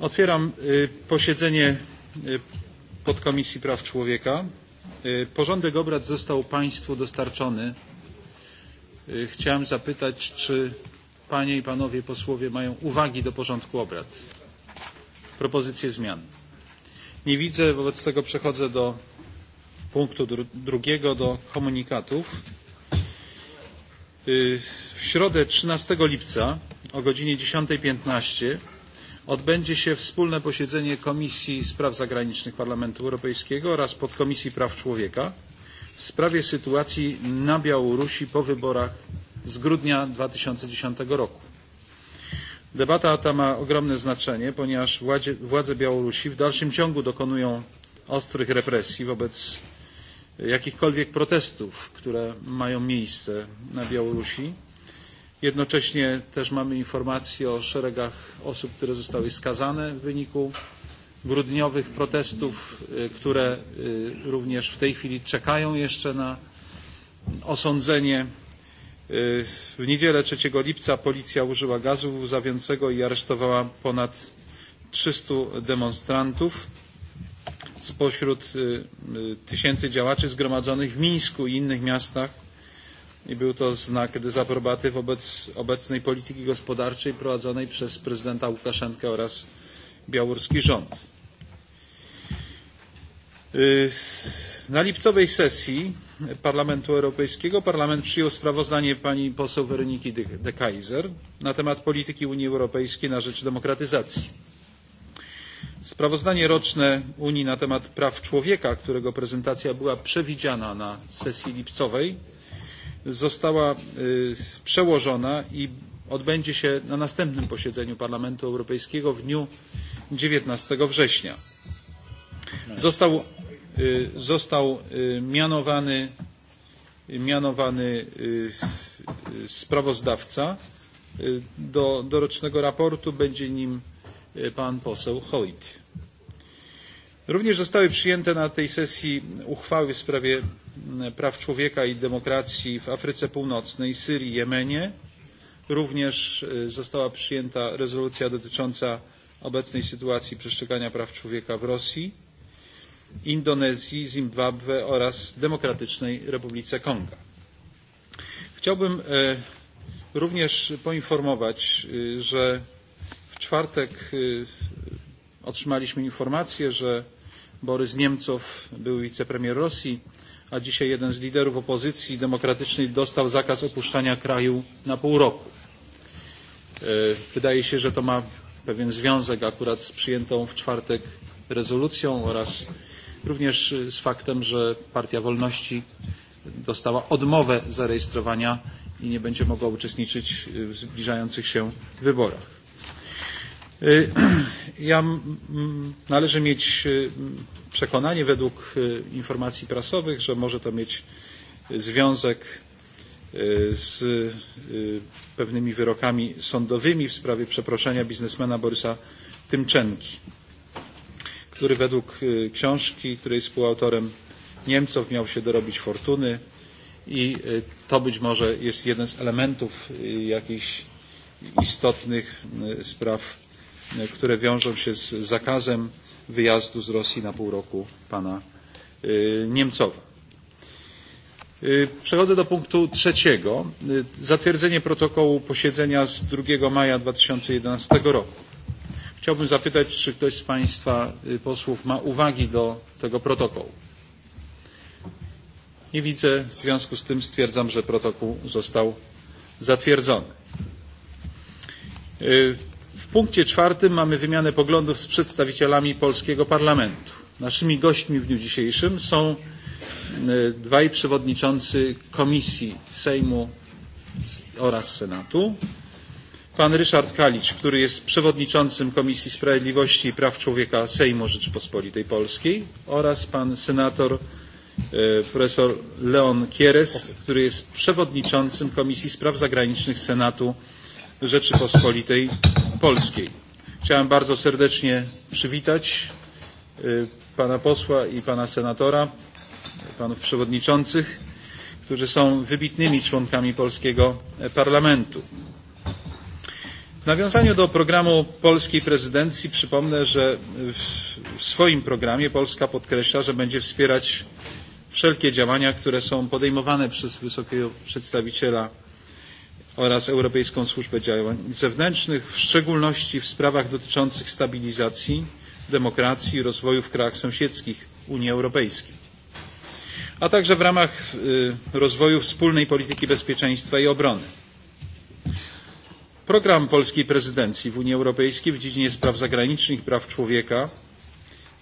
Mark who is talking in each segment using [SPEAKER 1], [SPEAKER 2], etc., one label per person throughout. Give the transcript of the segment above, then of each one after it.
[SPEAKER 1] Otwieram posiedzenie Podkomisji Praw Człowieka. Porządek obrad został Państwu dostarczony. Chciałem zapytać, czy Panie i Panowie posłowie mają uwagi do porządku obrad, propozycje zmian. Nie widzę, wobec tego przechodzę do punktu drugiego, do komunikatów. W środę 13 lipca o godzinie 10.15 odbędzie się wspólne posiedzenie Komisji Spraw Zagranicznych Parlamentu Europejskiego oraz Podkomisji Praw Człowieka w sprawie sytuacji na Białorusi po wyborach z grudnia 2010 roku. Debata ta ma ogromne znaczenie, ponieważ władze Białorusi w dalszym ciągu dokonują ostrych represji wobec jakichkolwiek protestów, które mają miejsce na Białorusi. Jednocześnie też mamy informacje o szeregach osób, które zostały skazane w wyniku grudniowych protestów, które również w tej chwili czekają jeszcze na osądzenie. W niedzielę 3 lipca policja użyła gazu łzawiącego i aresztowała ponad 300 demonstrantów spośród tysięcy działaczy zgromadzonych w Mińsku i innych miastach i był to znak dezaprobaty wobec obecnej polityki gospodarczej prowadzonej przez prezydenta Łukaszenkę oraz białoruski rząd. Na lipcowej sesji Parlamentu Europejskiego Parlament przyjął sprawozdanie pani poseł Weroniki de Keyser na temat polityki Unii Europejskiej na rzecz demokratyzacji Sprawozdanie roczne Unii na temat praw człowieka, którego prezentacja była przewidziana na sesji lipcowej, została przełożona i odbędzie się na następnym posiedzeniu Parlamentu Europejskiego w dniu 19 września. Został, został mianowany, mianowany sprawozdawca do, do rocznego raportu. Będzie nim pan poseł Hoyt. Również zostały przyjęte na tej sesji uchwały w sprawie praw człowieka i demokracji w Afryce Północnej, Syrii, i Jemenie. Również została przyjęta rezolucja dotycząca obecnej sytuacji przestrzegania praw człowieka w Rosji, Indonezji, Zimbabwe oraz Demokratycznej Republice Konga. Chciałbym również poinformować, że czwartek otrzymaliśmy informację, że Borys Niemcow był wicepremier Rosji, a dzisiaj jeden z liderów opozycji demokratycznej dostał zakaz opuszczania kraju na pół roku. Wydaje się, że to ma pewien związek akurat z przyjętą w czwartek rezolucją oraz również z faktem, że Partia Wolności dostała odmowę zarejestrowania i nie będzie mogła uczestniczyć w zbliżających się wyborach. Ja należy mieć przekonanie według informacji prasowych, że może to mieć związek z pewnymi wyrokami sądowymi w sprawie przeproszenia biznesmena Borysa Tymczenki, który według książki, której jest współautorem Niemców miał się dorobić fortuny i to być może jest jeden z elementów jakichś istotnych spraw które wiążą się z zakazem wyjazdu z Rosji na pół roku pana Niemcowa. Przechodzę do punktu trzeciego. Zatwierdzenie protokołu posiedzenia z 2 maja 2011 roku. Chciałbym zapytać, czy ktoś z Państwa posłów ma uwagi do tego protokołu. Nie widzę, w związku z tym stwierdzam, że protokół został zatwierdzony. W punkcie czwartym mamy wymianę poglądów z przedstawicielami polskiego parlamentu. Naszymi gośćmi w dniu dzisiejszym są dwaj przewodniczący komisji Sejmu oraz Senatu. Pan Ryszard Kalicz, który jest przewodniczącym Komisji Sprawiedliwości i Praw Człowieka Sejmu Rzeczypospolitej Polskiej oraz pan senator profesor Leon Kieres, który jest przewodniczącym Komisji Spraw Zagranicznych Senatu Rzeczypospolitej Polskiej. Chciałem bardzo serdecznie przywitać pana posła i pana senatora, panów przewodniczących, którzy są wybitnymi członkami polskiego parlamentu. W nawiązaniu do programu polskiej prezydencji przypomnę, że w swoim programie Polska podkreśla, że będzie wspierać wszelkie działania, które są podejmowane przez wysokiego przedstawiciela oraz Europejską Służbę Działań Zewnętrznych, w szczególności w sprawach dotyczących stabilizacji, demokracji i rozwoju w krajach sąsiedzkich Unii Europejskiej, a także w ramach rozwoju wspólnej polityki bezpieczeństwa i obrony. Program polskiej prezydencji w Unii Europejskiej w dziedzinie spraw zagranicznych i praw człowieka,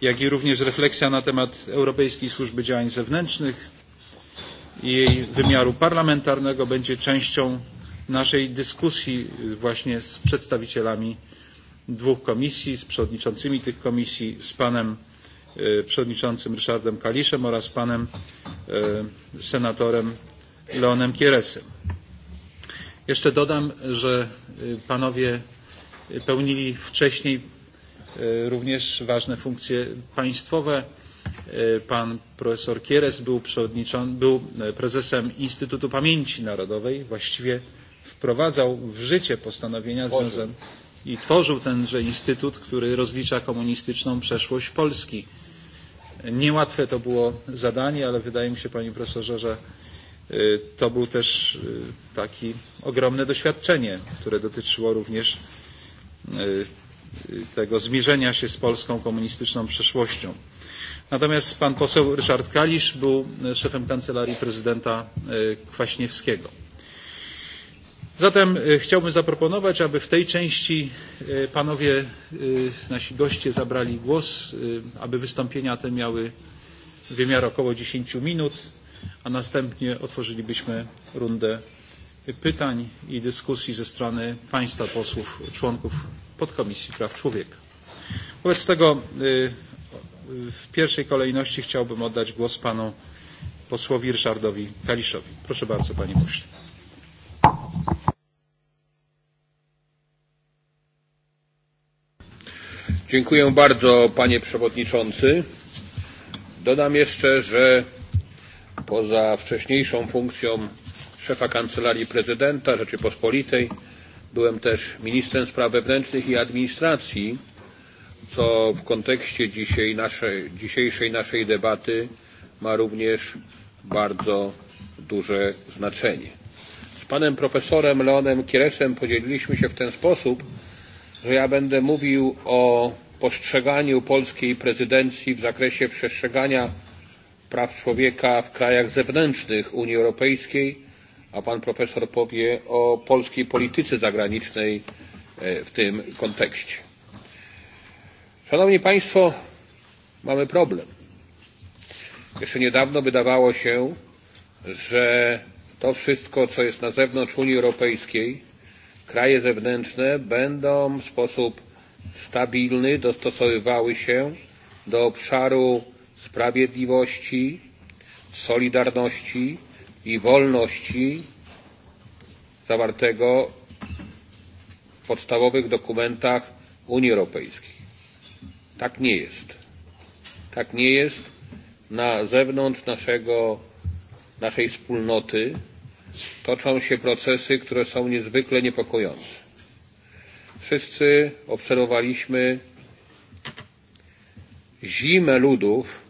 [SPEAKER 1] jak i również refleksja na temat Europejskiej Służby Działań Zewnętrznych i jej wymiaru parlamentarnego będzie częścią naszej dyskusji właśnie z przedstawicielami dwóch komisji, z przewodniczącymi tych komisji, z panem przewodniczącym Ryszardem Kaliszem oraz panem senatorem Leonem Kieresem. Jeszcze dodam, że panowie pełnili wcześniej również ważne funkcje państwowe. Pan profesor Kieres był, był prezesem Instytutu Pamięci Narodowej, właściwie wprowadzał w życie postanowienia związane i tworzył tenże instytut, który rozlicza komunistyczną przeszłość Polski. Niełatwe to było zadanie, ale wydaje mi się, panie profesorze, że to był też taki ogromne doświadczenie, które dotyczyło również tego zmierzenia się z polską komunistyczną przeszłością. Natomiast pan poseł Ryszard Kalisz był szefem kancelarii prezydenta Kwaśniewskiego. Zatem chciałbym zaproponować, aby w tej części panowie, nasi goście zabrali głos, aby wystąpienia te miały wymiar około 10 minut, a następnie otworzylibyśmy rundę pytań i dyskusji ze strony państwa posłów, członków podkomisji praw człowieka. Wobec tego w pierwszej kolejności chciałbym oddać głos panu posłowi Ryszardowi Kaliszowi. Proszę bardzo, panie pośle.
[SPEAKER 2] Dziękuję bardzo, panie przewodniczący. Dodam jeszcze, że poza wcześniejszą funkcją szefa Kancelarii Prezydenta Rzeczypospolitej byłem też ministrem spraw wewnętrznych i administracji, co w kontekście dzisiaj naszej, dzisiejszej naszej debaty ma również bardzo duże znaczenie. Z panem profesorem Leonem Kieresem podzieliliśmy się w ten sposób, że ja będę mówił o postrzeganiu polskiej prezydencji w zakresie przestrzegania praw człowieka w krajach zewnętrznych Unii Europejskiej, a pan profesor powie o polskiej polityce zagranicznej w tym kontekście. Szanowni Państwo, mamy problem. Jeszcze niedawno wydawało się, że to wszystko, co jest na zewnątrz Unii Europejskiej, kraje zewnętrzne będą w sposób stabilny dostosowywały się do obszaru sprawiedliwości, solidarności i wolności zawartego w podstawowych dokumentach Unii Europejskiej. Tak nie jest. Tak nie jest na zewnątrz naszego, naszej wspólnoty toczą się procesy, które są niezwykle niepokojące. Wszyscy obserwowaliśmy zimę ludów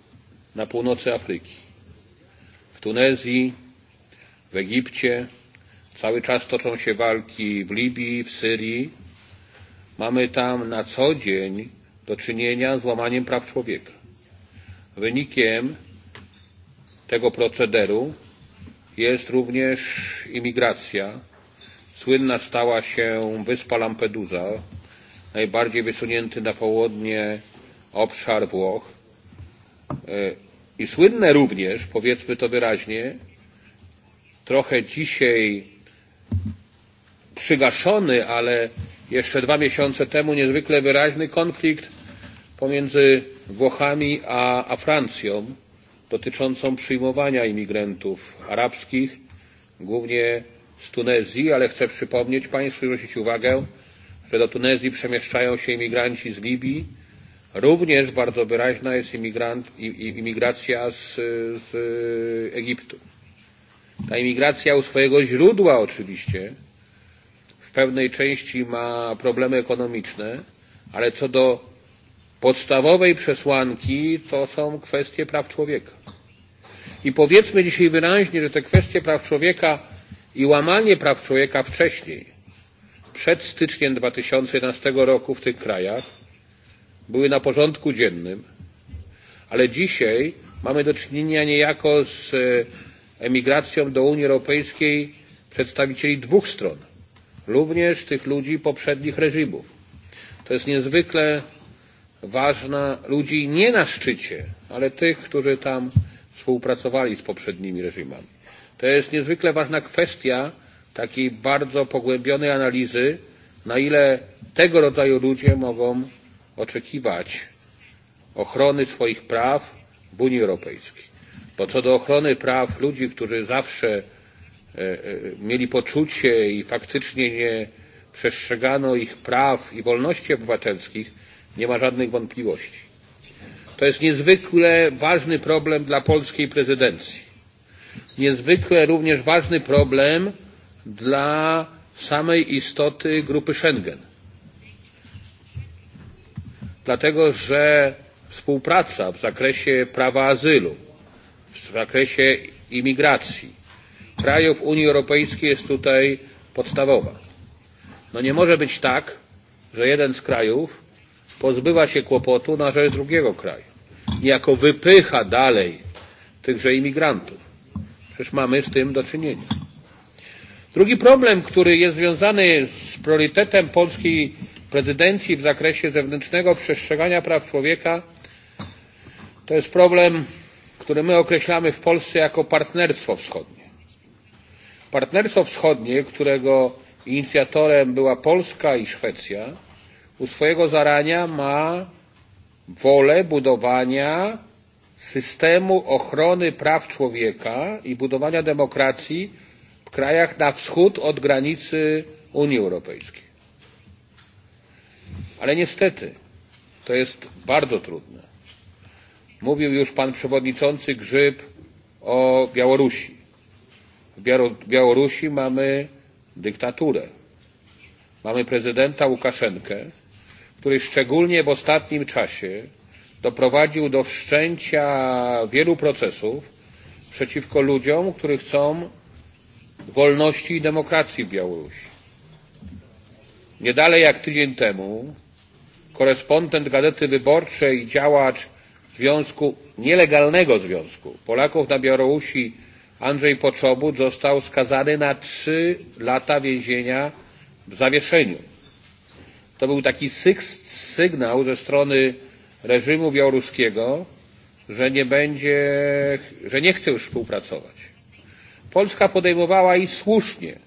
[SPEAKER 2] na północy Afryki, w Tunezji, w Egipcie. Cały czas toczą się walki w Libii, w Syrii. Mamy tam na co dzień do czynienia z łamaniem praw człowieka. Wynikiem tego procederu jest również imigracja. Słynna stała się wyspa Lampedusa, najbardziej wysunięty na południe obszar Włoch. I słynne również, powiedzmy to wyraźnie, trochę dzisiaj przygaszony, ale jeszcze dwa miesiące temu niezwykle wyraźny konflikt pomiędzy Włochami a, a Francją dotyczącą przyjmowania imigrantów arabskich, głównie z Tunezji, ale chcę przypomnieć Państwu i zwrócić uwagę, że do Tunezji przemieszczają się imigranci z Libii. Również bardzo wyraźna jest imigrant, imigracja z, z Egiptu. Ta imigracja u swojego źródła oczywiście w pewnej części ma problemy ekonomiczne, ale co do podstawowej przesłanki to są kwestie praw człowieka. I powiedzmy dzisiaj wyraźnie, że te kwestie praw człowieka i łamanie praw człowieka wcześniej, przed styczniem 2011 roku w tych krajach, były na porządku dziennym, ale dzisiaj mamy do czynienia niejako z emigracją do Unii Europejskiej przedstawicieli dwóch stron, również tych ludzi poprzednich reżimów. To jest niezwykle ważna ludzi nie na szczycie, ale tych, którzy tam współpracowali z poprzednimi reżimami. To jest niezwykle ważna kwestia takiej bardzo pogłębionej analizy, na ile tego rodzaju ludzie mogą oczekiwać ochrony swoich praw w Unii Europejskiej. Bo co do ochrony praw ludzi, którzy zawsze mieli poczucie i faktycznie nie przestrzegano ich praw i wolności obywatelskich, Nie ma żadnych wątpliwości. To jest niezwykle ważny problem dla polskiej prezydencji. Niezwykle również ważny problem dla samej istoty grupy Schengen. Dlatego, że współpraca w zakresie prawa azylu, w zakresie imigracji krajów Unii Europejskiej jest tutaj podstawowa. No nie może być tak, że jeden z krajów pozbywa się kłopotu na rzecz drugiego kraju. Niejako wypycha dalej tychże imigrantów. Przecież mamy z tym do czynienia. Drugi problem, który jest związany z priorytetem polskiej prezydencji w zakresie zewnętrznego przestrzegania praw człowieka, to jest problem, który my określamy w Polsce jako partnerstwo wschodnie. Partnerstwo wschodnie, którego inicjatorem była Polska i Szwecja, u swojego zarania ma wolę budowania systemu ochrony praw człowieka i budowania demokracji w krajach na wschód od granicy Unii Europejskiej. Ale niestety to jest bardzo trudne. Mówił już pan przewodniczący Grzyb o Białorusi. W Białorusi mamy dyktaturę. Mamy prezydenta Łukaszenkę, który szczególnie w ostatnim czasie doprowadził do wszczęcia wielu procesów przeciwko ludziom, którzy chcą wolności i demokracji w Białorusi. Nie dalej jak tydzień temu korespondent Gazety Wyborczej, i działacz związku, nielegalnego związku Polaków na Białorusi Andrzej Poczobut został skazany na trzy lata więzienia w zawieszeniu. To był taki sygnał ze strony reżimu białoruskiego, że nie będzie, że nie chce już współpracować. Polska podejmowała i słusznie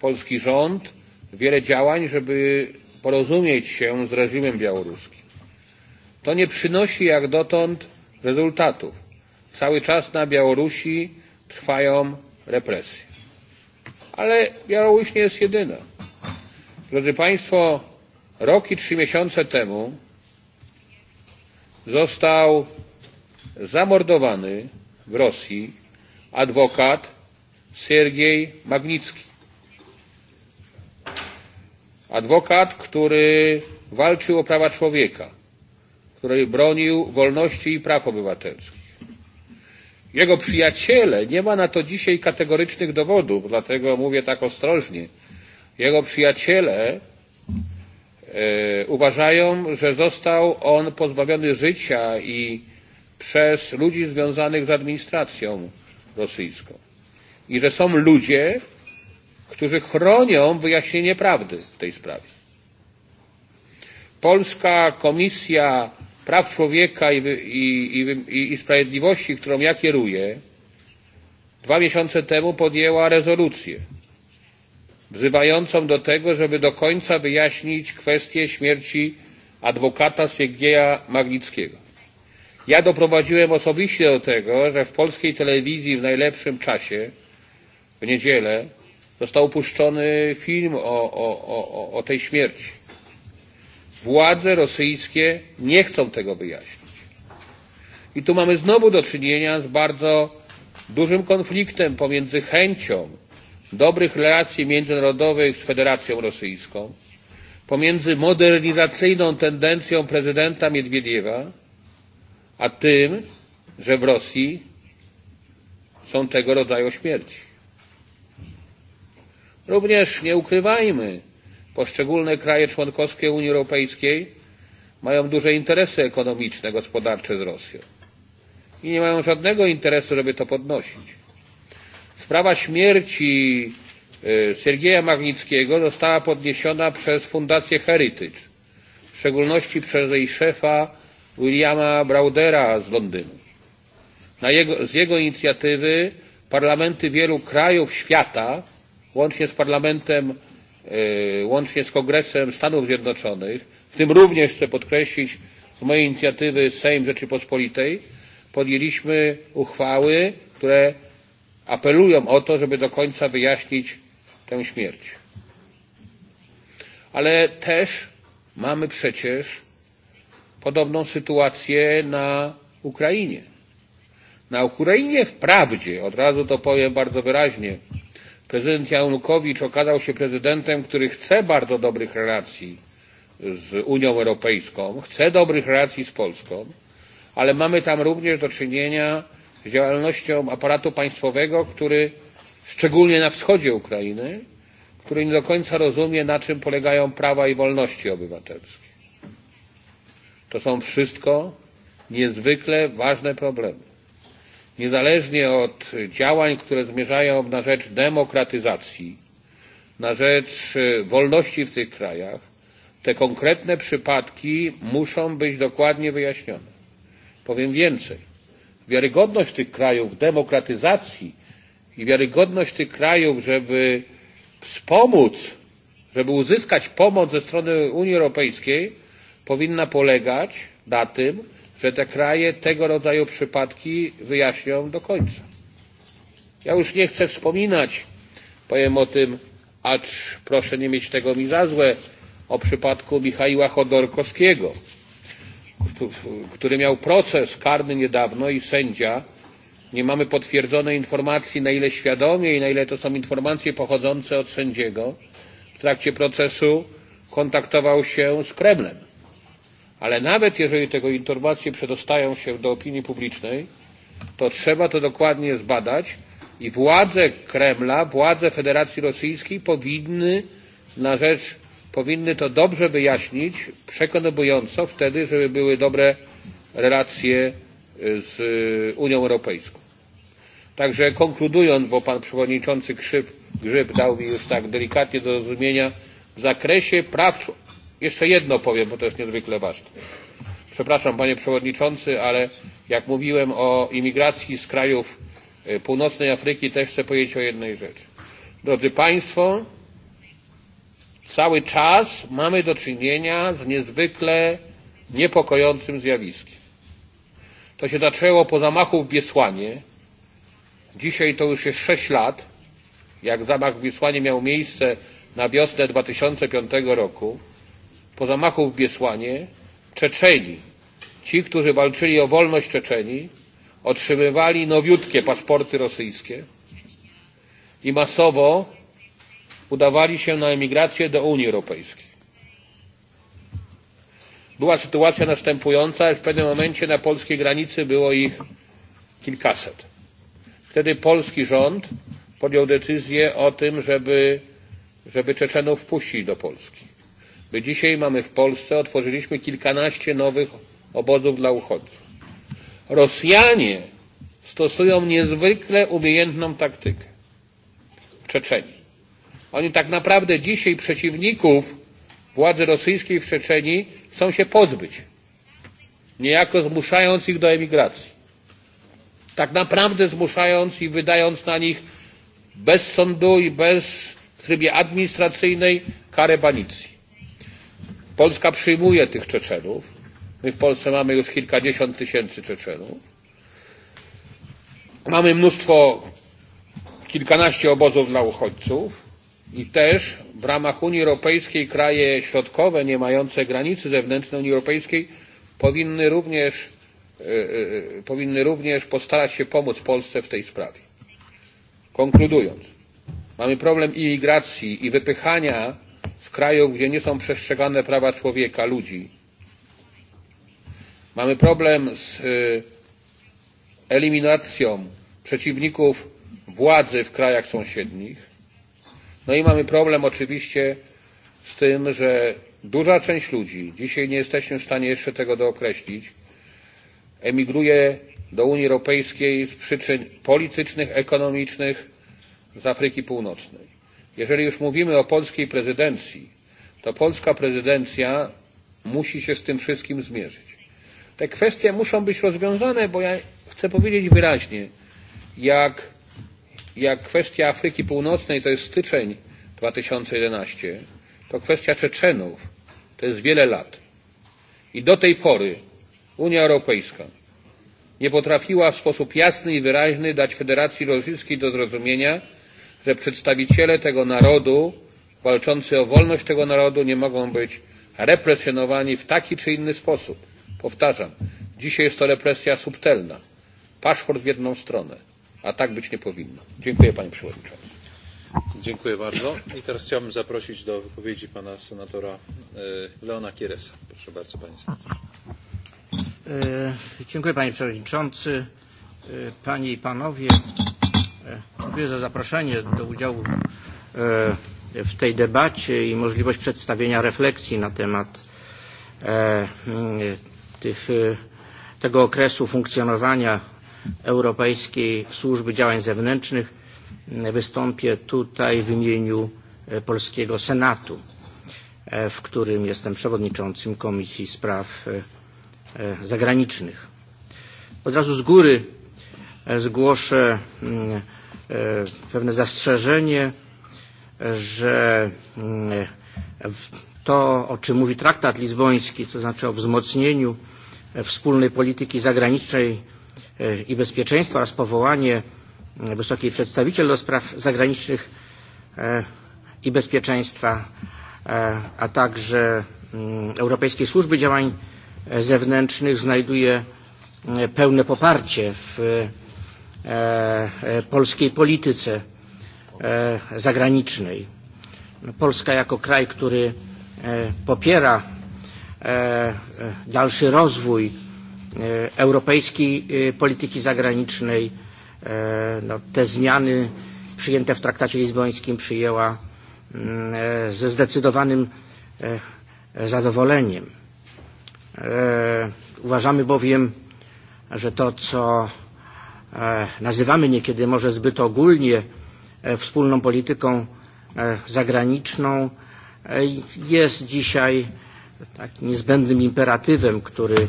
[SPEAKER 2] polski rząd wiele działań, żeby porozumieć się z reżimem białoruskim. To nie przynosi jak dotąd rezultatów. Cały czas na Białorusi trwają represje. Ale Białoruś nie jest jedyna. Drodzy Państwo, Rok i trzy miesiące temu został zamordowany w Rosji adwokat Sergiej Magnicki. Adwokat, który walczył o prawa człowieka, który bronił wolności i praw obywatelskich. Jego przyjaciele, nie ma na to dzisiaj kategorycznych dowodów, dlatego mówię tak ostrożnie, jego przyjaciele uważają, że został on pozbawiony życia i przez ludzi związanych z administracją rosyjską. I że są ludzie, którzy chronią wyjaśnienie prawdy w tej sprawie. Polska Komisja Praw Człowieka i, i, i, i Sprawiedliwości, którą ja kieruję, dwa miesiące temu podjęła rezolucję wzywającą do tego, żeby do końca wyjaśnić kwestię śmierci adwokata Siegieja Magnickiego. Ja doprowadziłem osobiście do tego, że w polskiej telewizji w najlepszym czasie, w niedzielę, został puszczony film o, o, o, o tej śmierci. Władze rosyjskie nie chcą tego wyjaśnić. I tu mamy znowu do czynienia z bardzo dużym konfliktem pomiędzy chęcią dobrych relacji międzynarodowych z Federacją Rosyjską, pomiędzy modernizacyjną tendencją prezydenta Miedwiediewa, a tym, że w Rosji są tego rodzaju śmierci. Również nie ukrywajmy, poszczególne kraje członkowskie Unii Europejskiej mają duże interesy ekonomiczne, gospodarcze z Rosją i nie mają żadnego interesu, żeby to podnosić. Sprawa śmierci Sergeja Magnickiego została podniesiona przez Fundację Heritage, w szczególności przez jej szefa Williama Braudera z Londynu. Na jego, z jego inicjatywy parlamenty wielu krajów świata, łącznie z parlamentem, łącznie z Kongresem Stanów Zjednoczonych, w tym również chcę podkreślić z mojej inicjatywy Sejm Rzeczypospolitej, podjęliśmy uchwały, które apelują o to, żeby do końca wyjaśnić tę śmierć. Ale też mamy przecież podobną sytuację na Ukrainie. Na Ukrainie wprawdzie, od razu to powiem bardzo wyraźnie, prezydent Janukowicz okazał się prezydentem, który chce bardzo dobrych relacji z Unią Europejską, chce dobrych relacji z Polską, ale mamy tam również do czynienia działalnością aparatu państwowego, który szczególnie na wschodzie Ukrainy, który nie do końca rozumie, na czym polegają prawa i wolności obywatelskie. To są wszystko niezwykle ważne problemy. Niezależnie od działań, które zmierzają na rzecz demokratyzacji, na rzecz wolności w tych krajach, te konkretne przypadki muszą być dokładnie wyjaśnione. Powiem więcej wiarygodność tych krajów, demokratyzacji i wiarygodność tych krajów, żeby wspomóc, żeby uzyskać pomoc ze strony Unii Europejskiej, powinna polegać na tym, że te kraje tego rodzaju przypadki wyjaśnią do końca. Ja już nie chcę wspominać, powiem o tym, acz proszę nie mieć tego mi za złe, o przypadku Michaiła Chodorkowskiego który miał proces karny niedawno i sędzia, nie mamy potwierdzonej informacji, na ile świadomie i na ile to są informacje pochodzące od sędziego, w trakcie procesu kontaktował się z Kremlem. Ale nawet jeżeli tego informacje przedostają się do opinii publicznej, to trzeba to dokładnie zbadać i władze Kremla, władze Federacji Rosyjskiej powinny na rzecz powinny to dobrze wyjaśnić, przekonująco wtedy, żeby były dobre relacje z Unią Europejską. Także konkludując, bo pan przewodniczący Grzyb dał mi już tak delikatnie do zrozumienia, w zakresie praw. Jeszcze jedno powiem, bo to jest niezwykle ważne. Przepraszam, panie przewodniczący, ale jak mówiłem o imigracji z krajów północnej Afryki, też chcę powiedzieć o jednej rzeczy. Drodzy państwo, Cały czas mamy do czynienia z niezwykle niepokojącym zjawiskiem. To się zaczęło po zamachu w Biesłanie. Dzisiaj to już jest 6 lat, jak zamach w Biesłanie miał miejsce na wiosnę 2005 roku. Po zamachu w Biesłanie Czeczeni, ci, którzy walczyli o wolność Czeczeni, otrzymywali nowiutkie paszporty rosyjskie i masowo udawali się na emigrację do Unii Europejskiej. Była sytuacja następująca, w pewnym momencie na polskiej granicy było ich kilkaset. Wtedy polski rząd podjął decyzję o tym, żeby, żeby Czeczenów wpuścić do Polski. My dzisiaj mamy w Polsce, otworzyliśmy kilkanaście nowych obozów dla uchodźców. Rosjanie stosują niezwykle umiejętną taktykę w Czeczeniu Oni tak naprawdę dzisiaj przeciwników władzy rosyjskiej w Czeczenii chcą się pozbyć, niejako zmuszając ich do emigracji. Tak naprawdę zmuszając i wydając na nich bez sądu i bez w trybie administracyjnej karę banicji. Polska przyjmuje tych Czeczenów. My w Polsce mamy już kilkadziesiąt tysięcy Czeczenów. Mamy mnóstwo, kilkanaście obozów dla uchodźców I też w ramach Unii Europejskiej kraje środkowe, nie mające granicy zewnętrznej Unii Europejskiej, powinny również, powinny również postarać się pomóc Polsce w tej sprawie. Konkludując, mamy problem imigracji i wypychania z krajów, gdzie nie są przestrzegane prawa człowieka, ludzi. Mamy problem z eliminacją przeciwników władzy w krajach sąsiednich No i mamy problem oczywiście z tym, że duża część ludzi, dzisiaj nie jesteśmy w stanie jeszcze tego dookreślić, emigruje do Unii Europejskiej z przyczyn politycznych, ekonomicznych z Afryki Północnej. Jeżeli już mówimy o polskiej prezydencji, to polska prezydencja musi się z tym wszystkim zmierzyć. Te kwestie muszą być rozwiązane, bo ja chcę powiedzieć wyraźnie, jak jak kwestia Afryki Północnej, to jest styczeń 2011, to kwestia Czeczenów, to jest wiele lat. I do tej pory Unia Europejska nie potrafiła w sposób jasny i wyraźny dać Federacji Rosyjskiej do zrozumienia, że przedstawiciele tego narodu, walczący o wolność tego narodu, nie mogą być represjonowani w taki czy inny sposób. Powtarzam, dzisiaj jest to represja subtelna, paszport w jedną stronę a tak być nie powinno.
[SPEAKER 1] Dziękuję panie przewodniczący. Dziękuję bardzo. I teraz chciałbym zaprosić do wypowiedzi pana senatora Leona Kieresa. Proszę bardzo panie senatorze.
[SPEAKER 3] Dziękuję panie przewodniczący, panie i panowie. Dziękuję za zaproszenie do udziału w tej debacie i możliwość przedstawienia refleksji na temat tych, tego okresu funkcjonowania Europejskiej Służby Działań Zewnętrznych. Wystąpię tutaj w imieniu polskiego Senatu, w którym jestem przewodniczącym Komisji Spraw Zagranicznych. Od razu z góry zgłoszę pewne zastrzeżenie, że to, o czym mówi traktat lizboński, to znaczy o wzmocnieniu wspólnej polityki zagranicznej i Bezpieczeństwa oraz powołanie wysokiej przedstawiciel do spraw zagranicznych i bezpieczeństwa, a także Europejskiej Służby Działań Zewnętrznych znajduje pełne poparcie w polskiej polityce zagranicznej. Polska jako kraj, który popiera dalszy rozwój europejskiej polityki zagranicznej. Te zmiany przyjęte w traktacie lizbońskim przyjęła ze zdecydowanym zadowoleniem. Uważamy bowiem, że to, co nazywamy niekiedy może zbyt ogólnie wspólną polityką zagraniczną, jest dzisiaj niezbędnym imperatywem, który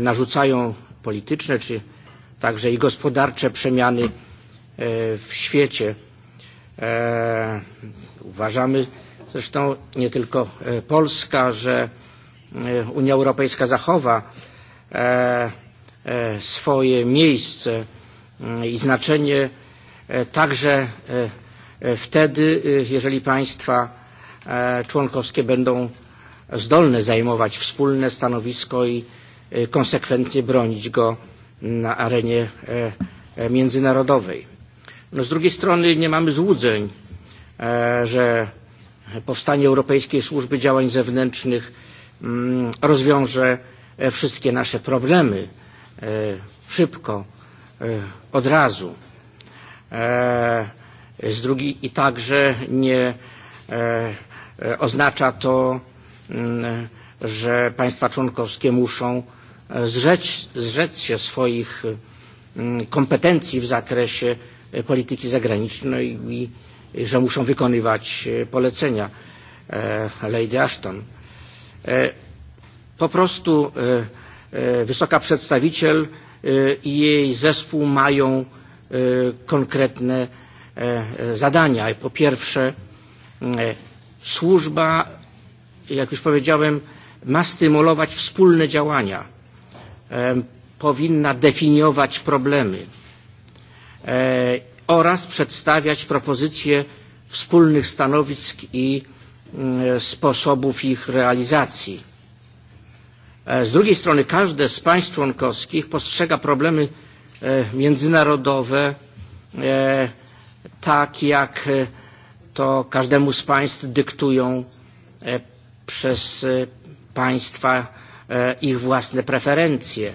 [SPEAKER 3] narzucają polityczne czy także i gospodarcze przemiany w świecie. Uważamy zresztą nie tylko Polska, że Unia Europejska zachowa swoje miejsce i znaczenie także wtedy, jeżeli państwa członkowskie będą zdolne zajmować wspólne stanowisko i konsekwentnie bronić go na arenie międzynarodowej. z drugiej strony nie mamy złudzeń, że powstanie Europejskiej Służby Działań Zewnętrznych rozwiąże wszystkie nasze problemy szybko, od razu. Z drugiej i także nie oznacza to, że państwa członkowskie muszą zrzec, zrzec się swoich kompetencji w zakresie polityki zagranicznej i że muszą wykonywać polecenia Lady Ashton. Po prostu wysoka przedstawiciel i jej zespół mają konkretne zadania. Po pierwsze, służba, jak już powiedziałem, ma stymulować wspólne działania powinna definiować problemy oraz przedstawiać propozycje wspólnych stanowisk i sposobów ich realizacji. Z drugiej strony każde z państw członkowskich postrzega problemy międzynarodowe tak, jak to każdemu z państw dyktują przez państwa ich własne preferencje.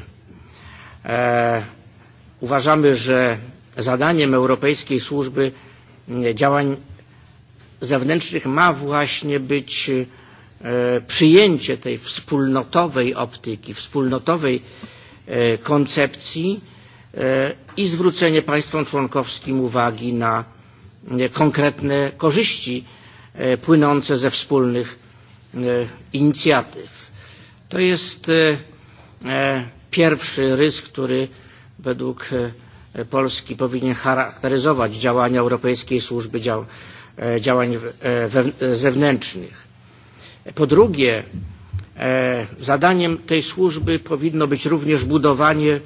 [SPEAKER 3] Uważamy, że zadaniem Europejskiej Służby Działań Zewnętrznych ma właśnie być przyjęcie tej wspólnotowej optyki, wspólnotowej koncepcji i zwrócenie państwom członkowskim uwagi na konkretne korzyści płynące ze wspólnych inicjatyw. To jest pierwszy rys, który według Polski powinien charakteryzować działania Europejskiej Służby Działań Zewnętrznych. Po drugie, zadaniem tej służby powinno być również budowanie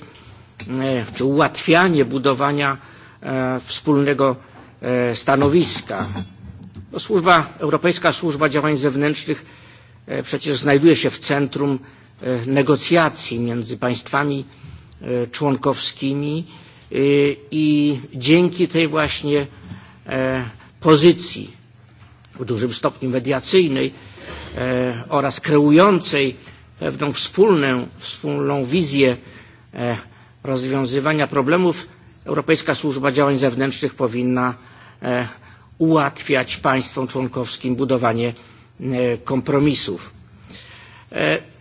[SPEAKER 3] czy ułatwianie budowania wspólnego stanowiska. Służba, Europejska Służba Działań Zewnętrznych przecież znajduje się w centrum negocjacji między państwami członkowskimi i dzięki tej właśnie pozycji w dużym stopniu mediacyjnej oraz kreującej pewną wspólną, wspólną wizję rozwiązywania problemów Europejska Służba Działań Zewnętrznych powinna ułatwiać państwom członkowskim budowanie kompromisów.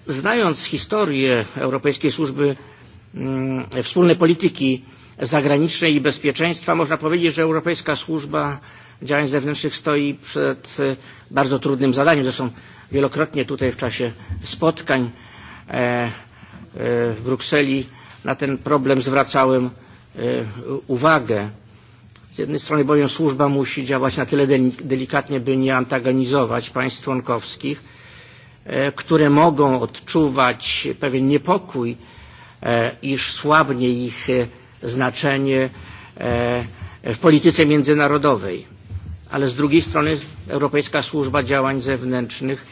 [SPEAKER 3] Znając historię Europejskiej Służby Wspólnej Polityki Zagranicznej i Bezpieczeństwa, można powiedzieć, że Europejska Służba Działań Zewnętrznych stoi przed bardzo trudnym zadaniem. Zresztą wielokrotnie tutaj w czasie spotkań w Brukseli na ten problem zwracałem uwagę. Z jednej strony bowiem służba musi działać na tyle delikatnie, by nie antagonizować państw członkowskich, które mogą odczuwać pewien niepokój, iż słabnie ich znaczenie w polityce międzynarodowej. Ale z drugiej strony Europejska Służba Działań Zewnętrznych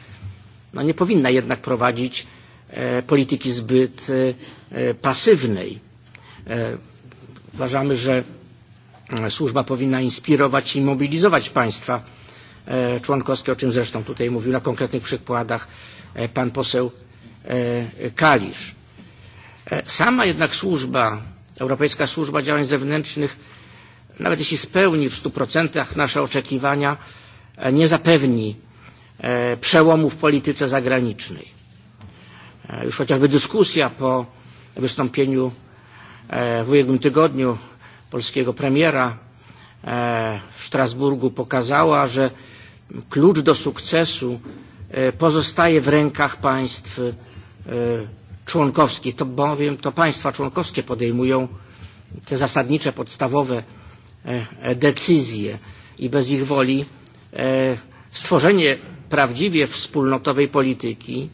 [SPEAKER 3] nie powinna jednak prowadzić polityki zbyt pasywnej. Uważamy, że służba powinna inspirować i mobilizować państwa członkowskie, o czym zresztą tutaj mówił na konkretnych przykładach pan poseł Kalisz. Sama jednak służba, Europejska Służba Działań Zewnętrznych, nawet jeśli spełni w 100% nasze oczekiwania, nie zapewni przełomu w polityce zagranicznej. Już chociażby dyskusja po wystąpieniu w ubiegłym tygodniu polskiego premiera w Strasburgu pokazała, że klucz do sukcesu pozostaje w rękach państw członkowskich, to bowiem to państwa członkowskie podejmują te zasadnicze, podstawowe decyzje i bez ich woli stworzenie prawdziwie wspólnotowej polityki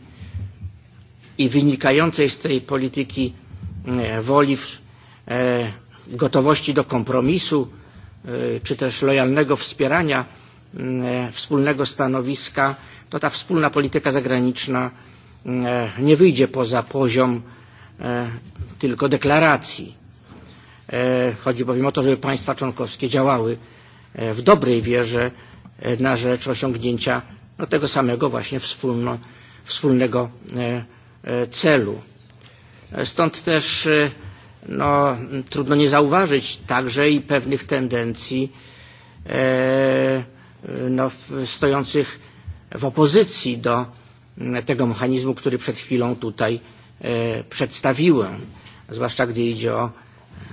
[SPEAKER 3] i wynikającej z tej polityki woli gotowości do kompromisu czy też lojalnego wspierania wspólnego stanowiska, to ta wspólna polityka zagraniczna nie wyjdzie poza poziom tylko deklaracji. Chodzi bowiem o to, żeby państwa członkowskie działały w dobrej wierze na rzecz osiągnięcia no, tego samego właśnie wspólno, wspólnego celu. Stąd też no, trudno nie zauważyć także i pewnych tendencji no, stojących w opozycji do tego mechanizmu, który przed chwilą tutaj przedstawiłem, zwłaszcza gdy idzie o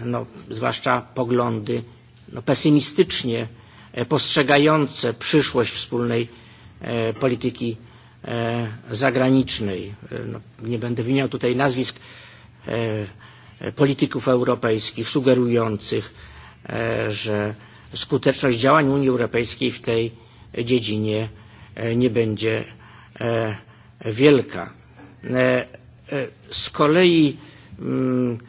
[SPEAKER 3] no, zwłaszcza poglądy no, pesymistycznie postrzegające przyszłość wspólnej polityki zagranicznej. No, nie będę wymieniał tutaj nazwisk polityków europejskich sugerujących, że skuteczność działań Unii Europejskiej w tej dziedzinie nie będzie wielka. Z kolei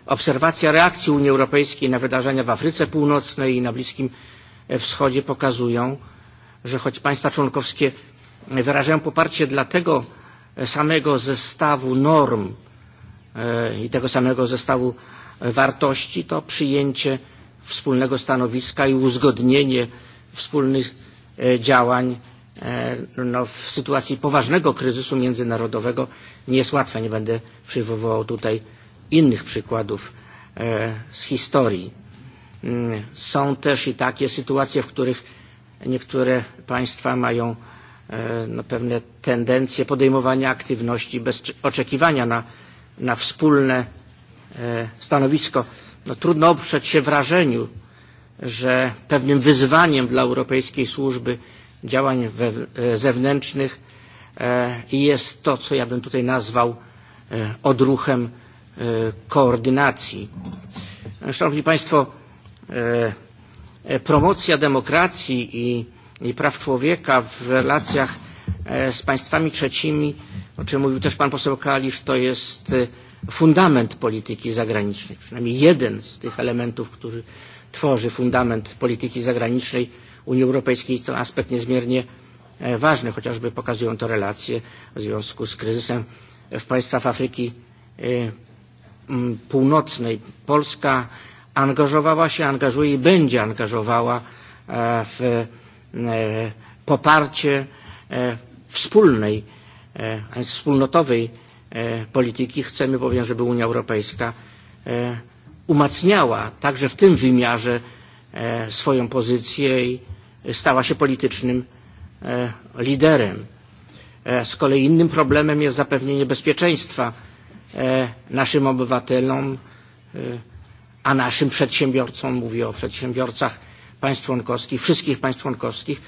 [SPEAKER 3] obserwacja reakcji Unii Europejskiej na wydarzenia w Afryce Północnej i na Bliskim Wschodzie pokazują, że choć państwa członkowskie wyrażają poparcie dla tego samego zestawu norm, i tego samego zestawu wartości to przyjęcie wspólnego stanowiska i uzgodnienie wspólnych działań no, w sytuacji poważnego kryzysu międzynarodowego nie jest łatwe. Nie będę przywoływał tutaj innych przykładów z historii. Są też i takie sytuacje, w których niektóre państwa mają no, pewne tendencje podejmowania aktywności bez oczekiwania na na wspólne stanowisko, no trudno oprzeć się wrażeniu, że pewnym wyzwaniem dla Europejskiej Służby Działań Zewnętrznych jest to, co ja bym tutaj nazwał odruchem koordynacji. Szanowni Państwo, promocja demokracji i praw człowieka w relacjach z państwami trzecimi o czym mówił też pan poseł Kalisz, to jest fundament polityki zagranicznej, przynajmniej jeden z tych elementów, który tworzy fundament polityki zagranicznej Unii Europejskiej. Jest to aspekt niezmiernie ważny, chociażby pokazują to relacje w związku z kryzysem w państwach Afryki Północnej. Polska angażowała się, angażuje i będzie angażowała w poparcie wspólnej wspólnotowej polityki chcemy bowiem, żeby Unia Europejska umacniała także w tym wymiarze swoją pozycję i stała się politycznym liderem. Z kolei innym problemem jest zapewnienie bezpieczeństwa naszym obywatelom, a naszym przedsiębiorcom, mówię o przedsiębiorcach państw członkowskich, wszystkich państw członkowskich,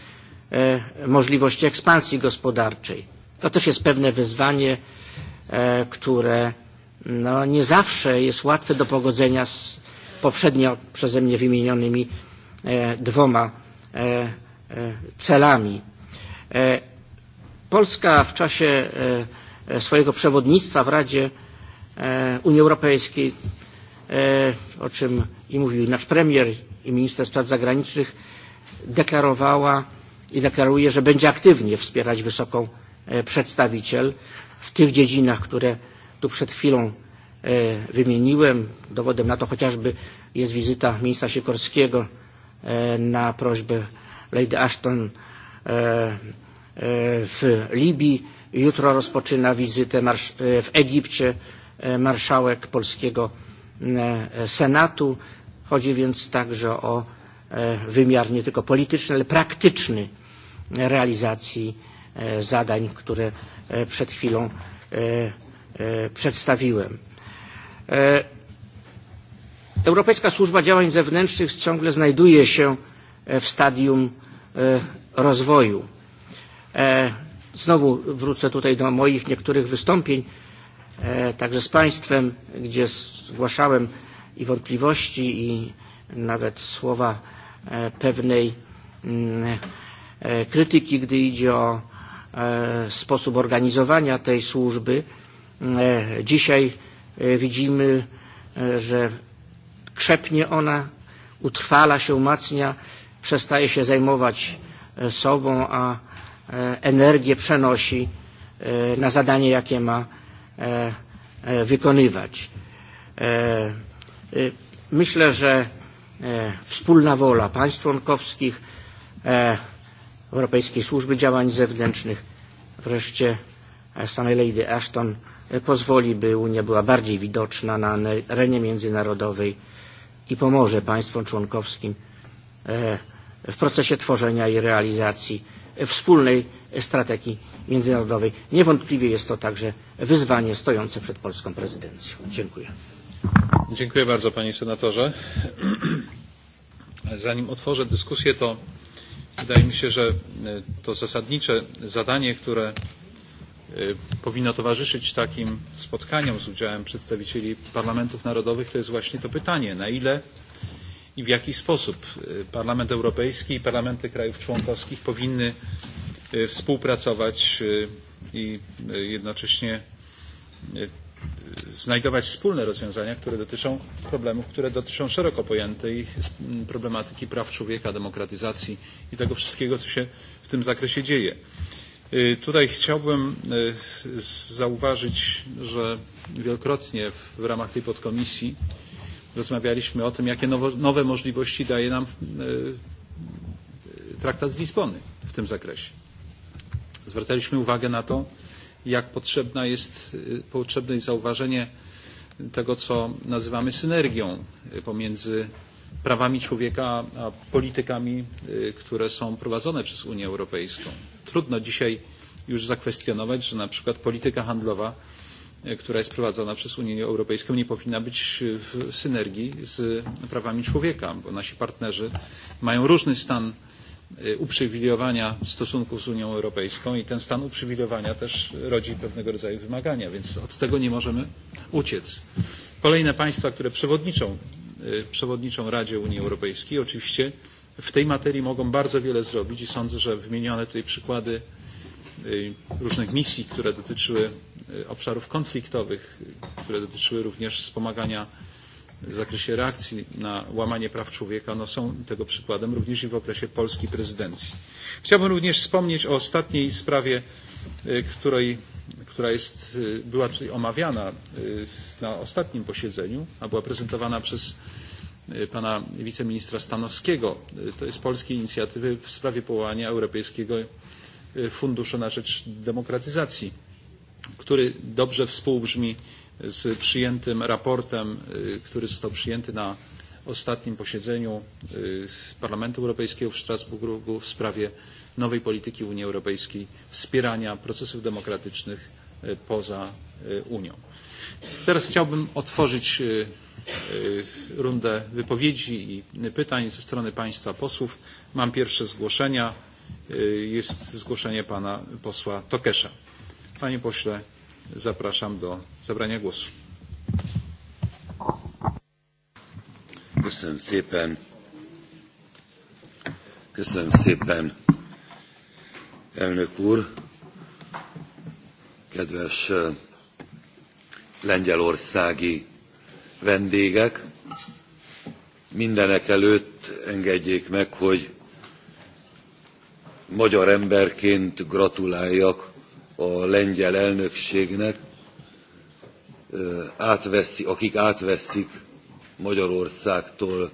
[SPEAKER 3] możliwości ekspansji gospodarczej To też jest pewne wyzwanie, które no, nie zawsze jest łatwe do pogodzenia z poprzednio przeze mnie wymienionymi dwoma celami. Polska w czasie swojego przewodnictwa w Radzie Unii Europejskiej, o czym i mówił nasz premier i minister spraw zagranicznych, deklarowała i deklaruje, że będzie aktywnie wspierać wysoką przedstawiciel w tych dziedzinach, które tu przed chwilą wymieniłem. Dowodem na to chociażby jest wizyta ministra Sikorskiego na prośbę Lady Ashton w Libii. Jutro rozpoczyna wizytę w Egipcie marszałek polskiego Senatu. Chodzi więc także o wymiar nie tylko polityczny, ale praktyczny realizacji zadań, które przed chwilą przedstawiłem. Europejska Służba Działań Zewnętrznych ciągle znajduje się w stadium rozwoju. Znowu wrócę tutaj do moich niektórych wystąpień, także z Państwem, gdzie zgłaszałem i wątpliwości, i nawet słowa pewnej krytyki, gdy idzie o sposób organizowania tej służby. Dzisiaj widzimy, że krzepnie ona, utrwala się, umacnia, przestaje się zajmować sobą, a energię przenosi na zadanie, jakie ma wykonywać. Myślę, że wspólna wola państw członkowskich, Europejskiej Służby Działań Zewnętrznych, wreszcie samej Lady Ashton pozwoli, by Unia była bardziej widoczna na arenie międzynarodowej i pomoże państwom członkowskim w procesie tworzenia i realizacji wspólnej strategii międzynarodowej. Niewątpliwie jest to także wyzwanie stojące przed polską prezydencją. Dziękuję.
[SPEAKER 1] Dziękuję bardzo panie senatorze. Zanim otworzę dyskusję, to Wydaje mi się, że to zasadnicze zadanie, które powinno towarzyszyć takim spotkaniom z udziałem przedstawicieli parlamentów narodowych, to jest właśnie to pytanie, na ile i w jaki sposób Parlament Europejski i parlamenty krajów członkowskich powinny współpracować i jednocześnie znajdować wspólne rozwiązania, które dotyczą problemów, które dotyczą szeroko pojętej problematyki praw człowieka, demokratyzacji i tego wszystkiego, co się w tym zakresie dzieje. Tutaj chciałbym zauważyć, że wielokrotnie w ramach tej podkomisji rozmawialiśmy o tym, jakie nowe możliwości daje nam traktat z Lizbony w tym zakresie. Zwracaliśmy uwagę na to, jak potrzebne jest, potrzebne jest zauważenie tego, co nazywamy synergią pomiędzy prawami człowieka a politykami, które są prowadzone przez Unię Europejską. Trudno dzisiaj już zakwestionować, że na przykład polityka handlowa, która jest prowadzona przez Unię Europejską, nie powinna być w synergii z prawami człowieka, bo nasi partnerzy mają różny stan uprzywilejowania stosunków z Unią Europejską i ten stan uprzywilejowania też rodzi pewnego rodzaju wymagania, więc od tego nie możemy uciec. Kolejne państwa, które przewodniczą, przewodniczą Radzie Unii Europejskiej, oczywiście w tej materii mogą bardzo wiele zrobić i sądzę, że wymienione tutaj przykłady różnych misji, które dotyczyły obszarów konfliktowych, które dotyczyły również wspomagania w zakresie reakcji na łamanie praw człowieka no są tego przykładem również i w okresie polskiej prezydencji. Chciałbym również wspomnieć o ostatniej sprawie, której, która jest, była tutaj omawiana na ostatnim posiedzeniu, a była prezentowana przez pana wiceministra Stanowskiego. To jest polskiej inicjatywy w sprawie powołania Europejskiego Funduszu na Rzecz Demokratyzacji, który dobrze współbrzmi z przyjętym raportem, który został przyjęty na ostatnim posiedzeniu Parlamentu Europejskiego w Strasburgu w sprawie nowej polityki Unii Europejskiej wspierania procesów demokratycznych poza Unią. Teraz chciałbym otworzyć rundę wypowiedzi i pytań ze strony państwa posłów. Mam pierwsze zgłoszenia. Jest zgłoszenie pana posła Tokesza. Panie pośle, zapraszam do zabrania głosu.
[SPEAKER 4] Köszönöm szépen. Köszönöm szépen, elnök úr, kedves lengyelországi vendégek. Mindenek előtt engedjék meg, hogy magyar emberként gratuláljak a lengyel elnökségnek átveszi, akik átveszik Magyarországtól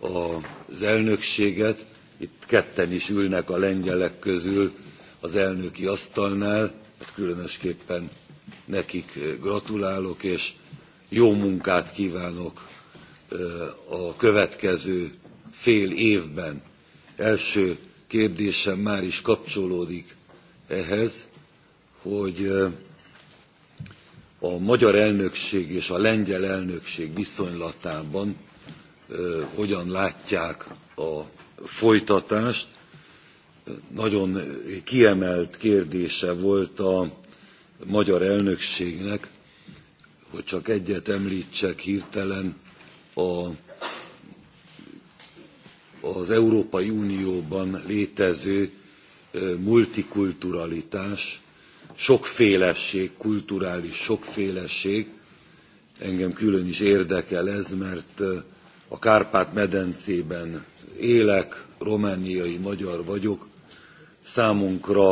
[SPEAKER 4] az elnökséget. Itt ketten is ülnek a lengyelek közül az elnöki asztalnál, hát különösképpen nekik gratulálok, és jó munkát kívánok a következő fél évben. Első kérdésem már is kapcsolódik ehhez, hogy a magyar elnökség és a lengyel elnökség viszonylatában hogyan látják a folytatást. Nagyon kiemelt kérdése volt a magyar elnökségnek, hogy csak egyet említsek hirtelen, a, az Európai Unióban létező multikulturalitás, sokfélesség, kulturális sokfélesség. Engem külön is érdekel ez, mert a Kárpát-medencében élek, romániai magyar vagyok, számunkra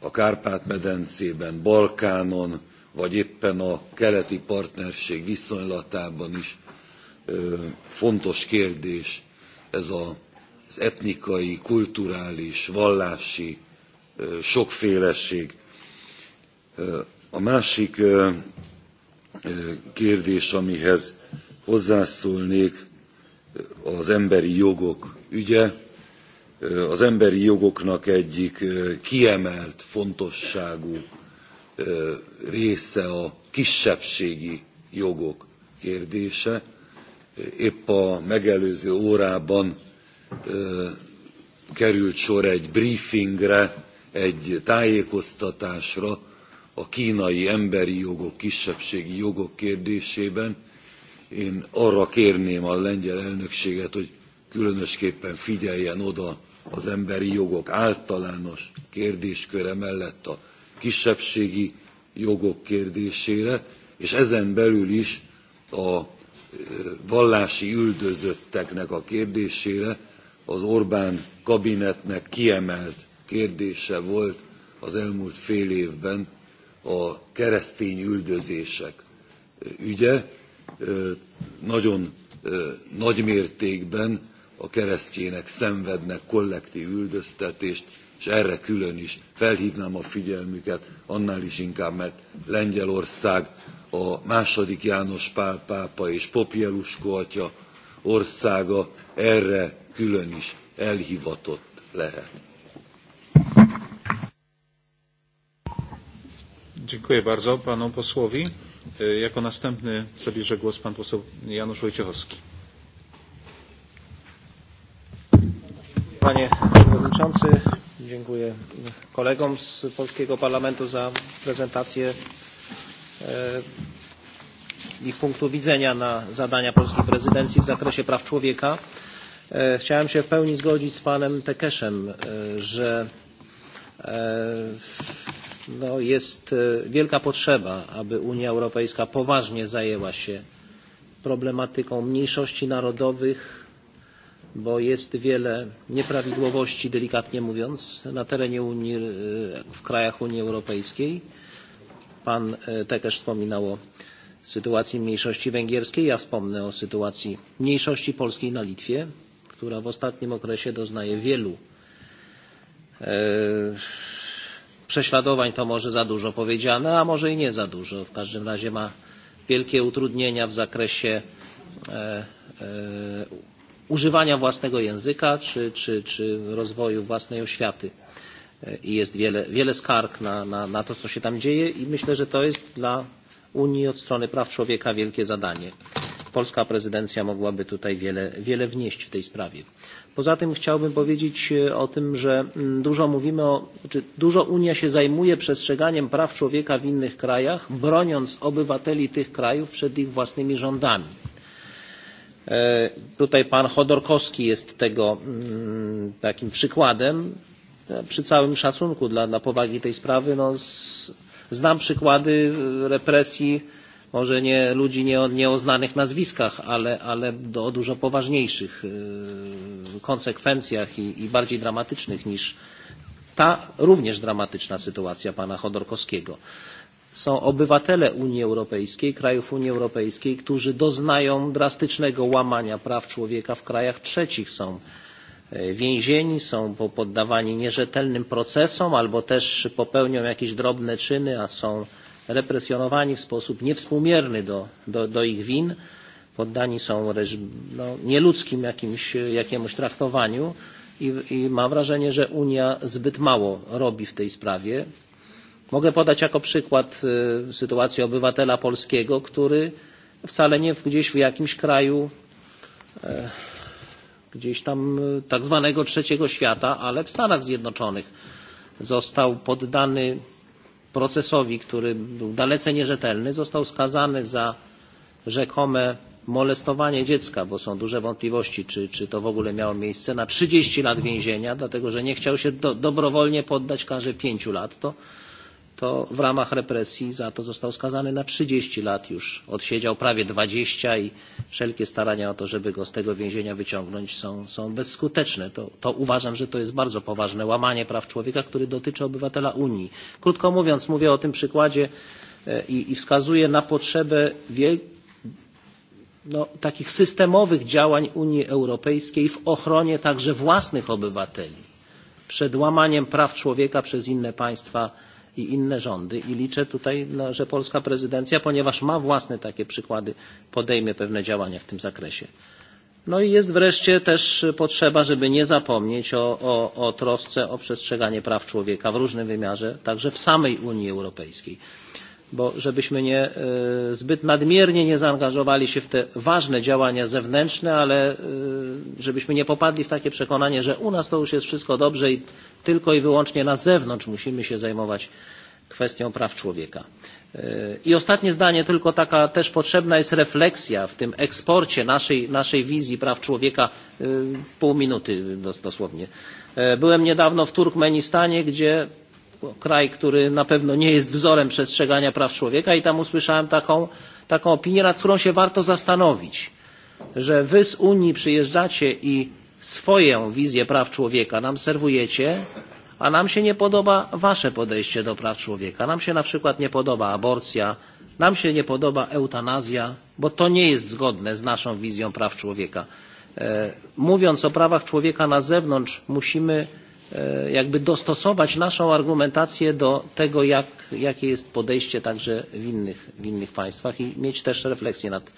[SPEAKER 4] a Kárpát-medencében, Balkánon, vagy éppen a keleti partnerség viszonylatában is fontos kérdés ez a az etnikai, kulturális, vallási sokféleség. A másik kérdés, amihez hozzászólnék, az emberi jogok ügye. Az emberi jogoknak egyik kiemelt fontosságú része a kisebbségi jogok kérdése. Épp a megelőző órában került sor egy briefingre, egy tájékoztatásra a kínai emberi jogok, kisebbségi jogok kérdésében. Én arra kérném a lengyel elnökséget, hogy különösképpen figyeljen oda az emberi jogok általános kérdésköre mellett a kisebbségi jogok kérdésére, és ezen belül is a vallási üldözötteknek a kérdésére, az Orbán kabinetnek kiemelt kérdése volt az elmúlt fél évben a keresztény üldözések ügye. Nagyon nagy mértékben a keresztjének szenvednek kollektív üldöztetést, és erre külön is felhívnám a figyelmüket, annál is inkább, mert Lengyelország a második János Pál pápa és Popielusko atya országa erre külön is elhivatott lehet.
[SPEAKER 1] Dziękuję bardzo panu posłowi. Jako następny zabierze głos pan poseł Janusz Wojciechowski. Panie Przewodniczący, dziękuję kolegom z polskiego
[SPEAKER 5] parlamentu za prezentację ich punktu widzenia na zadania polskiej prezydencji w zakresie praw człowieka. Chciałem się w pełni zgodzić z panem Tekeszem, że jest wielka potrzeba, aby Unia Europejska poważnie zajęła się problematyką mniejszości narodowych, bo jest wiele nieprawidłowości, delikatnie mówiąc, na terenie Unii, w krajach Unii Europejskiej. Pan Tekesz wspominał o sytuacji mniejszości węgierskiej, ja wspomnę o sytuacji mniejszości polskiej na Litwie która w ostatnim okresie doznaje wielu prześladowań, to może za dużo powiedziane, a może i nie za dużo. W każdym razie ma wielkie utrudnienia w zakresie używania własnego języka czy, czy, czy rozwoju własnej oświaty. I jest wiele, wiele skarg na, na, na to, co się tam dzieje i myślę, że to jest dla Unii od strony praw człowieka wielkie zadanie polska prezydencja mogłaby tutaj wiele, wiele wnieść w tej sprawie. Poza tym chciałbym powiedzieć o tym, że dużo mówimy o, czy dużo Unia się zajmuje przestrzeganiem praw człowieka w innych krajach, broniąc obywateli tych krajów przed ich własnymi rządami. Tutaj pan Chodorkowski jest tego takim przykładem. Przy całym szacunku dla, dla powagi tej sprawy, no, z, znam przykłady represji może nie ludzi nie, nie o znanych nazwiskach, ale, ale o dużo poważniejszych konsekwencjach i, i bardziej dramatycznych niż ta również dramatyczna sytuacja pana Chodorkowskiego. Są obywatele Unii Europejskiej, krajów Unii Europejskiej, którzy doznają drastycznego łamania praw człowieka w krajach trzecich. Są więzieni, są poddawani nierzetelnym procesom albo też popełnią jakieś drobne czyny, a są represjonowani w sposób niewspółmierny do, do, do ich win, poddani są no, nieludzkim jakimś, jakiemuś traktowaniu i, i mam wrażenie, że Unia zbyt mało robi w tej sprawie. Mogę podać jako przykład sytuację obywatela polskiego, który wcale nie gdzieś w jakimś kraju gdzieś tam tak zwanego trzeciego świata, ale w Stanach Zjednoczonych został poddany procesowi, który był dalece nierzetelny, został skazany za rzekome molestowanie dziecka, bo są duże wątpliwości, czy, czy to w ogóle miało miejsce, na 30 lat więzienia, dlatego że nie chciał się do, dobrowolnie poddać karze 5 lat. To to w ramach represji za to został skazany na 30 lat już. Odsiedział prawie 20 i wszelkie starania o to, żeby go z tego więzienia wyciągnąć są, są bezskuteczne. To, to uważam, że to jest bardzo poważne łamanie praw człowieka, które dotyczy obywatela Unii. Krótko mówiąc, mówię o tym przykładzie i, i wskazuję na potrzebę wielkiej no, takich systemowych działań Unii Europejskiej w ochronie także własnych obywateli przed łamaniem praw człowieka przez inne państwa i inne rządy i liczę tutaj, no, że polska prezydencja, ponieważ ma własne takie przykłady, podejmie pewne działania w tym zakresie. No i jest wreszcie też potrzeba, żeby nie zapomnieć o, o, o trosce o przestrzeganie praw człowieka w różnym wymiarze, także w samej Unii Europejskiej bo żebyśmy nie zbyt nadmiernie nie zaangażowali się w te ważne działania zewnętrzne, ale żebyśmy nie popadli w takie przekonanie, że u nas to już jest wszystko dobrze i tylko i wyłącznie na zewnątrz musimy się zajmować kwestią praw człowieka. I ostatnie zdanie, tylko taka też potrzebna jest refleksja w tym eksporcie naszej, naszej wizji praw człowieka, pół minuty dosłownie. Byłem niedawno w Turkmenistanie, gdzie kraj, który na pewno nie jest wzorem przestrzegania praw człowieka i tam usłyszałem taką, taką opinię, nad którą się warto zastanowić, że wy z Unii przyjeżdżacie i swoją wizję praw człowieka nam serwujecie, a nam się nie podoba wasze podejście do praw człowieka. Nam się na przykład nie podoba aborcja, nam się nie podoba eutanazja, bo to nie jest zgodne z naszą wizją praw człowieka. Mówiąc o prawach człowieka na zewnątrz, musimy jakby dostosować naszą argumentację do tego, jak, jakie jest podejście także w innych, w innych państwach i mieć też refleksję nad,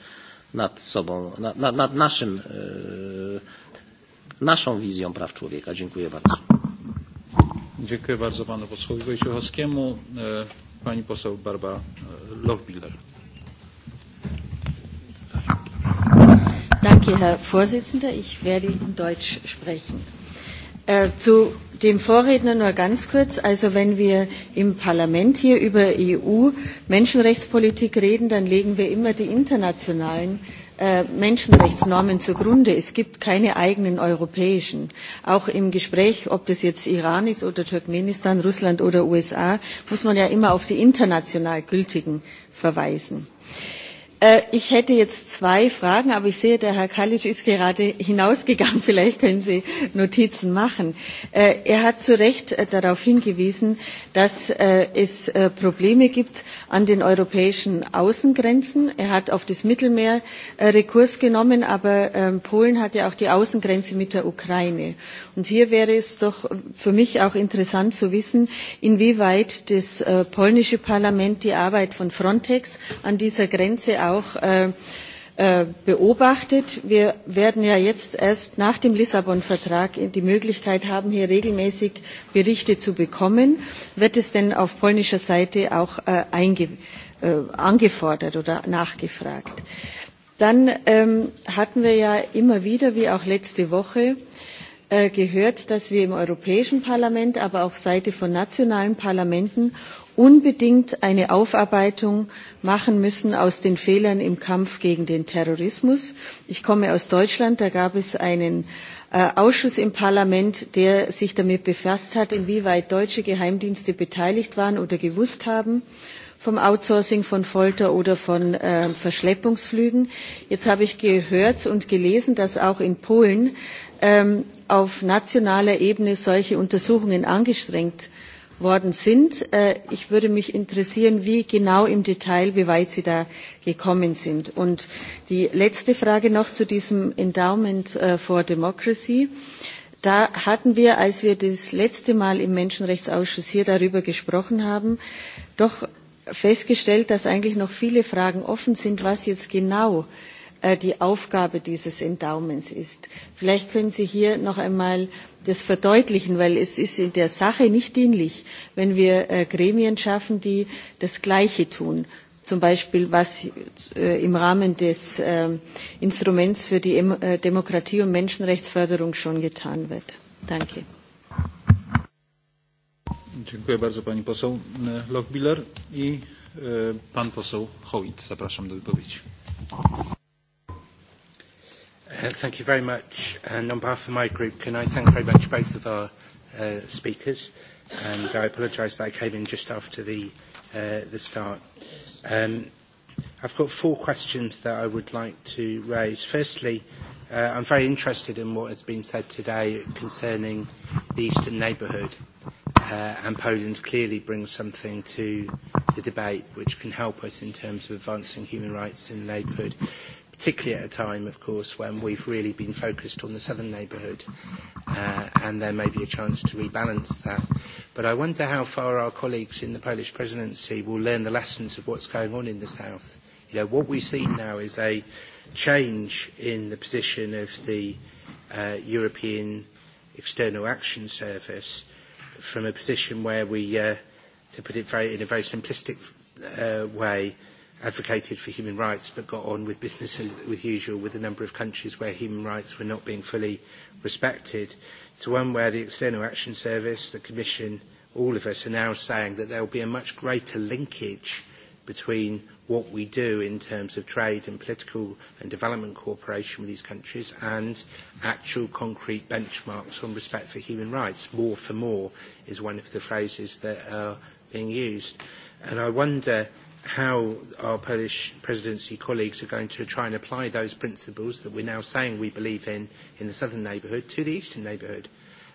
[SPEAKER 5] nad sobą, nad, nad, nad naszym, naszą
[SPEAKER 1] wizją praw człowieka. Dziękuję bardzo. Dziękuję bardzo panu posłowi Wojciechowskiemu. Pani poseł Barbara Lochbiller.
[SPEAKER 6] Danke, Herr Vorsitzender. Ich werde in Deutsch sprechen. Zu dem Vorredner nur ganz kurz. Also wenn wir im Parlament hier über EU-Menschenrechtspolitik reden, dann legen wir immer die internationalen Menschenrechtsnormen zugrunde. Es gibt keine eigenen europäischen. Auch im Gespräch, ob das jetzt Iran ist oder Turkmenistan, Russland oder USA, muss man ja immer auf die international gültigen verweisen. Äh, Ich hätte jetzt zwei Fragen, aber ich sehe, der Herr Kalitsch ist gerade hinausgegangen. Vielleicht können Sie Notizen machen. Er hat zu Recht darauf hingewiesen, dass es Probleme gibt an den europäischen Außengrenzen. Er hat auf das Mittelmeer Rekurs genommen, aber Polen hat ja auch die Außengrenze mit der Ukraine. Und hier wäre es doch für mich auch interessant zu wissen, inwieweit das polnische Parlament die Arbeit von Frontex an dieser Grenze auch beobachtet. Wir werden ja jetzt erst nach dem Lissabon-Vertrag die Möglichkeit haben, hier regelmäßig Berichte zu bekommen. Wird es denn auf polnischer Seite auch angefordert oder nachgefragt? Dann hatten wir ja immer wieder, wie auch letzte Woche, gehört, dass wir im Europäischen Parlament, aber auch auf Seite von nationalen Parlamenten unbedingt eine Aufarbeitung machen müssen aus den Fehlern im Kampf gegen den Terrorismus. Ich komme aus Deutschland, da gab es einen Ausschuss im Parlament, der sich damit befasst hat, inwieweit deutsche Geheimdienste beteiligt waren oder gewusst haben vom Outsourcing von Folter oder von Verschleppungsflügen. Jetzt habe ich gehört und gelesen, dass auch in Polen auf nationaler Ebene solche Untersuchungen angestrengt worden sind. Ich würde mich interessieren, wie genau im Detail, wie weit Sie da gekommen sind. Und die letzte Frage noch zu diesem Endowment for Democracy. Da hatten wir, als wir das letzte Mal im Menschenrechtsausschuss hier darüber gesprochen haben, doch festgestellt, dass eigentlich noch viele Fragen offen sind, was jetzt genau äh, die Aufgabe dieses Endowments ist. Vielleicht können Sie hier noch einmal das verdeutlichen, weil es ist in der Sache nicht dienlich, wenn wir Gremien schaffen, die das Gleiche tun zum Beispiel was im Rahmen des Instruments für die Demokratie und Menschenrechtsförderung schon getan wird. Danke.
[SPEAKER 1] Dziękuję bardzo pani poseł Lochbiller i pan poseł Zapraszam do wypowiedzi.
[SPEAKER 7] Thank you very much. And on behalf of my group, can I thank very much both of our uh, speakers? And I apologise that I came in just after the, uh, the start. Um, I've got four questions that I would like to raise. Firstly, uh, I'm very interested in what has been said today concerning the Eastern neighbourhood. Uh, and Poland clearly brings something to the debate which can help us in terms of advancing human rights in the neighbourhood particularly at a time, of course, when we've really been focused on the southern neighbourhood, uh, and there may be a chance to rebalance that. But I wonder how far our colleagues in the Polish presidency will learn the lessons of what's going on in the south. You know, what we've seen now is a change in the position of the uh, European External Action Service from a position where we, uh, to put it very, in a very simplistic uh, way, uh, advocated for human rights but got on with business as with usual with a number of countries where human rights were not being fully respected, to one where the External Action Service, the Commission, all of us are now saying that there will be a much greater linkage between what we do in terms of trade and political and development cooperation with these countries and actual concrete benchmarks on respect for human rights. More for more is one of the phrases that are being used. And I wonder how our Polish presidency colleagues are going to try and apply those principles that we're now saying we believe in in the southern neighbourhood to the eastern neighbourhood,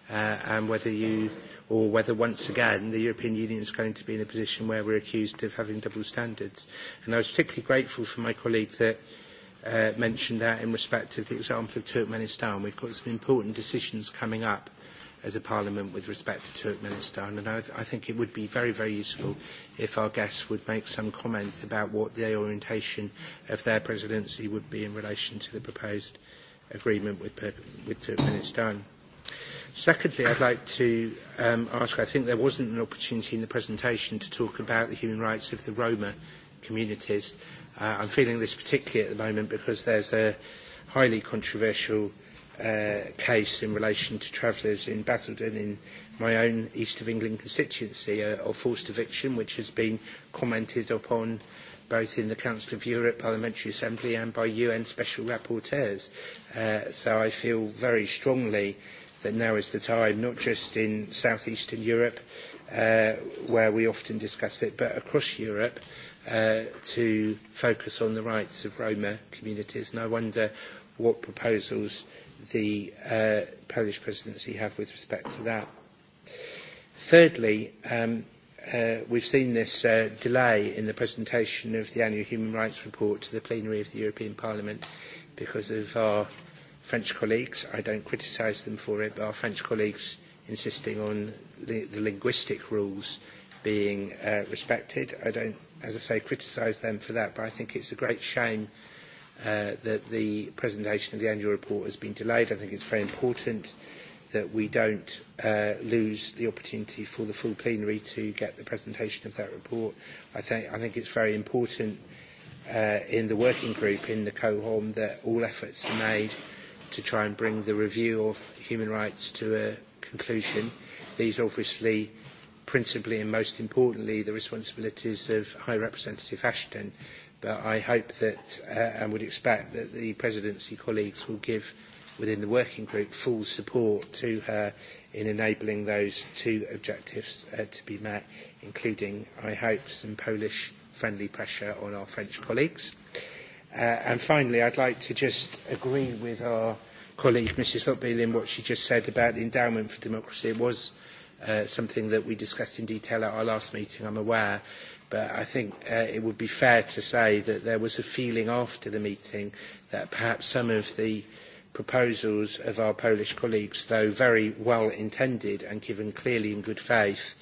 [SPEAKER 7] uh, and whether you or whether once again the European Union is going to be in a position where we're accused of having double standards. And I was particularly grateful for my colleague that uh, mentioned that in respect of the example of Turkmenistan. We've got some important decisions coming up as a parliament with respect to Turkmenistan. And I, I think it would be very, very useful if our guests would make some comment about what the orientation of their presidency would be in relation to the proposed agreement with, with Turkmenistan. Secondly, I'd like to um, ask, I think there wasn't an opportunity in the presentation to talk about the human rights of the Roma communities. Uh, I'm feeling this particularly at the moment because there's a highly controversial uh, uh, case in relation to travellers in Basildon in my own East of England constituency uh, of forced eviction, which has been commented upon both in the Council of Europe Parliamentary Assembly and by UN special rapporteurs. Uh, so I feel very strongly that now is the time, not just in southeastern Europe, uh, where we often discuss it, but across Europe, uh, to focus on the rights of Roma communities. And I wonder what proposals the uh, Polish presidency have with respect to that. Thirdly, um, uh, we've seen this uh, delay in the presentation of the annual human rights report to the plenary of the European Parliament because of our French colleagues. I don't criticise them for it, but our French colleagues insisting on the, the linguistic rules being uh, respected. I don't, as I say, criticise them for that, but I think it's a great shame that the presentation of the annual report has been delayed. I think it's very important that we don't uh, lose the opportunity for the full plenary to get the presentation of that report. I think, I think it's very important uh, in the working group, in the COHOM, that all efforts are made to try and bring the review of human rights to a conclusion. These obviously principally and most importantly the responsibilities of High Representative Ashton but I hope that uh, and would expect that the presidency colleagues will give within the working group full support to her in enabling those two objectives uh, to be met, including, I hope, some Polish friendly pressure on our French colleagues. Uh, and finally, I'd like to just agree with our colleague, Mrs. Hutbill, in what she just said about the endowment for democracy. It was uh, something that we discussed in detail at our last meeting, I'm aware But I think uh, it would be fair to say that there was a feeling after the meeting that perhaps some of the proposals of our Polish colleagues, though very well intended and given clearly in good faith,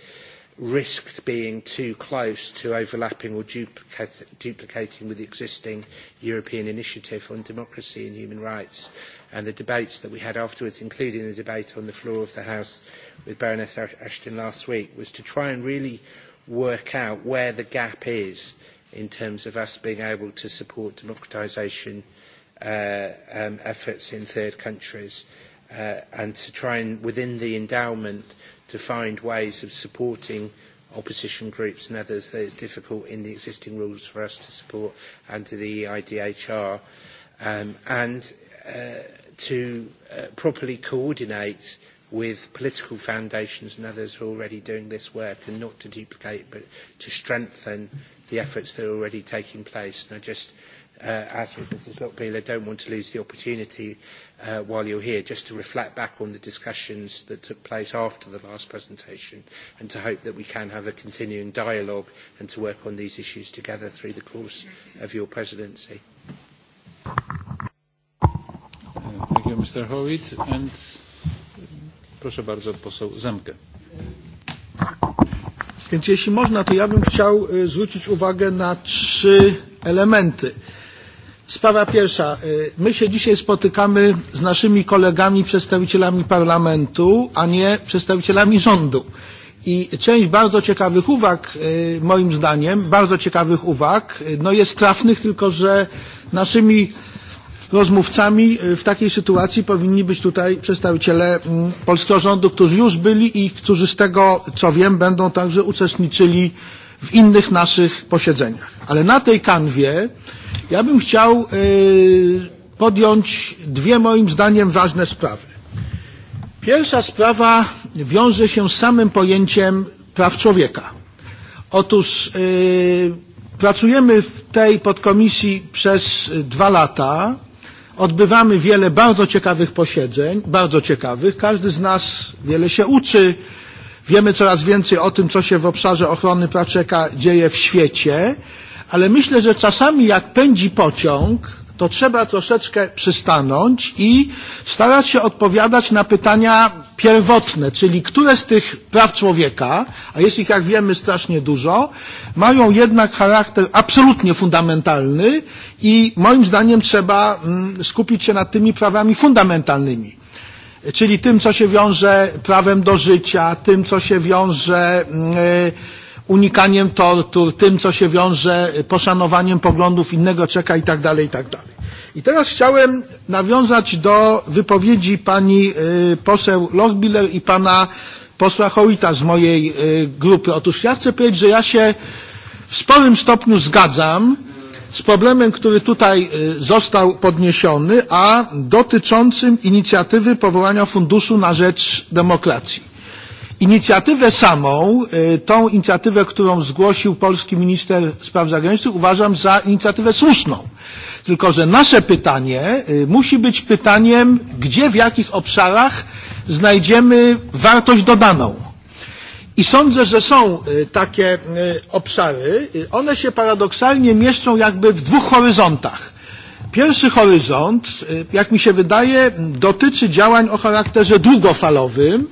[SPEAKER 7] risked being too close to overlapping or duplicating with the existing European initiative on democracy and human rights. And the debates that we had afterwards, including the debate on the floor of the House with Baroness Ashton last week, was to try and really work out where the gap is in terms of us being able to support democratisation uh, um, efforts in third countries uh, and to try and, within the endowment, to find ways of supporting opposition groups and others that it's difficult in the existing rules for us to support under the EIDHR um, and uh, to uh, properly coordinate with political foundations and others who are already doing this work and not to duplicate but to strengthen the efforts that are already taking place. And I just uh, ask you, Mrs Lockbeal, I don't want to lose the opportunity uh, while you're here just to reflect back on the discussions that took place after the last presentation and to hope that we can have a continuing dialogue and to work on these issues together through the course of your presidency. Thank you, Mr. Howitt. And
[SPEAKER 1] Proszę bardzo, poseł Zemkę.
[SPEAKER 8] Więc jeśli można, to ja bym chciał zwrócić uwagę na trzy elementy. Sprawa pierwsza. My się dzisiaj spotykamy z naszymi kolegami, przedstawicielami parlamentu, a nie przedstawicielami rządu. I część bardzo ciekawych uwag, moim zdaniem, bardzo ciekawych uwag, no jest trafnych, tylko że naszymi rozmówcami w takiej sytuacji powinni być tutaj przedstawiciele polskiego rządu, którzy już byli i którzy z tego, co wiem, będą także uczestniczyli w innych naszych posiedzeniach. Ale na tej kanwie ja bym chciał podjąć dwie moim zdaniem ważne sprawy. Pierwsza sprawa wiąże się z samym pojęciem praw człowieka. Otóż pracujemy w tej podkomisji przez dwa lata Odbywamy wiele bardzo ciekawych posiedzeń, bardzo ciekawych. Każdy z nas wiele się uczy. Wiemy coraz więcej o tym, co się w obszarze ochrony praw człowieka dzieje w świecie, ale myślę, że czasami jak pędzi pociąg, to trzeba troszeczkę przystanąć i starać się odpowiadać na pytania pierwotne, czyli które z tych praw człowieka, a jest ich jak wiemy strasznie dużo, mają jednak charakter absolutnie fundamentalny i moim zdaniem trzeba skupić się nad tymi prawami fundamentalnymi czyli tym, co się wiąże prawem do życia, tym, co się wiąże unikaniem tortur, tym, co się wiąże, poszanowaniem poglądów innego czeka i tak dalej, i tak dalej. I teraz chciałem nawiązać do wypowiedzi pani poseł Lochbiller i pana posła Hołita z mojej grupy. Otóż ja chcę powiedzieć, że ja się w sporym stopniu zgadzam z problemem, który tutaj został podniesiony, a dotyczącym inicjatywy powołania Funduszu na Rzecz Demokracji. Inicjatywę samą, tą inicjatywę, którą zgłosił polski minister spraw zagranicznych, uważam za inicjatywę słuszną. Tylko, że nasze pytanie musi być pytaniem, gdzie, w jakich obszarach znajdziemy wartość dodaną. I sądzę, że są takie obszary. One się paradoksalnie mieszczą jakby w dwóch horyzontach. Pierwszy horyzont, jak mi się wydaje, dotyczy działań o charakterze długofalowym,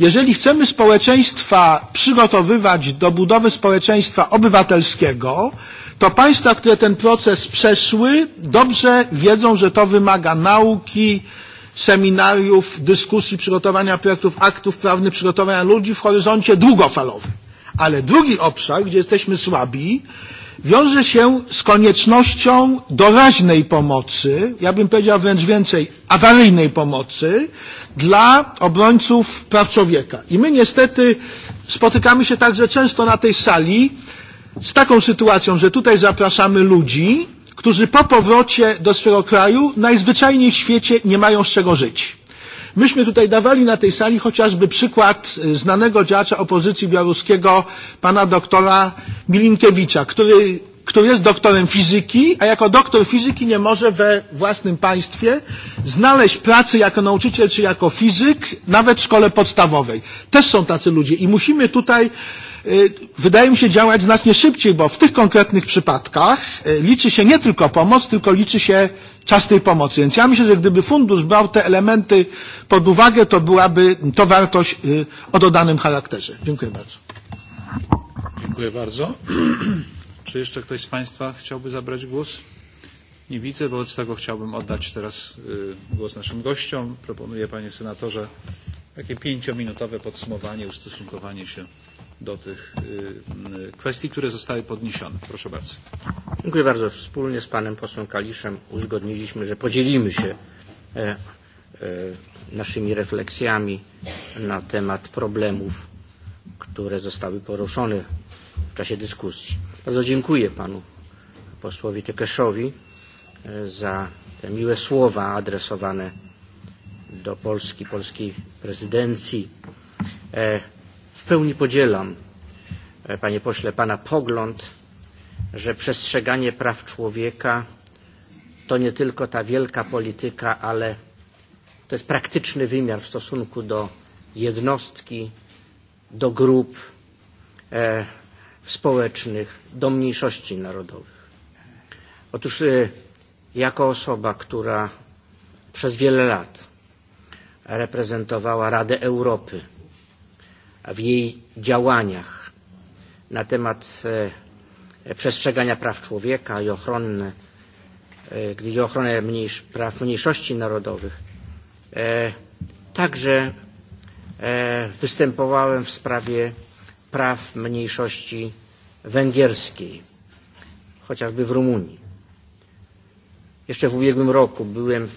[SPEAKER 8] Jeżeli chcemy społeczeństwa przygotowywać do budowy społeczeństwa obywatelskiego, to państwa, które ten proces przeszły, dobrze wiedzą, że to wymaga nauki, seminariów, dyskusji, przygotowania projektów aktów prawnych, przygotowania ludzi w horyzoncie długofalowym. Ale drugi obszar, gdzie jesteśmy słabi, wiąże się z koniecznością doraźnej pomocy, ja bym powiedział wręcz więcej, awaryjnej pomocy dla obrońców praw człowieka. I my niestety spotykamy się także często na tej sali z taką sytuacją, że tutaj zapraszamy ludzi, którzy po powrocie do swojego kraju najzwyczajniej w świecie nie mają z czego żyć. Myśmy tutaj dawali na tej sali chociażby przykład znanego działacza opozycji białoruskiego, pana doktora Milinkiewicza, który który jest doktorem fizyki, a jako doktor fizyki nie może we własnym państwie znaleźć pracy jako nauczyciel czy jako fizyk, nawet w szkole podstawowej. Też są tacy ludzie i musimy tutaj, wydaje mi się, działać znacznie szybciej, bo w tych konkretnych przypadkach liczy się nie tylko pomoc, tylko liczy się czas tej pomocy. Więc ja myślę, że gdyby fundusz brał te elementy pod uwagę, to byłaby to wartość o dodanym charakterze. Dziękuję bardzo.
[SPEAKER 1] Dziękuję bardzo. Czy jeszcze ktoś z Państwa chciałby zabrać głos? Nie widzę, wobec tego chciałbym oddać teraz głos naszym gościom. Proponuję, panie senatorze, takie pięciominutowe podsumowanie, ustosunkowanie się do tych kwestii,
[SPEAKER 3] które zostały podniesione. Proszę bardzo. Dziękuję bardzo. Wspólnie z panem posłem Kaliszem uzgodniliśmy, że podzielimy się naszymi refleksjami na temat problemów, które zostały poruszone w czasie dyskusji. Bardzo dziękuję panu posłowi Tekeszowi za te miłe słowa adresowane do Polski, polskiej prezydencji. W pełni podzielam, panie pośle, pana pogląd, że przestrzeganie praw człowieka to nie tylko ta wielka polityka, ale to jest praktyczny wymiar w stosunku do jednostki, do grup społecznych, do mniejszości narodowych. Otóż jako osoba, która przez wiele lat reprezentowała Radę Europy, w jej działaniach na temat przestrzegania praw człowieka i ochrony, gdy o ochronę mniejsz, praw mniejszości narodowych. Także występowałem w sprawie praw mniejszości węgierskiej, chociażby w Rumunii. Jeszcze w ubiegłym roku byłem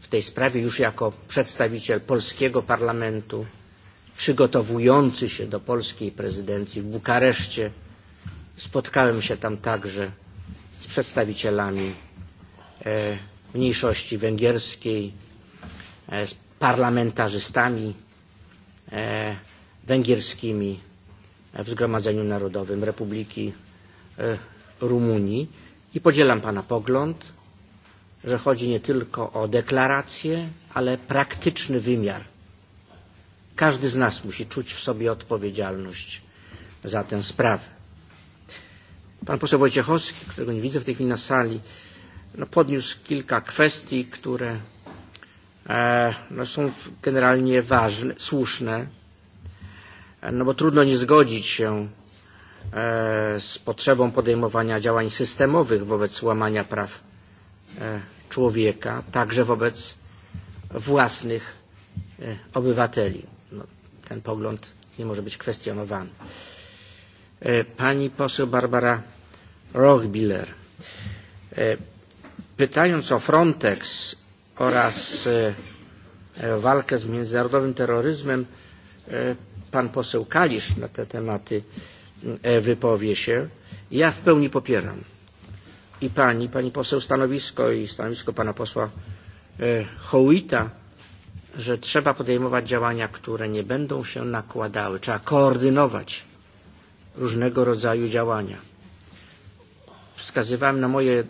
[SPEAKER 3] w tej sprawie już jako przedstawiciel polskiego parlamentu przygotowujący się do polskiej prezydencji w Bukareszcie. Spotkałem się tam także z przedstawicielami mniejszości węgierskiej, z parlamentarzystami węgierskimi w Zgromadzeniu Narodowym Republiki Rumunii i podzielam Pana pogląd, że chodzi nie tylko o deklarację, ale praktyczny wymiar Każdy z nas musi czuć w sobie odpowiedzialność za tę sprawę. Pan poseł Wojciechowski, którego nie widzę w tej chwili na sali, no podniósł kilka kwestii, które e, no są generalnie ważne, słuszne, no bo trudno nie zgodzić się e, z potrzebą podejmowania działań systemowych wobec łamania praw e, człowieka, także wobec własnych e, obywateli ten pogląd nie może być kwestionowany. Pani poseł Barbara Rochbiller, pytając o Frontex oraz walkę z międzynarodowym terroryzmem, pan poseł Kalisz na te tematy wypowie się. Ja w pełni popieram i pani, pani poseł stanowisko i stanowisko pana posła Hołita że trzeba podejmować działania, które nie będą się nakładały. Trzeba koordynować różnego rodzaju działania. Wskazywałem na moje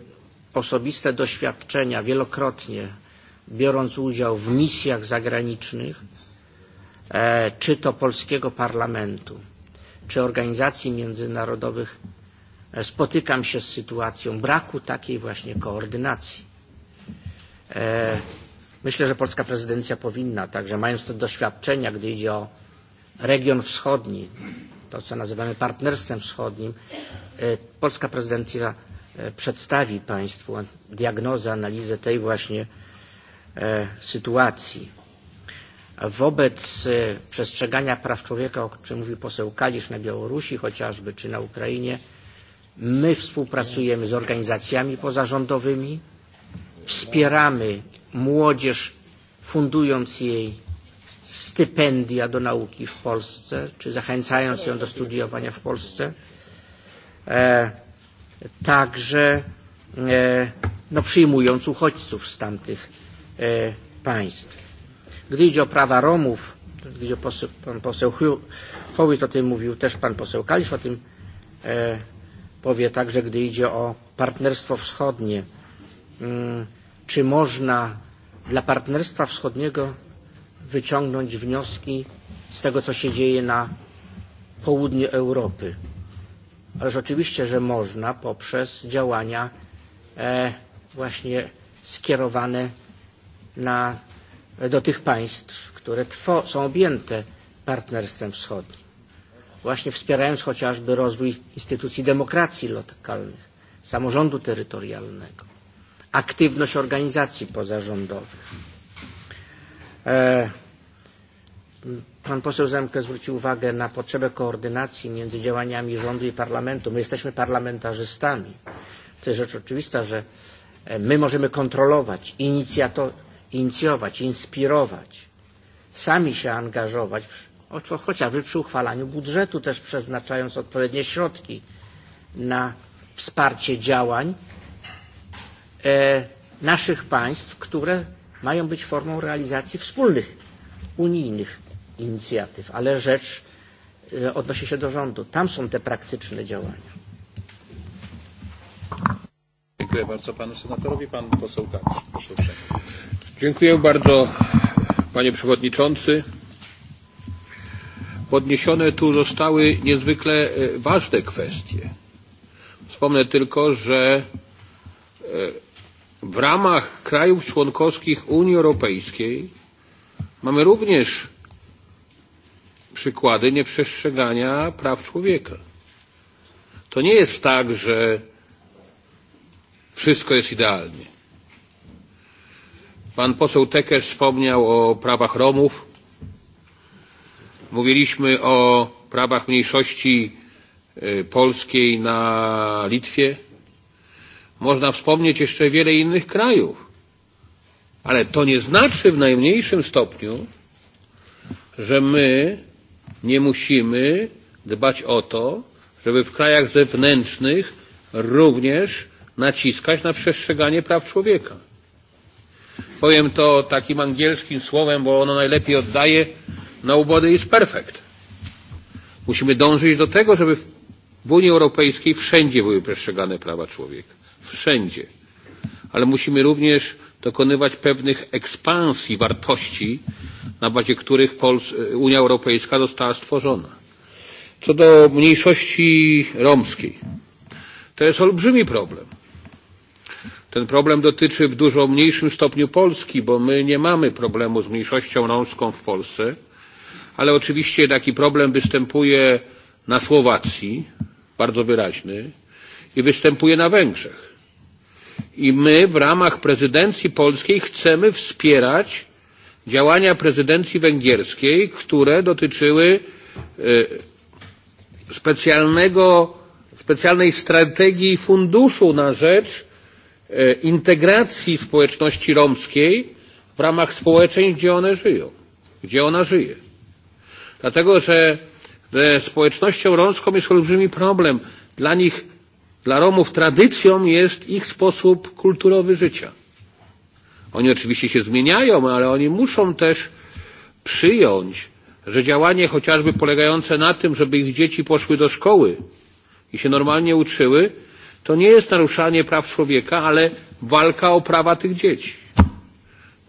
[SPEAKER 3] osobiste doświadczenia wielokrotnie, biorąc udział w misjach zagranicznych, czy to polskiego parlamentu, czy organizacji międzynarodowych, spotykam się z sytuacją braku takiej właśnie koordynacji Myślę, że polska prezydencja powinna, także mając te doświadczenia, gdy idzie o region wschodni, to co nazywamy partnerstwem wschodnim, polska prezydencja przedstawi Państwu diagnozę, analizę tej właśnie sytuacji. Wobec przestrzegania praw człowieka, o czym mówił poseł Kalisz na Białorusi chociażby, czy na Ukrainie, my współpracujemy z organizacjami pozarządowymi, wspieramy młodzież, fundując jej stypendia do nauki w Polsce, czy zachęcając ją do studiowania w Polsce. Także no, przyjmując uchodźców z tamtych państw. Gdy idzie o prawa Romów, gdzie poseł, pan poseł Howitt o tym mówił, też pan poseł Kalisz o tym e, powie także, gdy idzie o partnerstwo wschodnie czy można dla Partnerstwa Wschodniego wyciągnąć wnioski z tego, co się dzieje na południu Europy. Ależ oczywiście, że można poprzez działania właśnie skierowane na, do tych państw, które są objęte partnerstwem wschodnim. Właśnie wspierając chociażby rozwój instytucji demokracji lokalnych, samorządu terytorialnego, aktywność organizacji pozarządowych. Pan poseł Zemke zwrócił uwagę na potrzebę koordynacji między działaniami rządu i parlamentu. My jesteśmy parlamentarzystami. To jest rzecz oczywista, że my możemy kontrolować, inicjować, inspirować, sami się angażować, chociażby przy uchwalaniu budżetu też przeznaczając odpowiednie środki na wsparcie działań naszych państw, które mają być formą realizacji wspólnych unijnych inicjatyw, ale rzecz odnosi się do rządu. Tam są te praktyczne działania. Dziękuję bardzo panu senatorowi. Pan poseł Kacz,
[SPEAKER 1] proszę
[SPEAKER 2] Dziękuję bardzo panie przewodniczący. Podniesione tu zostały niezwykle ważne kwestie. Wspomnę tylko, że w ramach krajów członkowskich Unii Europejskiej mamy również przykłady nieprzestrzegania praw człowieka. To nie jest tak, że wszystko jest idealnie. Pan poseł Tekesz wspomniał o prawach Romów. Mówiliśmy o prawach mniejszości polskiej na Litwie Można wspomnieć jeszcze wiele innych krajów. Ale to nie znaczy w najmniejszym stopniu, że my nie musimy dbać o to, żeby w krajach zewnętrznych również naciskać na przestrzeganie praw człowieka. Powiem to takim angielskim słowem, bo ono najlepiej oddaje nobody is perfect. Musimy dążyć do tego, żeby w Unii Europejskiej wszędzie były przestrzegane prawa człowieka wszędzie. Ale musimy również dokonywać pewnych ekspansji wartości, na bazie których Unia Europejska została stworzona. Co do mniejszości romskiej, to jest olbrzymi problem. Ten problem dotyczy w dużo mniejszym stopniu Polski, bo my nie mamy problemu z mniejszością romską w Polsce, ale oczywiście taki problem występuje na Słowacji, bardzo wyraźny, i występuje na Węgrzech. I my w ramach prezydencji polskiej chcemy wspierać działania prezydencji węgierskiej, które dotyczyły specjalnego, specjalnej strategii funduszu na rzecz integracji społeczności romskiej w ramach społeczeństw, gdzie one żyją, gdzie ona żyje. Dlatego, że ze społecznością romską jest olbrzymi problem. Dla nich Dla Romów tradycją jest ich sposób kulturowy życia. Oni oczywiście się zmieniają, ale oni muszą też przyjąć, że działanie chociażby polegające na tym, żeby ich dzieci poszły do szkoły i się normalnie uczyły, to nie jest naruszanie praw człowieka, ale walka o prawa tych dzieci.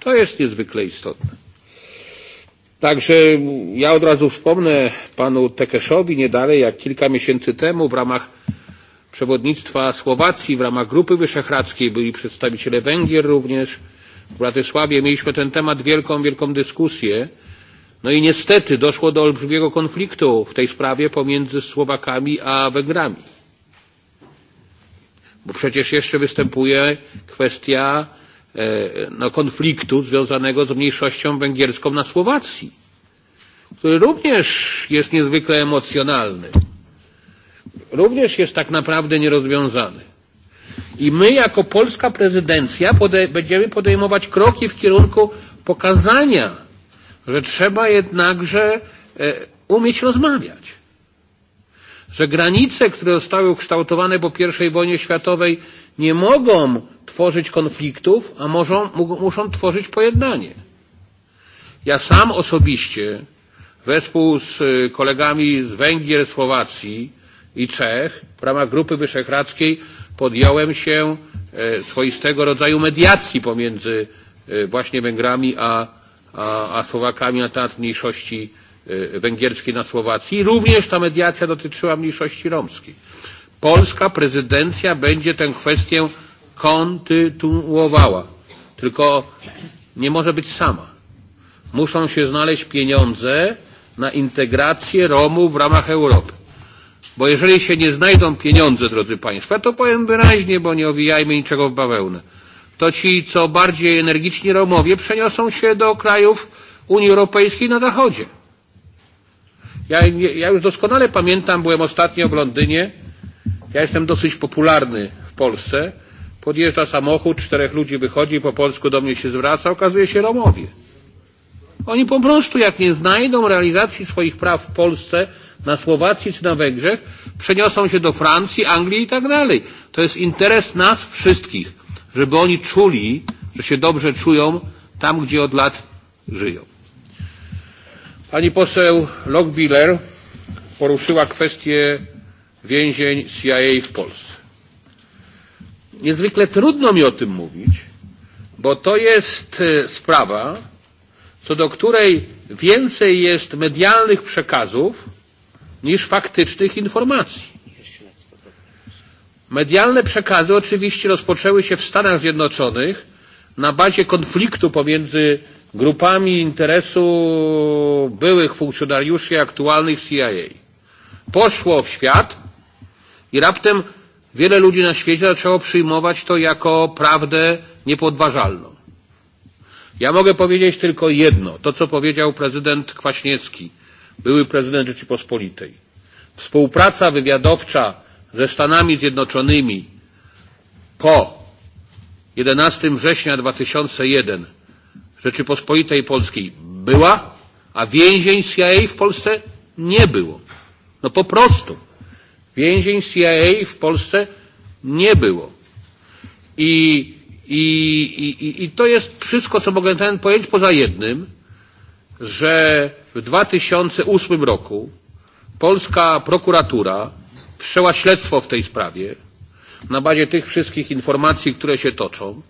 [SPEAKER 2] To jest niezwykle istotne. Także ja od razu wspomnę panu Tekeszowi nie dalej jak kilka miesięcy temu w ramach przewodnictwa Słowacji w ramach Grupy Wyszehradzkiej, byli przedstawiciele Węgier również. W Bratysławie mieliśmy ten temat wielką, wielką dyskusję. No i niestety doszło do olbrzymiego konfliktu w tej sprawie pomiędzy Słowakami a Węgrami. Bo przecież jeszcze występuje kwestia no, konfliktu związanego z mniejszością węgierską na Słowacji, który również jest niezwykle emocjonalny również jest tak naprawdę nierozwiązany. I my jako polska prezydencja pode będziemy podejmować kroki w kierunku pokazania, że trzeba jednakże e, umieć rozmawiać. Że granice, które zostały ukształtowane po I wojnie światowej nie mogą tworzyć konfliktów, a muszą, muszą tworzyć pojednanie. Ja sam osobiście wespół z kolegami z Węgier, Słowacji i Czech w ramach Grupy Wyszehradzkiej podjąłem się swoistego rodzaju mediacji pomiędzy właśnie Węgrami a, a, a Słowakami na temat mniejszości węgierskiej na Słowacji. Również ta mediacja dotyczyła mniejszości romskiej. Polska prezydencja będzie tę kwestię kontynuowała. Tylko nie może być sama. Muszą się znaleźć pieniądze na integrację Romów w ramach Europy. Bo jeżeli się nie znajdą pieniądze, drodzy Państwo, to powiem wyraźnie, bo nie owijajmy niczego w bawełnę, to ci, co bardziej energiczni Romowie, przeniosą się do krajów Unii Europejskiej na zachodzie. Ja, ja już doskonale pamiętam, byłem ostatnio w Londynie, ja jestem dosyć popularny w Polsce, podjeżdża samochód, czterech ludzi wychodzi, po polsku do mnie się zwraca, okazuje się Romowie. Oni po prostu, jak nie znajdą realizacji swoich praw w Polsce, na Słowacji czy na Węgrzech, przeniosą się do Francji, Anglii i tak dalej. To jest interes nas wszystkich, żeby oni czuli, że się dobrze czują tam, gdzie od lat żyją. Pani poseł Lockbiller poruszyła kwestię więzień CIA w Polsce. Niezwykle trudno mi o tym mówić, bo to jest sprawa, co do której więcej jest medialnych przekazów niż faktycznych informacji. Medialne przekazy oczywiście rozpoczęły się w Stanach Zjednoczonych na bazie konfliktu pomiędzy grupami interesu byłych funkcjonariuszy aktualnych CIA. Poszło w świat i raptem wiele ludzi na świecie zaczęło przyjmować to jako prawdę niepodważalną. Ja mogę powiedzieć tylko jedno, to co powiedział prezydent Kwaśniewski – były prezydent Rzeczypospolitej. Współpraca wywiadowcza ze Stanami Zjednoczonymi po 11 września 2001 Rzeczypospolitej Polskiej była, a więzień CIA w Polsce nie było. No po prostu. Więzień CIA w Polsce nie było. I, i, i, i to jest wszystko, co mogę ten powiedzieć, poza jednym, że w 2008 roku polska prokuratura wszczęła śledztwo w tej sprawie na bazie tych wszystkich informacji, które się toczą.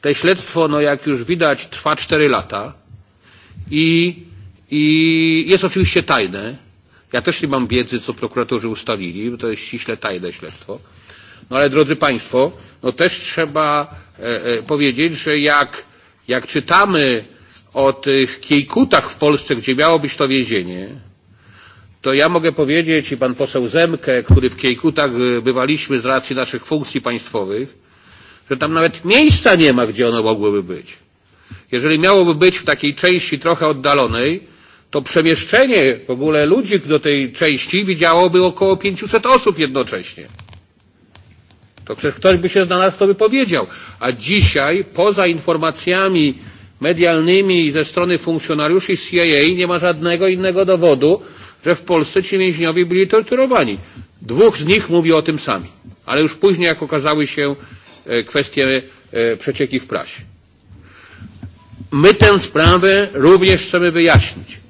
[SPEAKER 2] Te śledztwo, no jak już widać, trwa 4 lata i, i jest oczywiście tajne. Ja też nie mam wiedzy, co prokuratorzy ustalili, bo to jest ściśle tajne śledztwo. No ale drodzy Państwo, no też trzeba e, e, powiedzieć, że jak, jak czytamy o tych kiejkutach w Polsce, gdzie miało być to więzienie, to ja mogę powiedzieć i pan poseł Zemke, który w Kiejkutach bywaliśmy z racji naszych funkcji państwowych, że tam nawet miejsca nie ma, gdzie ono mogłoby być. Jeżeli miałoby być w takiej części trochę oddalonej, to przemieszczenie w ogóle ludzi do tej części widziałoby około 500 osób jednocześnie. To przecież ktoś by się na nas to wypowiedział. A dzisiaj poza informacjami medialnymi ze strony funkcjonariuszy CIA nie ma żadnego innego dowodu, że w Polsce ci więźniowie byli torturowani. Dwóch z nich mówi o tym sami, ale już później, jak okazały się kwestie przecieki w prasie. My tę sprawę również chcemy wyjaśnić,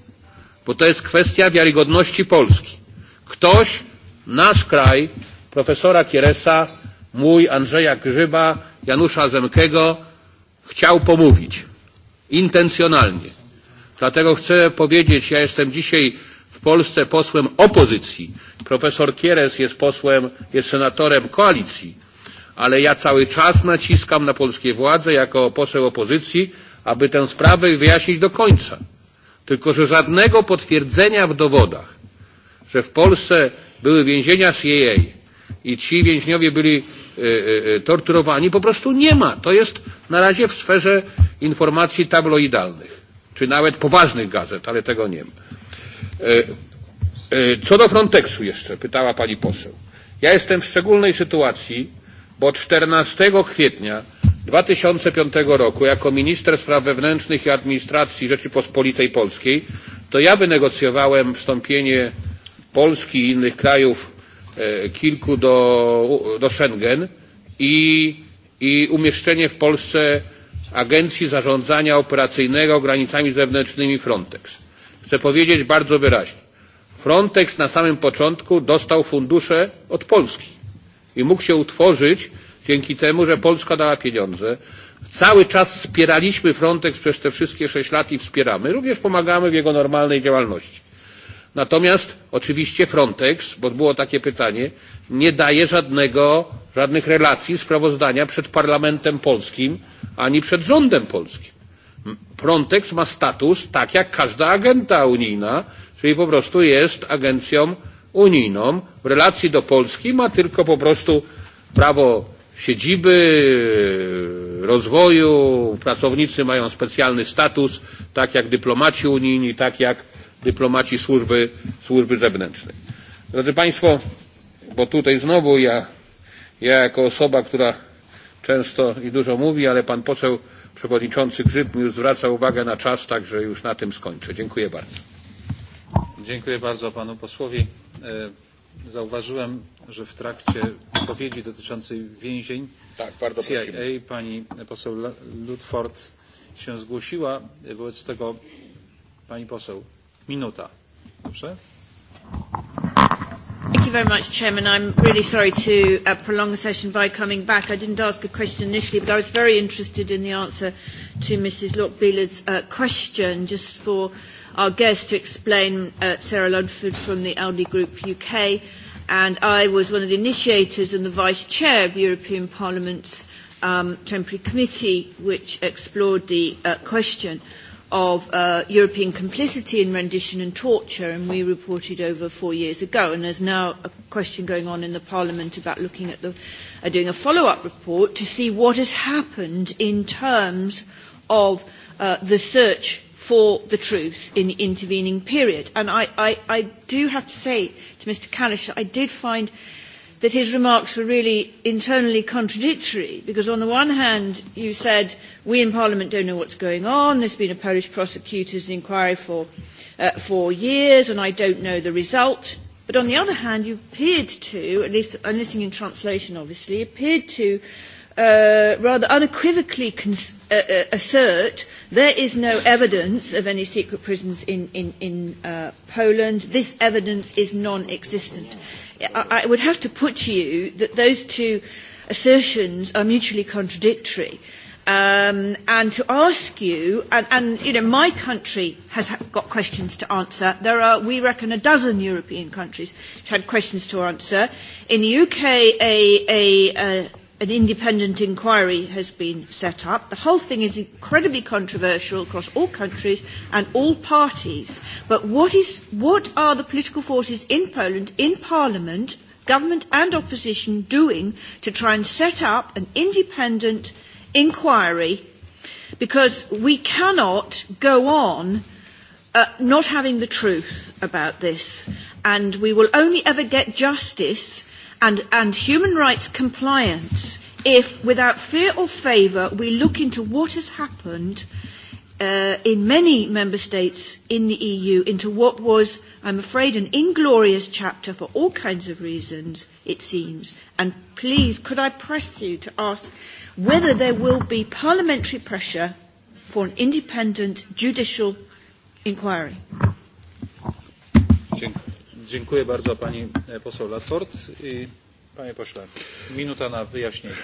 [SPEAKER 2] bo to jest kwestia wiarygodności Polski. Ktoś, nasz kraj, profesora Kieresa, mój, Andrzeja Grzyba, Janusza Zemkego, chciał pomówić intencjonalnie. Dlatego chcę powiedzieć, ja jestem dzisiaj w Polsce posłem opozycji. Profesor Kieres jest posłem, jest senatorem koalicji, ale ja cały czas naciskam na polskie władze jako poseł opozycji, aby tę sprawę wyjaśnić do końca. Tylko, że żadnego potwierdzenia w dowodach, że w Polsce były więzienia CIA i ci więźniowie byli torturowani, po prostu nie ma. To jest na razie w sferze informacji tabloidalnych, czy nawet poważnych gazet, ale tego nie ma. Co do Frontexu jeszcze, pytała pani poseł. Ja jestem w szczególnej sytuacji, bo 14 kwietnia 2005 roku jako minister spraw wewnętrznych i administracji Rzeczypospolitej Polskiej to ja wynegocjowałem wstąpienie Polski i innych krajów kilku do, do Schengen i, i umieszczenie w Polsce Agencji Zarządzania Operacyjnego granicami zewnętrznymi Frontex. Chcę powiedzieć bardzo wyraźnie. Frontex na samym początku dostał fundusze od Polski i mógł się utworzyć dzięki temu, że Polska dała pieniądze. Cały czas wspieraliśmy Frontex przez te wszystkie sześć lat i wspieramy. Również pomagamy w jego normalnej działalności. Natomiast oczywiście Frontex, bo było takie pytanie, nie daje żadnego żadnych relacji sprawozdania przed Parlamentem Polskim ani przed rządem polskim. Frontex ma status tak jak każda agenta unijna, czyli po prostu jest agencją unijną. W relacji do Polski ma tylko po prostu prawo siedziby, rozwoju, pracownicy mają specjalny status, tak jak dyplomaci unijni, tak jak dyplomaci służby, służby zewnętrznej. Drodzy Państwo, bo tutaj znowu ja Ja jako osoba, która często i dużo mówi, ale pan poseł przewodniczący Grzyb mi już zwraca uwagę na czas, także już na tym skończę. Dziękuję bardzo.
[SPEAKER 1] Dziękuję bardzo panu posłowi. Zauważyłem, że w trakcie wypowiedzi dotyczącej więzień tak, bardzo CIA prosimy. pani poseł Ludford się zgłosiła. Wobec tego pani poseł minuta. Dobrze?
[SPEAKER 9] Thank you very much, Chairman. I'm really sorry to uh, prolong the session by coming back. I didn't ask a question initially, but I was very interested in the answer to Mrs. Lockbeeler's uh, question, just for our guest to explain uh, Sarah Ludford from the Aldi Group UK. And I was one of the initiators and the vice chair of the European Parliament's um, temporary committee, which explored the uh, question of uh, European complicity in rendition and torture, and we reported over four years ago. And there's now a question going on in the Parliament about looking at the, uh, doing a follow-up report to see what has happened in terms of uh, the search for the truth in the intervening period. And I, I, I do have to say to Mr. Callish that I did find that his remarks were really internally contradictory because on the one hand you said we in parliament don't know what's going on there's been a polish prosecutor's inquiry for uh, four years and i don't know the result but on the other hand you appeared to at least i'm listening in translation obviously appeared to uh, rather unequivocally cons- uh, uh, assert there is no evidence of any secret prisons in, in, in uh, Poland. This evidence is non-existent. Yeah I would have to put to you that those two assertions are mutually contradictory. Um, and to ask you, and, and you know, my country has got questions to answer. There are, we reckon, a dozen European countries which had questions to answer. In the UK, a, a, a an independent inquiry has been set up. The whole thing is incredibly controversial across all countries and all parties. But what, is, what are the political forces in Poland, in Parliament, government and opposition doing to try and set up an independent inquiry? Because we cannot go on uh, not having the truth about this. And we will only ever get justice and, and human rights compliance if, without fear or favour, we look into what has happened uh, in many member states in the EU into what was, I'm afraid, an inglorious chapter for all kinds of reasons, it seems. And please, could I press you to ask whether there will be parliamentary pressure for an independent judicial inquiry?
[SPEAKER 1] you. Dziękuję bardzo pani poseł Latford. I panie pośle, minuta na wyjaśnienie.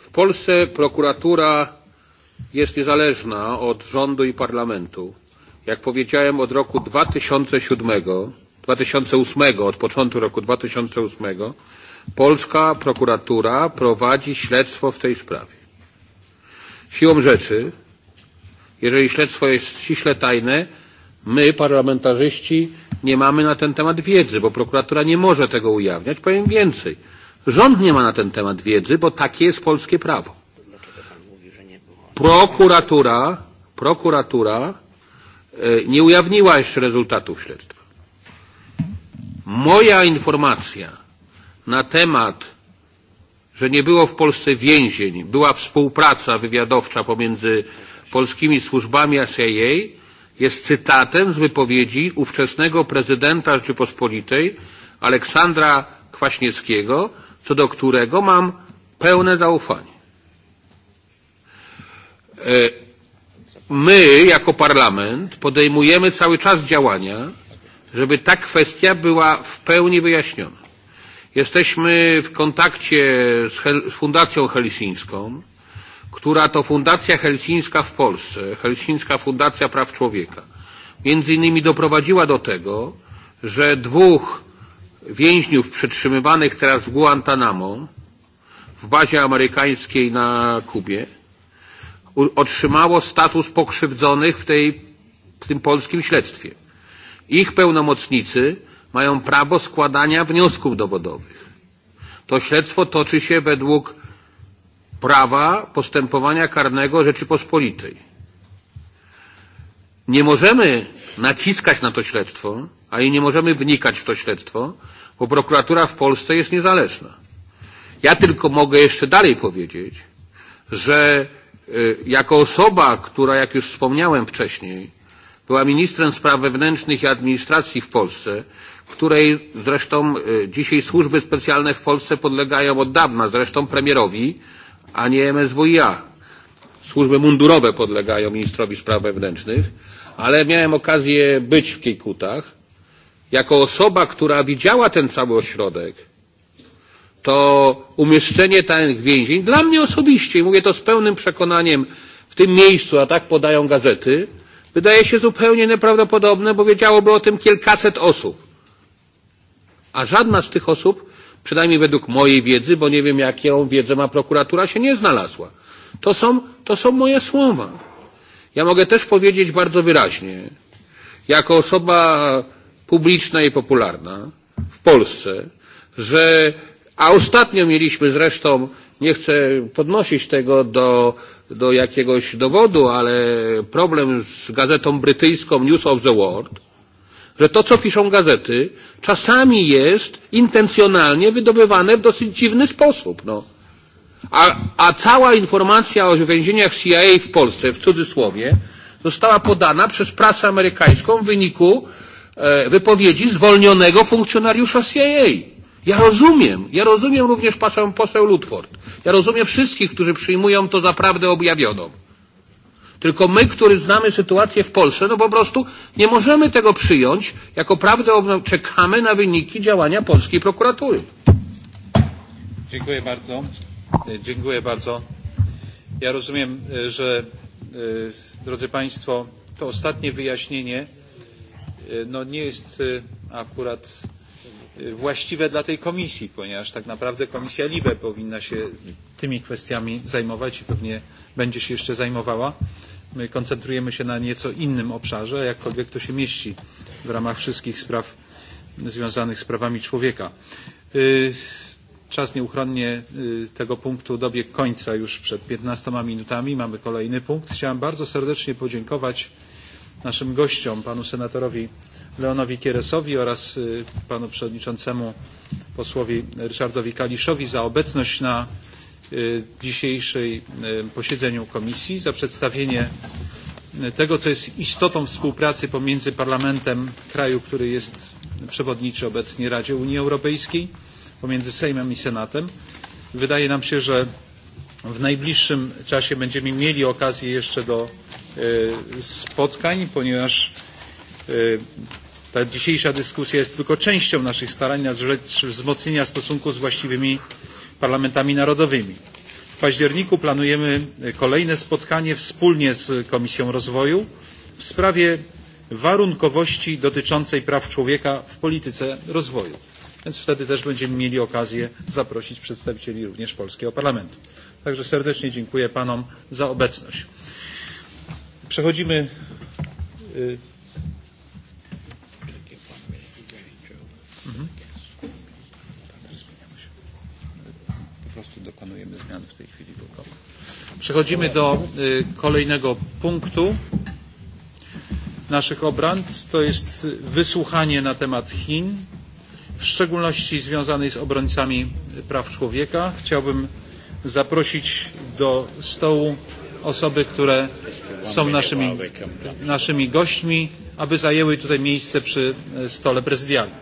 [SPEAKER 1] W Polsce prokuratura jest
[SPEAKER 2] niezależna od rządu i parlamentu. Jak powiedziałem, od roku 2007, 2008, od początku roku 2008, polska prokuratura prowadzi śledztwo w tej sprawie. Siłą rzeczy, jeżeli śledztwo jest ściśle tajne, My, parlamentarzyści, nie mamy na ten temat wiedzy, bo prokuratura nie może tego ujawniać. Powiem więcej. Rząd nie ma na ten temat wiedzy, bo takie jest polskie prawo. Prokuratura, prokuratura nie ujawniła jeszcze rezultatów śledztwa. Moja informacja na temat, że nie było w Polsce więzień, była współpraca wywiadowcza pomiędzy polskimi służbami a CIA, jest cytatem z wypowiedzi ówczesnego prezydenta Rzeczypospolitej Aleksandra Kwaśniewskiego, co do którego mam pełne zaufanie. My, jako parlament, podejmujemy cały czas działania, żeby ta kwestia była w pełni wyjaśniona. Jesteśmy w kontakcie z, Fundacją Helsińską, która to Fundacja Helsińska w Polsce, Helsińska Fundacja Praw Człowieka, między innymi doprowadziła do tego, że dwóch więźniów przetrzymywanych teraz w Guantanamo, w bazie amerykańskiej na Kubie, otrzymało status pokrzywdzonych w, tej, w tym polskim śledztwie. Ich pełnomocnicy mają prawo składania wniosków dowodowych. To śledztwo toczy się według prawa postępowania karnego Rzeczypospolitej. Nie możemy naciskać na to śledztwo, a i nie możemy wnikać w to śledztwo, bo prokuratura w Polsce jest niezależna. Ja tylko mogę jeszcze dalej powiedzieć, że jako osoba, która, jak już wspomniałem wcześniej, była ministrem spraw wewnętrznych i administracji w Polsce, której zresztą dzisiaj służby specjalne w Polsce podlegają od dawna, zresztą premierowi, a nie MSWiA. Służby mundurowe podlegają ministrowi spraw wewnętrznych, ale miałem okazję być w Kiejkutach. Jako osoba, która widziała ten cały ośrodek, to umieszczenie tych więzień dla mnie osobiście, i mówię to z pełnym przekonaniem, w tym miejscu, a tak podają gazety, wydaje się zupełnie nieprawdopodobne, bo wiedziałoby o tym kilkaset osób. A żadna z tych osób przynajmniej według mojej wiedzy, bo nie wiem jaką wiedzę ma prokuratura, się nie znalazła. To są, to są moje słowa. Ja mogę też powiedzieć bardzo wyraźnie, jako osoba publiczna i popularna w Polsce, że, a ostatnio mieliśmy zresztą, nie chcę podnosić tego do, do jakiegoś dowodu, ale problem z gazetą brytyjską News of the World, że to, co piszą gazety, czasami jest intencjonalnie wydobywane w dosyć dziwny sposób. No. A, a cała informacja o więzieniach CIA w Polsce, w cudzysłowie, została podana przez prasę amerykańską w wyniku e, wypowiedzi zwolnionego funkcjonariusza CIA. Ja rozumiem, ja rozumiem również poseł Ludford. Ja rozumiem wszystkich, którzy przyjmują to za prawdę objawioną. Tylko my, którzy znamy sytuację w Polsce, no po prostu nie możemy tego przyjąć jako prawdę, czekamy na wyniki działania polskiej prokuratury.
[SPEAKER 1] Dziękuję bardzo. Dziękuję bardzo. Ja rozumiem, że drodzy Państwo, to ostatnie wyjaśnienie no nie jest akurat właściwe dla tej komisji, ponieważ tak naprawdę komisja LIBE powinna się tymi kwestiami zajmować i pewnie będzie się jeszcze zajmowała. My koncentrujemy się na nieco innym obszarze, jakkolwiek to się mieści w ramach wszystkich spraw związanych z prawami człowieka. Czas nieuchronnie tego punktu dobiegł końca już przed 15 minutami. Mamy kolejny punkt. Chciałem bardzo serdecznie podziękować naszym gościom, panu senatorowi Leonowi Kieresowi oraz panu przewodniczącemu posłowi Ryszardowi Kaliszowi za obecność na dzisiejszym posiedzeniu komisji, za przedstawienie tego, co jest istotą współpracy pomiędzy Parlamentem kraju, który jest przewodniczy obecnie Radzie Unii Europejskiej, pomiędzy Sejmem i Senatem. Wydaje nam się, że w najbliższym czasie będziemy mieli okazję jeszcze do spotkań, ponieważ ta dzisiejsza dyskusja jest tylko częścią naszych starań na rzecz wzmocnienia stosunków z właściwymi parlamentami narodowymi. W październiku planujemy kolejne spotkanie wspólnie z Komisją Rozwoju w sprawie warunkowości dotyczącej praw człowieka w polityce rozwoju. Więc wtedy też będziemy mieli okazję zaprosić przedstawicieli również polskiego parlamentu. Także serdecznie dziękuję panom za obecność. Przechodzimy Mhm. zmian w tej chwili tylko. Przechodzimy do kolejnego punktu naszych obrad. To jest wysłuchanie na temat Chin, w szczególności związanej z obrońcami praw człowieka. Chciałbym zaprosić do stołu osoby, które są naszymi, naszymi gośćmi, aby zajęły tutaj miejsce przy stole prezydialnym.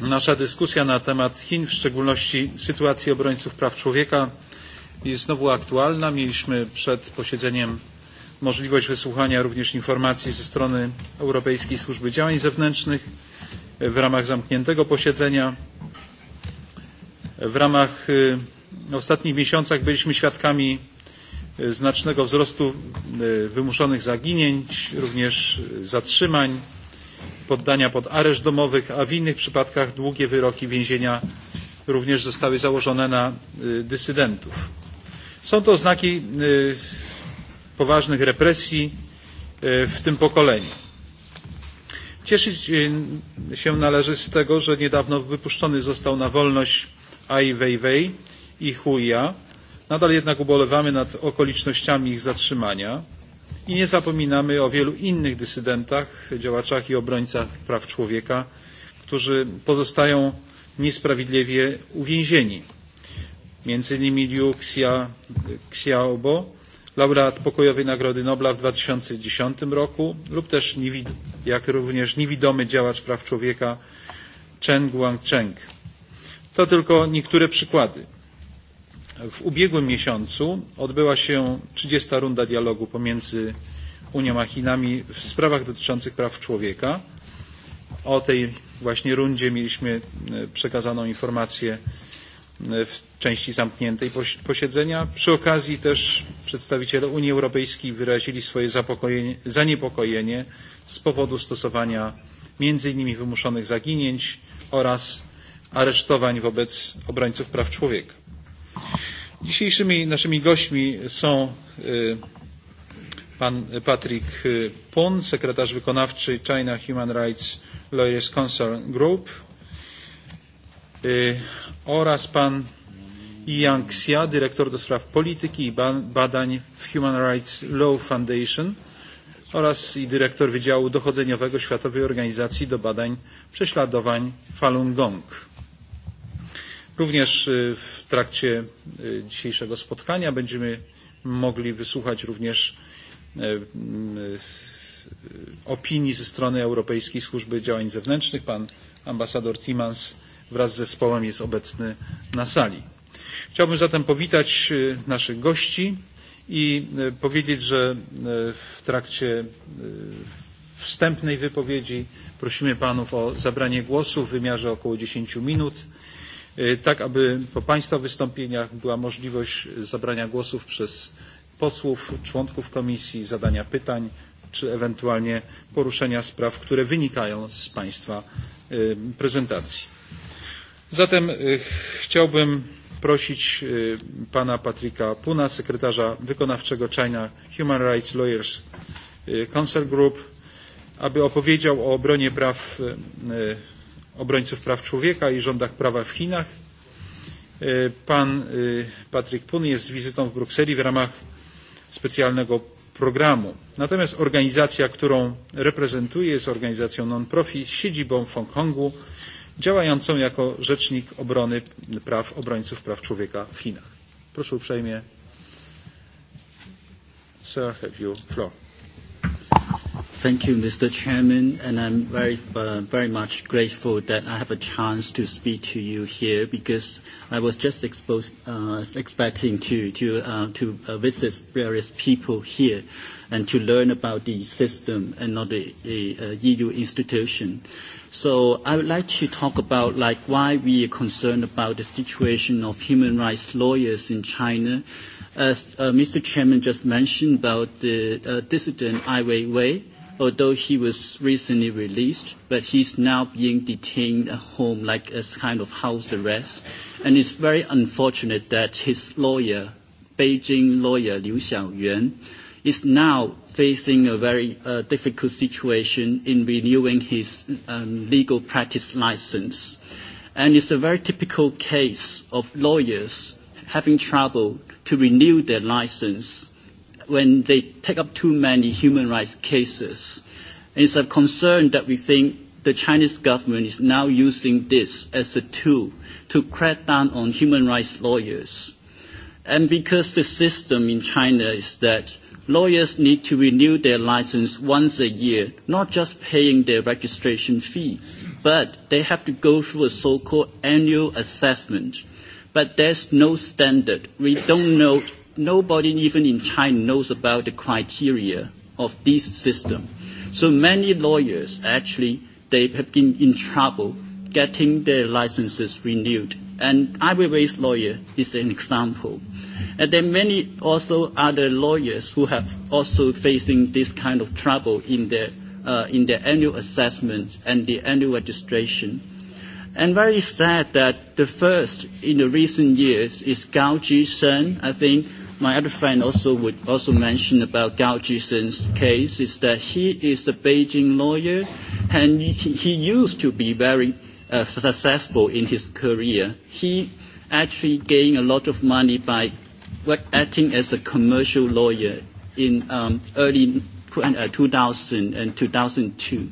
[SPEAKER 1] Nasza dyskusja na temat Chin, w szczególności sytuacji obrońców praw człowieka, jest znowu aktualna. Mieliśmy przed posiedzeniem możliwość wysłuchania również informacji ze strony Europejskiej Służby Działań Zewnętrznych w ramach zamkniętego posiedzenia. W ramach ostatnich miesiącach byliśmy świadkami znacznego wzrostu wymuszonych zaginięć, również zatrzymań poddania pod areszt domowych, a w innych przypadkach długie wyroki więzienia również zostały założone na dysydentów. Są to znaki poważnych represji w tym pokoleniu. Cieszyć się należy z tego, że niedawno wypuszczony został na wolność Ai Weiwei i HUIA, Nadal jednak ubolewamy nad okolicznościami ich zatrzymania I nie zapominamy o wielu innych dysydentach, działaczach i obrońcach praw człowieka, którzy pozostają niesprawiedliwie uwięzieni. Między innymi Liu Xiaobo, laureat pokojowej Nagrody Nobla w 2010 roku lub też jak również niewidomy działacz praw człowieka Chen Guangcheng. To tylko niektóre przykłady. W ubiegłym miesiącu odbyła się 30. runda dialogu pomiędzy Unią a Chinami w sprawach dotyczących praw człowieka. O tej właśnie rundzie mieliśmy przekazaną informację w części zamkniętej posiedzenia. Przy okazji też przedstawiciele Unii Europejskiej wyrazili swoje zaniepokojenie z powodu stosowania między innymi wymuszonych zaginięć oraz aresztowań wobec obrońców praw człowieka. Dzisiejszymi naszymi gośćmi są pan Patrick Pun, sekretarz wykonawczy China Human Rights Lawyers Council Group oraz pan Yang Xia, dyrektor do spraw polityki i badań w Human Rights Law Foundation oraz i dyrektor Wydziału Dochodzeniowego Światowej Organizacji do Badań Prześladowań Falun Gong. Również w trakcie dzisiejszego spotkania będziemy mogli wysłuchać również opinii ze strony Europejskiej Służby Działań Zewnętrznych. Pan ambasador Timans wraz z zespołem jest obecny na sali. Chciałbym zatem powitać naszych gości i powiedzieć, że w trakcie wstępnej wypowiedzi prosimy panów o zabranie głosu w wymiarze około 10 minut tak aby po Państwa wystąpieniach była możliwość zabrania głosów przez posłów, członków komisji, zadania pytań czy ewentualnie poruszenia spraw, które wynikają z Państwa prezentacji. Zatem chciałbym prosić pana Patryka Puna, sekretarza wykonawczego China Human Rights Lawyers Council Group, aby opowiedział o obronie praw obrońców praw człowieka i rządach prawa w Chinach. Pan Patrick Pun jest z wizytą w Brukseli w ramach specjalnego programu. Natomiast organizacja, którą reprezentuję, jest organizacją non-profit z siedzibą w Hongkongu, działającą jako rzecznik obrony praw obrońców praw człowieka w Chinach. Proszę uprzejmie.
[SPEAKER 10] Sir, have you floor. Thank you, Mr. Chairman, and I'm very, uh, very much grateful that I have a chance to speak to you here because I was just exposed, uh, expecting to to uh, to uh, visit various people here and to learn about the system and not the uh, EU institution. So I would like to talk about like why we are concerned about the situation of human rights lawyers in China. As uh, Mr. Chairman just mentioned about the uh, dissident Ai Weiwei, although he was recently released, but he's now being detained at home like a kind of house arrest. And it's very unfortunate that his lawyer, Beijing lawyer Liu Xiaoyuan, is now facing a very uh, difficult situation in renewing his um, legal practice license. And it's a very typical case of lawyers having trouble to renew their license when they take up too many human rights cases. And it's a concern that we think the Chinese government is now using this as a tool to crack down on human rights lawyers. And because the system in China is that lawyers need to renew their license once a year, not just paying their registration fee, but they have to go through a so-called annual assessment. But there's no standard. We don't know nobody even in China knows about the criteria of this system. So many lawyers actually they have been in trouble getting their licenses renewed. And Ivory-based lawyer is an example. And there are many also other lawyers who have also facing this kind of trouble in their, uh, in their annual assessment and the annual registration. And very sad that the first in the recent years is Gao Ji Shen, I think, my other friend also would also mention about Gao Jishen's case is that he is a Beijing lawyer, and he, he used to be very uh, successful in his career. He actually gained a lot of money by acting as a commercial lawyer in um, early 2000 and 2002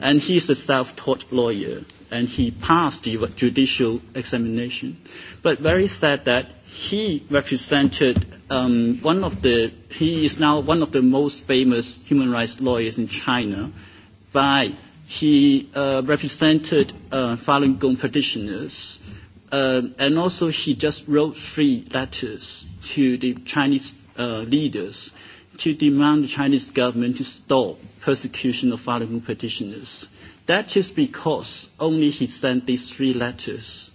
[SPEAKER 10] and he's a self-taught lawyer, and he passed the judicial examination. But very sad that he represented um, one of the, he is now one of the most famous human rights lawyers in China by he uh, represented uh, Falun Gong practitioners, uh, and also he just wrote three letters to the Chinese uh, leaders to demand the Chinese government to stop persecution of Falun Gong petitioners. That is because only he sent these three letters.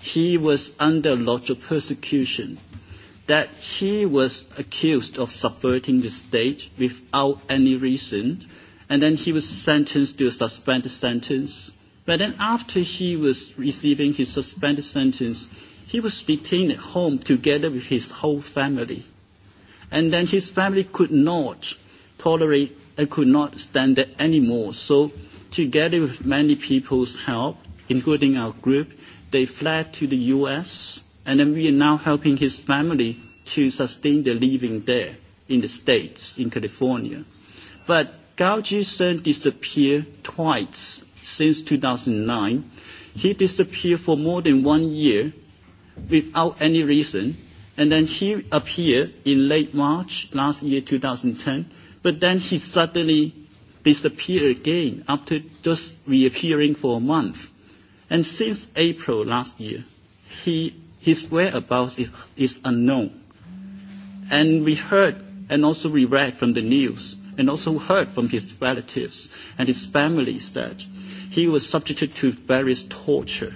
[SPEAKER 10] He was under a lot of persecution. That he was accused of subverting the state without any reason, and then he was sentenced to a suspended sentence. But then after he was receiving his suspended sentence, he was detained at home together with his whole family And then his family could not tolerate and could not stand it anymore. So together with many people's help, including our group, they fled to the US and then we are now helping his family to sustain their living there in the States, in California. But Gao Jishen disappeared twice since 2009. He disappeared for more than one year without any reason And then he appeared in late March last year, 2010, but then he suddenly disappeared again after just reappearing for a month. And since April last year, he, his whereabouts is, is unknown. And we heard and also we read from the news and also heard from his relatives and his families that he was subjected to various torture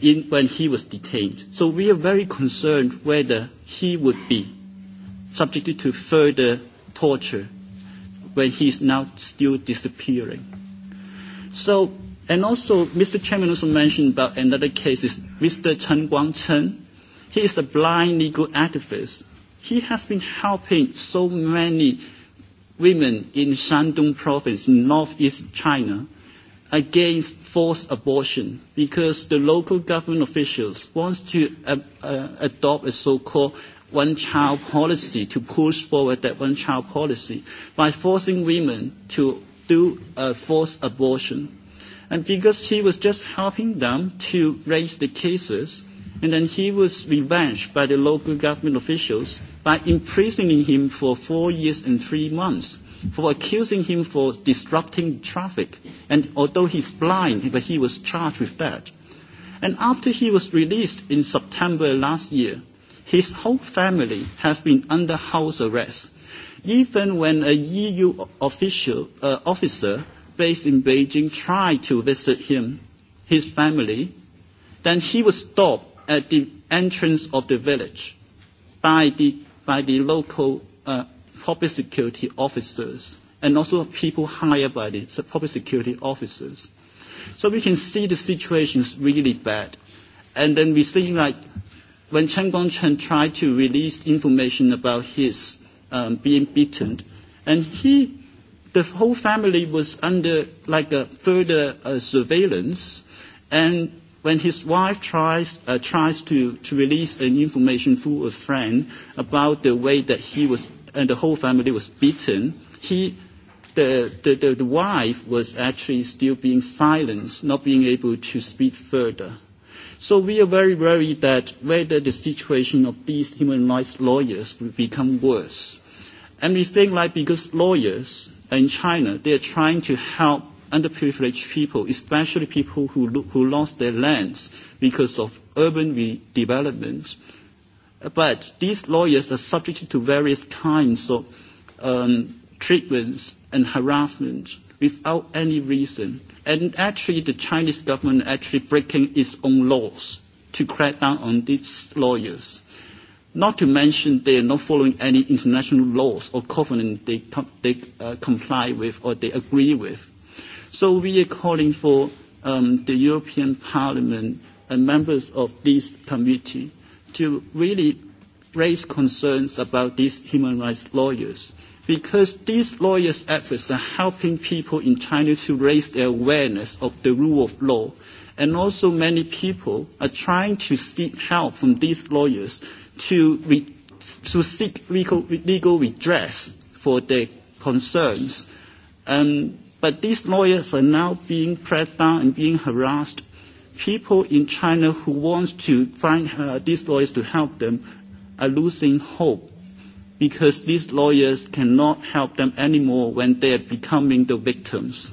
[SPEAKER 10] in when he was detained. So we are very concerned whether he would be subjected to further torture when he is now still disappearing. So, and also Mr. Chairman also mentioned about another case is Mr. Chen Guangchen. He is a blind legal activist. He has been helping so many women in Shandong province in northeast China – against forced abortion because the local government officials want to uh, uh, adopt a so-called one-child policy to push forward that one-child policy by forcing women to do a forced abortion. And because he was just helping them to raise the cases, and then he was revenged by the local government officials by imprisoning him for four years and three months for accusing him for disrupting traffic. And although he's blind, but he was charged with that. And after he was released in September last year, his whole family has been under house arrest. Even when a EU official, uh, officer based in Beijing tried to visit him, his family, then he was stopped at the entrance of the village by the, by the local uh, public security officers and also people hired by the public security officers. So we can see the situation is really bad. And then we see like when Chen Gongchen tried to release information about his um, being beaten, and he, the whole family was under like a further uh, surveillance, and when his wife tries, uh, tries to, to release an information through a friend about the way that he was and the whole family was beaten. He, the, the, the, the wife was actually still being silenced, not being able to speak further. So we are very worried that whether the situation of these human rights lawyers will become worse. And we think like because lawyers in China, they are trying to help underprivileged people, especially people who, who lost their lands because of urban redevelopment But these lawyers are subjected to various kinds of um, treatments and harassment without any reason. And actually, the Chinese government actually breaking its own laws to crack down on these lawyers. Not to mention they are not following any international laws or covenant they, com- they uh, comply with or they agree with. So we are calling for um, the European Parliament and members of this committee to really raise concerns about these human rights lawyers because these lawyers' efforts are helping people in China to raise their awareness of the rule of law. And also many people are trying to seek help from these lawyers to, re- to seek legal, legal redress for their concerns. Um, but these lawyers are now being pressed down and being harassed people in China who want to find uh, these lawyers to help them are losing hope because these lawyers cannot help them anymore when they are becoming the victims.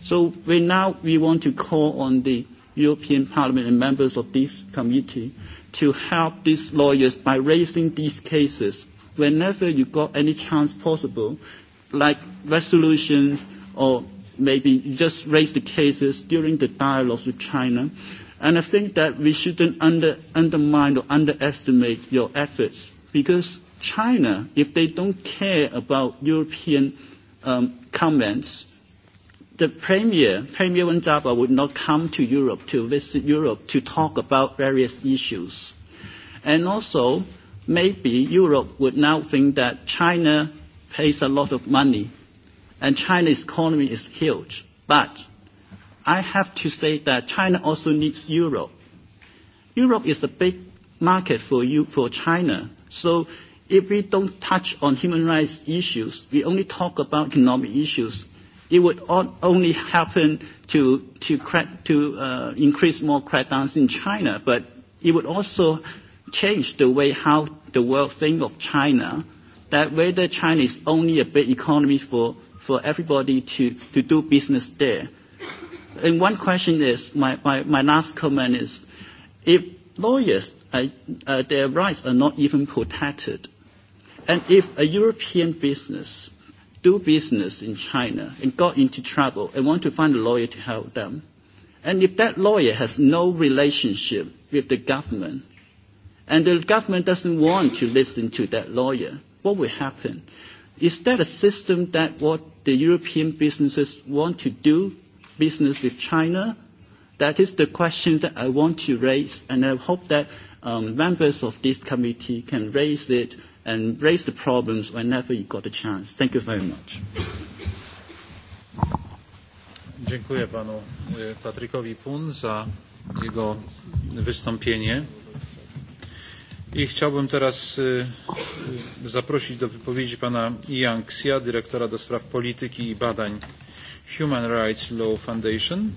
[SPEAKER 10] So we now we want to call on the European Parliament and members of this committee to help these lawyers by raising these cases whenever you got any chance possible, like resolutions or maybe just raise the cases during the dialogues with China. And I think that we shouldn't under, undermine or underestimate your efforts because China, if they don't care about European um, comments, the Premier, Premier Wen Jiabao, would not come to Europe to visit Europe to talk about various issues. And also, maybe Europe would now think that China pays a lot of money and China's economy is huge. But I have to say that China also needs Europe. Europe is a big market for, you, for China. So if we don't touch on human rights issues, we only talk about economic issues, it would only happen to, to, crack, to uh, increase more crackdowns in China, but it would also change the way how the world thinks of China, that whether China is only a big economy for for everybody to, to do business there. And one question is, my, my, my last comment is, if lawyers, uh, uh, their rights are not even protected, and if a European business do business in China and got into trouble and want to find a lawyer to help them, and if that lawyer has no relationship with the government, and the government doesn't want to listen to that lawyer, what will happen? Is that a system that what the European businesses want to do business with China? That is the question that I want to raise, and I hope that um, members of this committee can raise it and raise the problems whenever you got a chance. Thank you very much.
[SPEAKER 1] Dziękuję panu Patrykowi Pun za jego wystąpienie. I chciałbym teraz zaprosić do wypowiedzi pana Yang Xia, dyrektora do spraw polityki i badań Human Rights Law Foundation,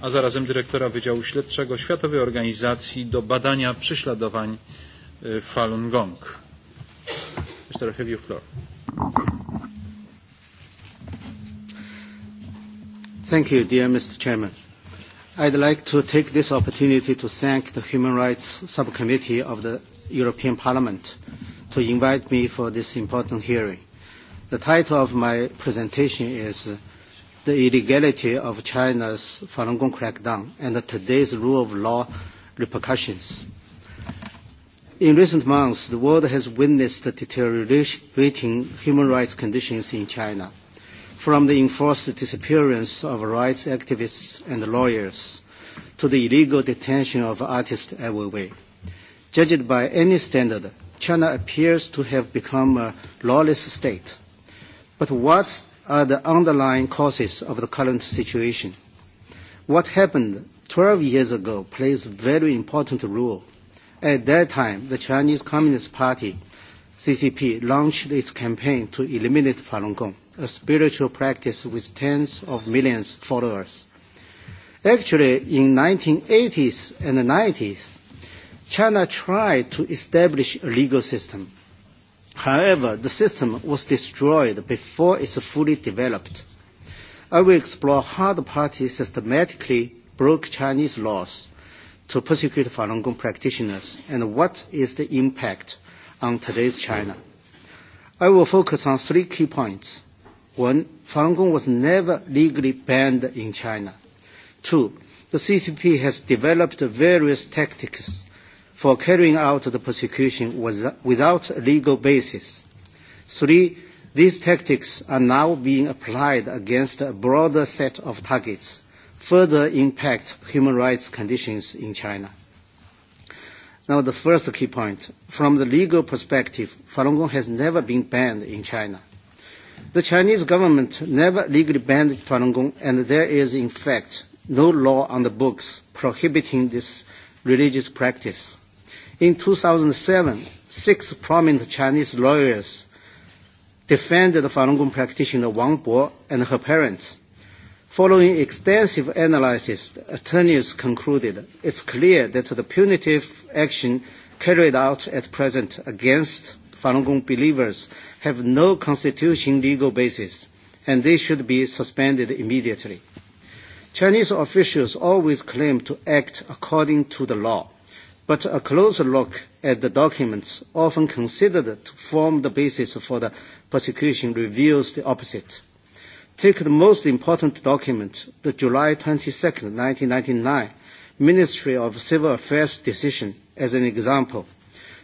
[SPEAKER 1] a zarazem dyrektora Wydziału Śledczego Światowej Organizacji do Badania Prześladowań Falun Gong. Mr. Have you floor.
[SPEAKER 11] Thank you, dear Mr. Chairman. I'd like to take this opportunity to thank the Human Rights Subcommittee of the European Parliament to invite me for this important hearing. The title of my presentation is The Illegality of China's Falun Gong Crackdown and Today's Rule of Law Repercussions. In recent months, the world has witnessed deteriorating human rights conditions in China from the enforced disappearance of rights activists and lawyers to the illegal detention of artists everywhere. Judged by any standard, China appears to have become a lawless state. But what are the underlying causes of the current situation? What happened 12 years ago plays a very important role. At that time, the Chinese Communist Party, CCP, launched its campaign to eliminate Falun Gong a spiritual practice with tens of millions of followers. Actually, in the 1980s and 90s, China tried to establish a legal system. However, the system was destroyed before it's fully developed. I will explore how the party systematically broke Chinese laws to persecute Falun Gong practitioners and what is the impact on today's China. I will focus on three key points. One, Falun Gong was never legally banned in China. Two, the CCP has developed various tactics for carrying out the persecution without a legal basis. Three, these tactics are now being applied against a broader set of targets, further impact human rights conditions in China. Now, the first key point. From the legal perspective, Falun Gong has never been banned in China. The Chinese government never legally banned Falun Gong, and there is, in fact, no law on the books prohibiting this religious practice. In 2007, six prominent Chinese lawyers defended Falun Gong practitioner Wang Bo and her parents. Following extensive analysis, the attorneys concluded it's clear that the punitive action carried out at present against Falun Gong believers have no constitution legal basis, and they should be suspended immediately. Chinese officials always claim to act according to the law, but a closer look at the documents often considered to form the basis for the prosecution reveals the opposite. Take the most important document, the July 22, 1999 Ministry of Civil Affairs decision as an example.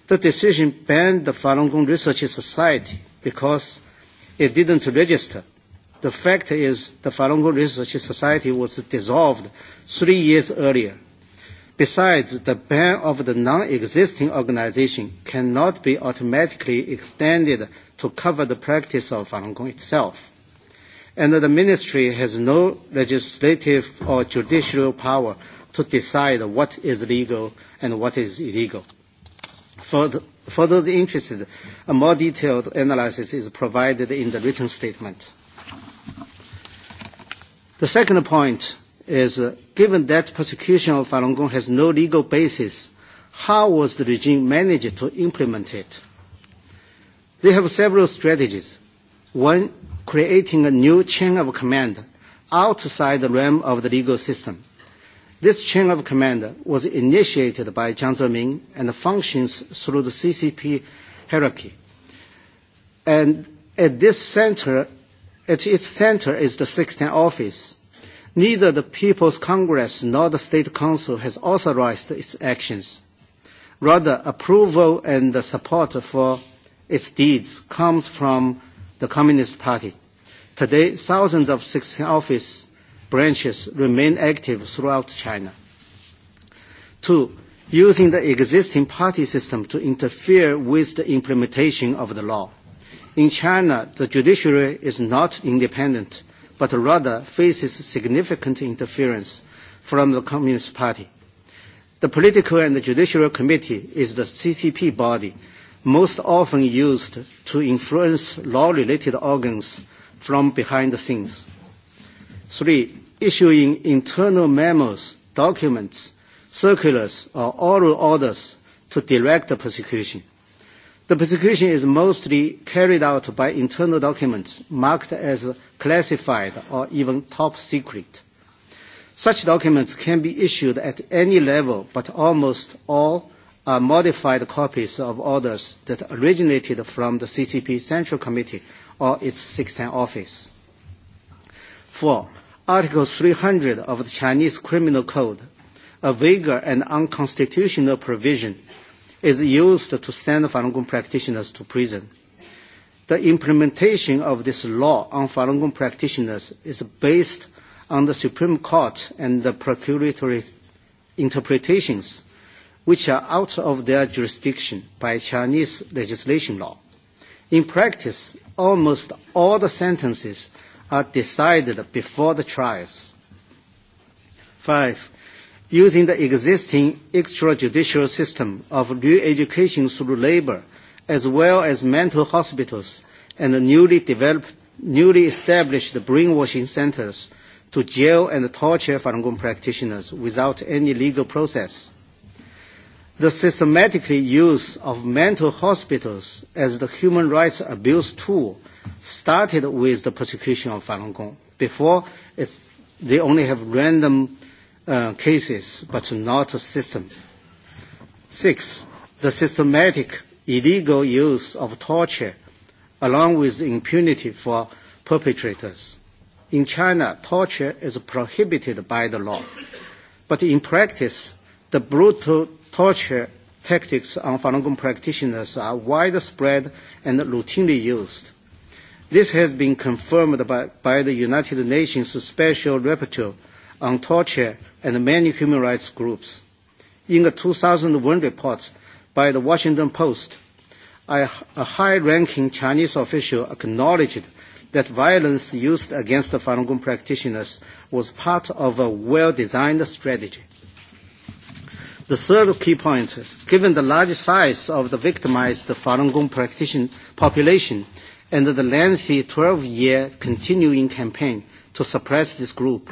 [SPEAKER 11] The decision banned the Falun Gong Research Society because it didn't register. The fact is the Falun Gong Research Society was dissolved three years earlier. Besides, the ban of the non-existing organization cannot be automatically extended to cover the practice of Falun Gong itself. And the ministry has no legislative or judicial power to decide what is legal and what is illegal. For, for those interested, a more detailed analysis is provided in the written statement. The second point is, given that persecution of Falun Gong has no legal basis, how was the regime managed to implement it? They have several strategies. One, creating a new chain of command outside the realm of the legal system – This chain of command was initiated by Jiang Zemin and functions through the CCP hierarchy. And at this center, at its center is the 16th office. Neither the People's Congress nor the State Council has authorized its actions. Rather, approval and support for its deeds comes from the Communist Party. Today, thousands of 16th office branches remain active throughout China. Two, using the existing party system to interfere with the implementation of the law. In China, the judiciary is not independent, but rather faces significant interference from the Communist Party. The Political and the Judicial Committee is the CCP body most often used to influence law-related organs from behind the scenes. Three, issuing internal memos, documents, circulars, or oral orders to direct the persecution. The persecution is mostly carried out by internal documents marked as classified or even top secret. Such documents can be issued at any level, but almost all are modified copies of orders that originated from the CCP Central Committee or its 610 office. For Article 300 of the Chinese Criminal Code, a vague and unconstitutional provision, is used to send Falun Gong practitioners to prison. The implementation of this law on Falun Gong practitioners is based on the Supreme Court and the procuratory interpretations, which are out of their jurisdiction by Chinese legislation law. In practice, almost all the sentences are decided before the trials. Five, using the existing extrajudicial system of re-education through labor, as well as mental hospitals and the newly developed, newly established brainwashing centers to jail and torture Falun Gong practitioners without any legal process. The systematic use of mental hospitals as the human rights abuse tool started with the persecution of Falun Gong. Before, it's, they only have random uh, cases, but not a system. Six, the systematic illegal use of torture along with impunity for perpetrators. In China, torture is prohibited by the law, but in practice, the brutal torture tactics on Falun Gong practitioners are widespread and routinely used This has been confirmed by, by the United Nations Special Rapporteur on torture and many human rights groups. In a 2001 report by the Washington Post, a high-ranking Chinese official acknowledged that violence used against Falun Gong practitioners was part of a well-designed strategy. The third key point, given the large size of the victimized Falun Gong practitioner population, and the lengthy 12-year continuing campaign to suppress this group.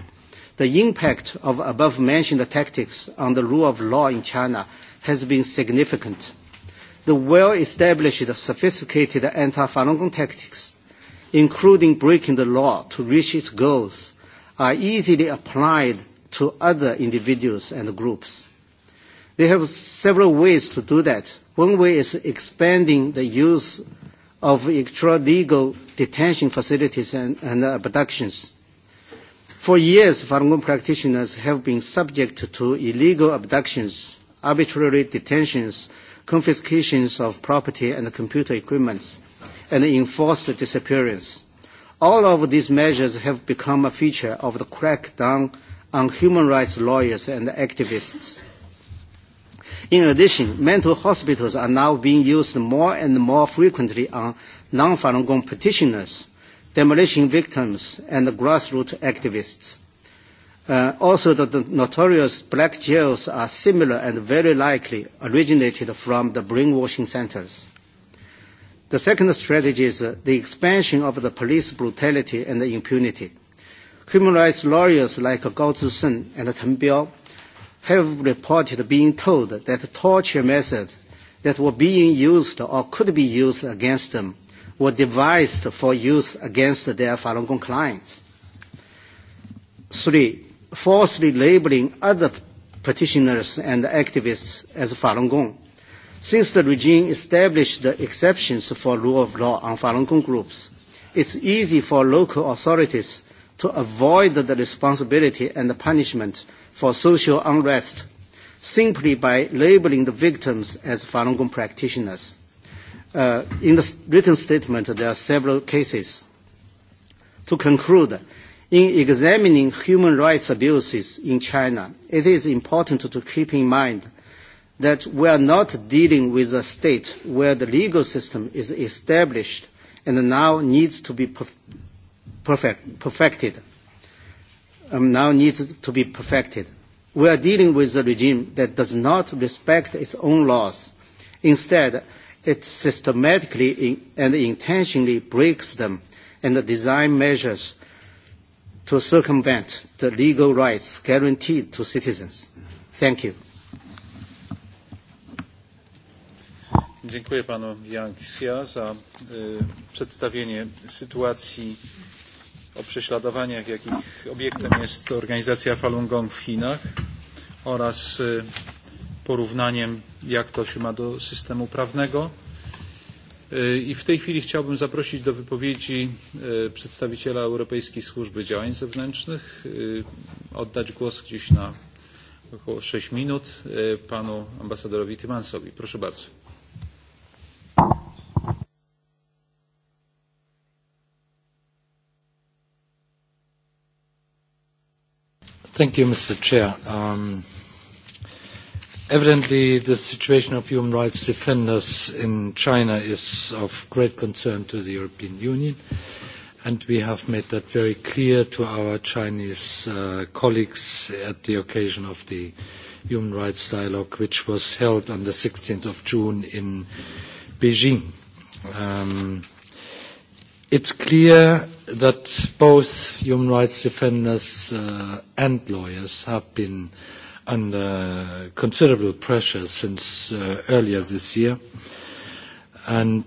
[SPEAKER 11] The impact of above-mentioned tactics on the rule of law in China has been significant. The well-established sophisticated anti-Falun Gong tactics, including breaking the law to reach its goals, are easily applied to other individuals and groups. They have several ways to do that. One way is expanding the use of extra-legal detention facilities and, and abductions. For years, Falun Gong practitioners have been subject to illegal abductions, arbitrary detentions, confiscations of property and computer equipment, and enforced disappearance. All of these measures have become a feature of the crackdown on human rights lawyers and activists. In addition, mental hospitals are now being used more and more frequently on non-Falun Gong petitioners, demolition victims, and grassroots activists. Uh, also, the, the notorious black jails are similar and very likely originated from the brainwashing centers. The second strategy is the expansion of the police brutality and impunity. Human rights lawyers like Gao Zisheng and Tan Biao have reported being told that torture methods that were being used or could be used against them were devised for use against their Falun Gong clients. Three, falsely labeling other petitioners and activists as Falun Gong. Since the regime established the exceptions for rule of law on Falun Gong groups, it's easy for local authorities to avoid the responsibility and the punishment for social unrest simply by labeling the victims as Falun Gong practitioners. Uh, in the written statement, there are several cases. To conclude, in examining human rights abuses in China, it is important to keep in mind that we are not dealing with a state where the legal system is established and now needs to be perfected um, now needs to be perfected. We are dealing with a regime that does not respect its own laws. Instead, it systematically and intentionally breaks them and design measures to circumvent the legal rights guaranteed to citizens. Thank you.
[SPEAKER 1] Dziękuję panu Yang Xia za przedstawienie sytuacji o prześladowaniach, jakich obiektem jest organizacja Falun Gong w Chinach oraz porównaniem, jak to się ma do systemu prawnego. I w tej chwili chciałbym zaprosić do wypowiedzi przedstawiciela Europejskiej Służby Działań Zewnętrznych, oddać głos gdzieś na około 6 minut panu ambasadorowi Tymansowi. Proszę bardzo.
[SPEAKER 12] Thank you, Mr. Chair. Um, evidently, the situation of human rights defenders in China is of great concern to the European Union, and we have made that very clear to our Chinese uh, colleagues at the occasion of the human rights dialogue, which was held on the 16th of June in Beijing. Um, It's clear that both human rights defenders and lawyers have been under considerable pressure since earlier this year. And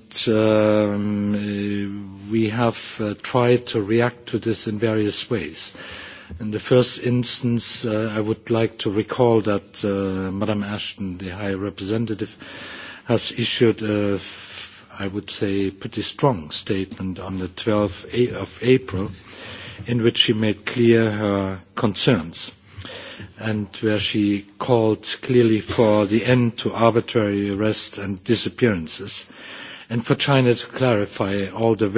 [SPEAKER 12] we have tried to react to this in various ways. In the first instance, I would like to recall that Madam Ashton, the High Representative, has issued a I would say, pretty strong statement on the 12th of April in which she made clear her concerns and where she called clearly for the end to arbitrary arrests and disappearances and for China to clarify all the,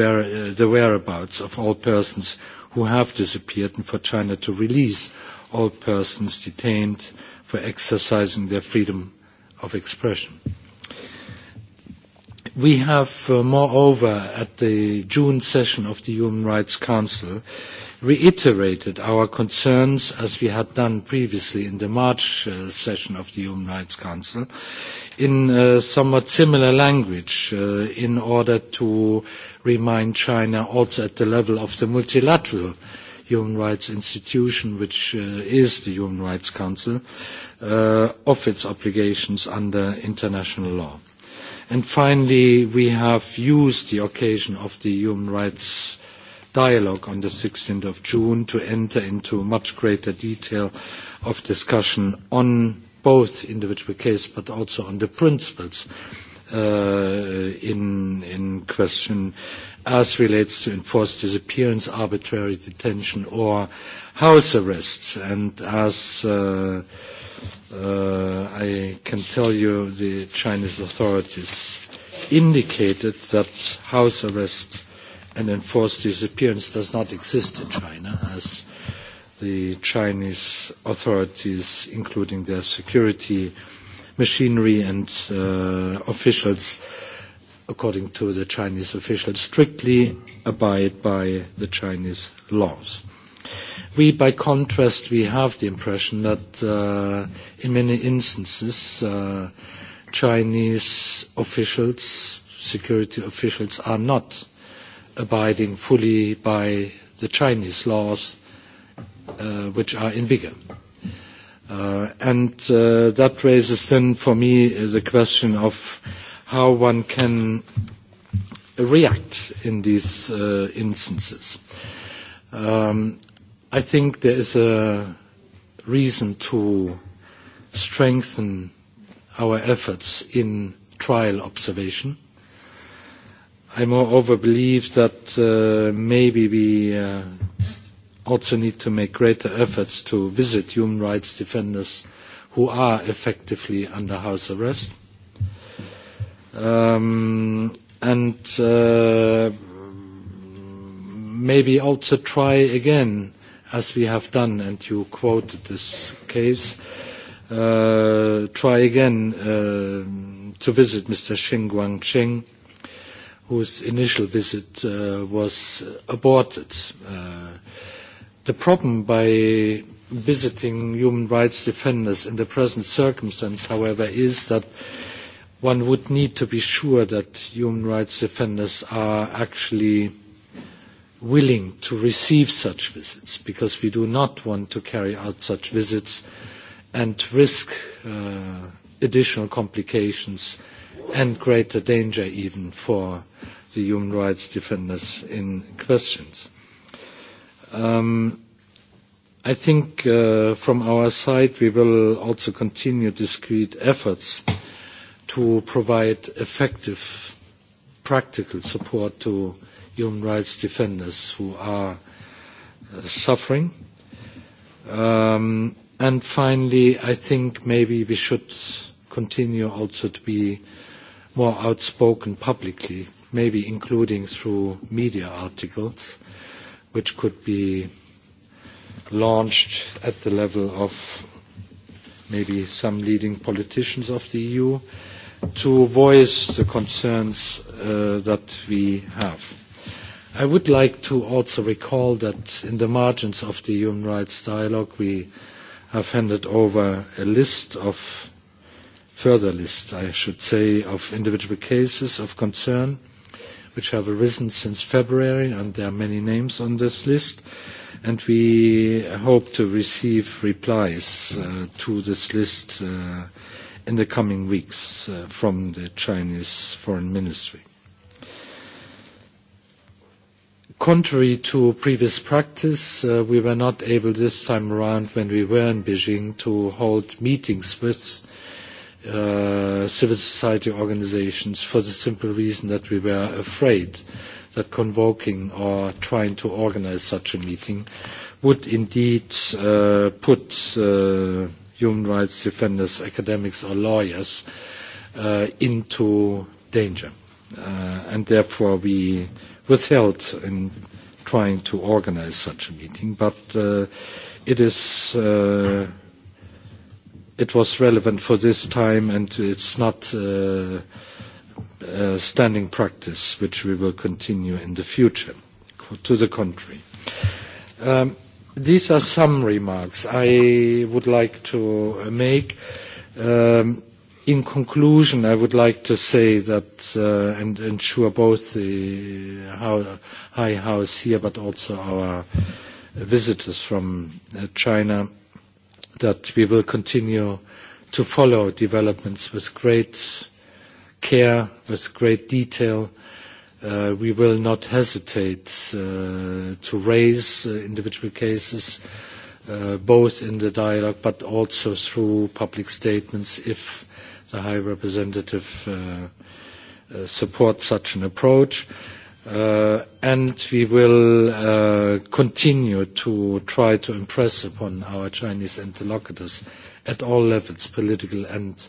[SPEAKER 12] whereabouts of all persons who have disappeared and for China to release all persons detained for exercising their freedom of expression We have, moreover, at the June session of the Human Rights Council, reiterated our concerns, as we had done previously in the March session of the Human Rights Council, in somewhat similar language in order to remind China also at the level of the multilateral human rights institution, which is the Human Rights Council, of its obligations under international law. And finally, we have used the occasion of the human rights dialogue on the 16 of June to enter into much greater detail of discussion on both individual case but also on the principles in question as relates to enforced disappearance, arbitrary detention, or house arrests. And as uh, I can tell you the Chinese authorities indicated that house arrest and enforced disappearance does not exist in China, as the Chinese authorities, including their security machinery and uh, officials, according to the Chinese officials, strictly abide by the Chinese laws. We, by contrast, we have the impression that in many instances, Chinese officials, security officials, are not abiding fully by the Chinese laws which are in vigour. and that raises then for me the question of how one can react in these instances. Um, I think there is a reason to strengthen our efforts in trial observation. I moreover believe that maybe we also need to make greater efforts to visit human rights defenders who are effectively under house arrest. and maybe also try again as we have done, and you quoted this case, try again to visit Mr. Xing Guangqing, whose initial visit was aborted. the problem by visiting human rights defenders in the present circumstance, however, is that one would need to be sure that human rights defenders are actually willing to receive such visits because we do not want to carry out such visits and risk additional complications and greater danger even for the human rights defenders in question. I think from our side we will also continue discrete efforts to provide effective practical support to human rights defenders who are suffering. and finally, I think maybe we should continue also to be more outspoken publicly, maybe including through media articles, which could be launched at the level of maybe some leading politicians of the EU to voice the concerns that we have. I would like to also recall that in the margins of the human rights dialogue, we have handed over a list of further list, I should say, of individual cases of concern which have arisen since February, and there are many names on this list. And we hope to receive replies to this list in the coming weeks from the Chinese Foreign Ministry. Contrary to previous practice, we were not able this time around when we were in Beijing to hold meetings with civil society organisations for the simple reason that we were afraid that convoking or trying to organise such a meeting would indeed put human rights defenders, academics or lawyers into danger. and therefore we withheld in trying to organize such a meeting, but uh, it is uh, it was relevant for this time, and it's not uh, uh, standing practice which we will continue in the future. To the contrary. Um, these are some remarks I would like to make. Um, In conclusion, I would like to say that and ensure both the High House here, but also our visitors from China, that we will continue to follow developments with great care, with great detail. we will not hesitate to raise individual cases, both in the dialogue but also through public statements if the High Representative supports such an approach. and we will continue to try to impress upon our Chinese interlocutors at all levels, political and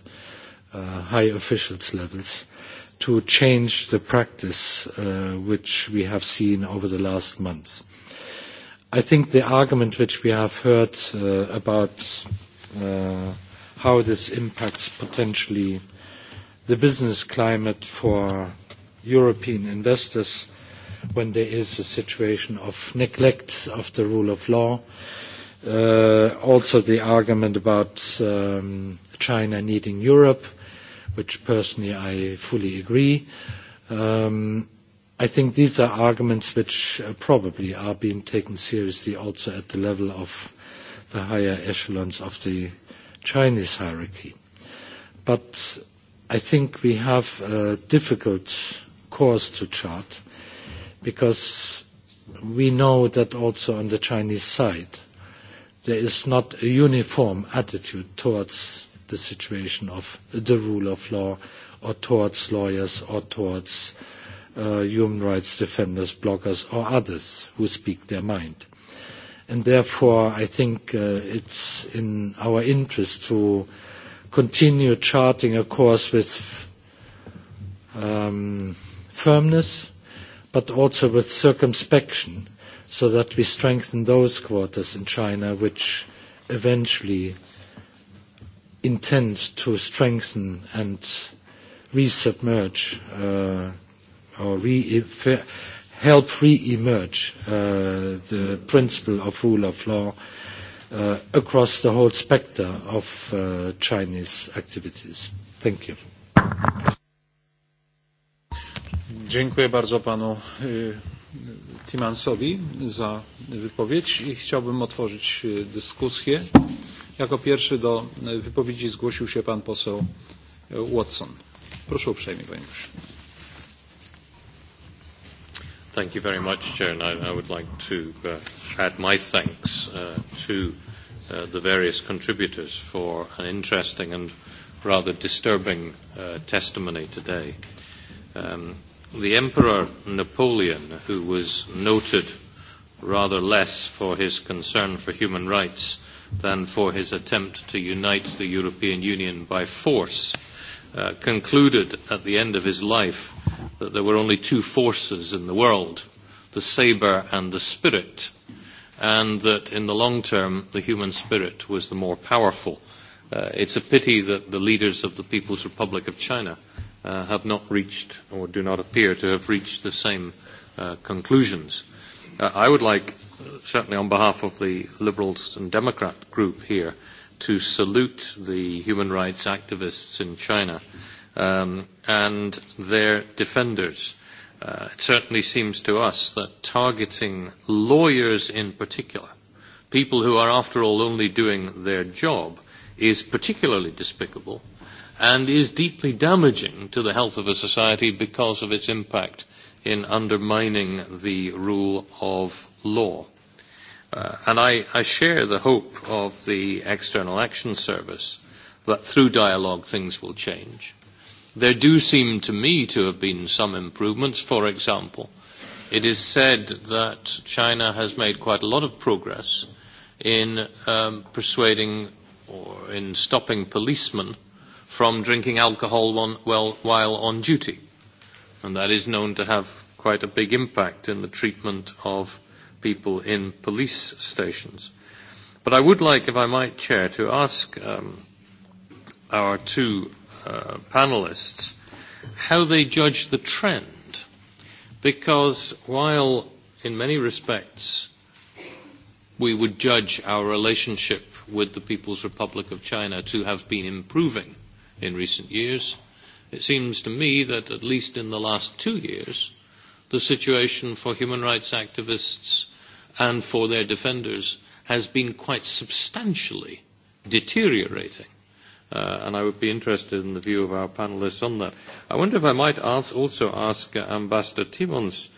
[SPEAKER 12] high officials levels, to change the practice which we have seen over the last months. I think the argument which we have heard about how this impacts potentially the business climate for European investors when there is a situation of neglect of the rule of law. Also the argument about China needing Europe, which personally I fully agree. I think these are arguments which probably are being taken seriously also at the level of the higher echelons of the Chinese hierarchy. But I think we have a difficult course to chart because we know that also on the Chinese side there is not a uniform attitude towards the situation of the rule of law or towards lawyers or towards human rights defenders, bloggers or others who speak their mind. And therefore, I think it's in our interest to continue charting a course with firmness, but also with circumspection, so that we strengthen those quarters in China which eventually intend to strengthen and resubmerge or re help re-emerge uh, the principle of rule of law uh, across the whole spectre of uh, Chinese
[SPEAKER 1] activities. Thank you. Dziękuję bardzo panu Timansowi za wypowiedź i chciałbym otworzyć dyskusję. Jako pierwszy do wypowiedzi zgłosił się pan poseł Watson. Proszę uprzejmie, panie pośle.
[SPEAKER 13] Thank you very much, Chair, and I, I would like to uh, add my thanks uh, to uh, the various contributors for an interesting and rather disturbing uh, testimony today. Um, the Emperor Napoleon, who was noted rather less for his concern for human rights than for his attempt to unite the European Union by force, uh, concluded at the end of his life that there were only two forces in the world, the sabre and the spirit, and that in the long term the human spirit was the more powerful. Uh, it's a pity that the leaders of the People's Republic of China uh, have not reached or do not appear to have reached the same uh, conclusions. Uh, I would like, certainly on behalf of the Liberals and Democrat group here, uh, to salute the human rights activists in China um, and their defenders. Uh, it certainly seems to us that targeting lawyers in particular, people who are after all only doing their job, is particularly despicable and is deeply damaging to the health of a society because of its impact in undermining the rule of law. Uh, and I, I share the hope of the External Action Service that through dialogue things will change. There do seem to me to have been some improvements. For example, it is said that China has made quite a lot of progress in um, persuading or in stopping policemen from drinking alcohol on, well, while on duty. And that is known to have quite a big impact in the treatment of people in police stations. But I would like, if I might, Chair, to ask um, our two uh, panelists how they judge the trend. Because while in many respects we would judge our relationship with the People's Republic of China to have been improving in recent years, it seems to me that at least in the last two years, the situation for human rights activists and for their defenders has been quite substantially deteriorating. Uh, and I would be interested in the view of our panelists on that. I wonder if I might ask, also ask uh, Ambassador Timons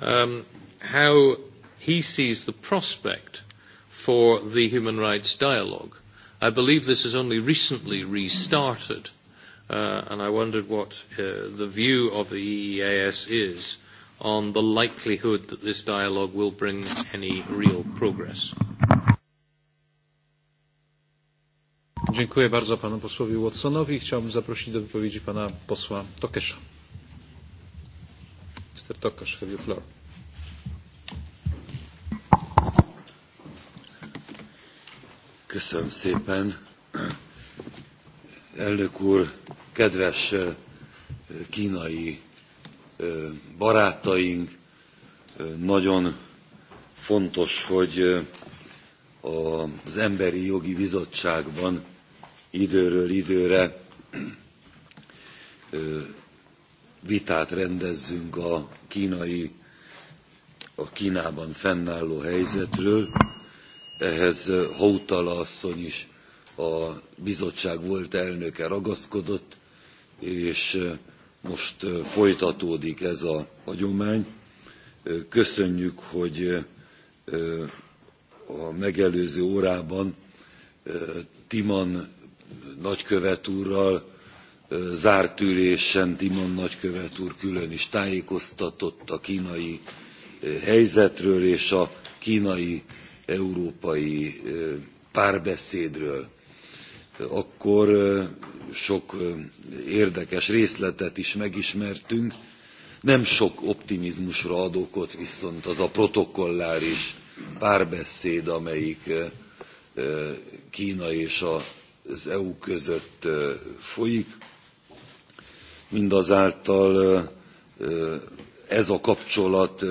[SPEAKER 13] um, how he sees the prospect for the human rights dialogue. I believe this has only recently restarted, uh, and I wondered what uh, the view of the EEAS is on the likelihood that this dialogue will bring any real progress.
[SPEAKER 1] Dziękuję bardzo panu posłowi Watsonowi. Chciałbym zaprosić do wypowiedzi pana posła Tokesza.
[SPEAKER 4] Mr. Tokesz, have you floor. Köszönöm szépen. Elnök úr, kedves kínai barátaink nagyon fontos, hogy az Emberi Jogi Bizottságban időről időre vitát rendezzünk a kínai, a Kínában fennálló helyzetről. Ehhez Hautala asszony is a bizottság volt elnöke ragaszkodott, és most folytatódik ez a hagyomány. Köszönjük, hogy a megelőző órában Timan nagykövet úrral zárt ülésen Timan nagykövet úr külön is tájékoztatott a kínai helyzetről és a kínai európai párbeszédről. Akkor sok érdekes részletet is megismertünk. Nem sok optimizmusra ad okot, viszont az a protokolláris párbeszéd, amelyik Kína és az EU között folyik. Mindazáltal ez a kapcsolat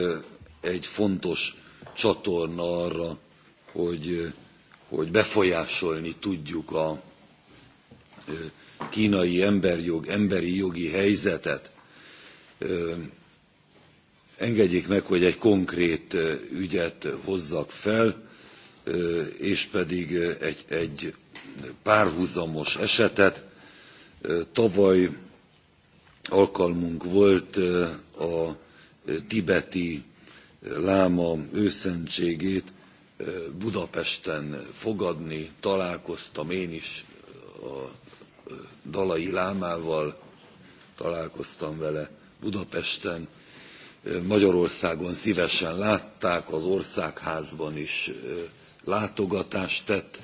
[SPEAKER 4] egy fontos csatorna arra, hogy, hogy befolyásolni tudjuk a kínai emberjog, emberi jogi helyzetet. Engedjék meg, hogy egy konkrét ügyet hozzak fel, és pedig egy, egy párhuzamos esetet. Tavaly alkalmunk volt a tibeti láma őszentségét Budapesten fogadni, találkoztam én is a Dalai Lámával találkoztam vele Budapesten, Magyarországon szívesen látták, az országházban is látogatást tett.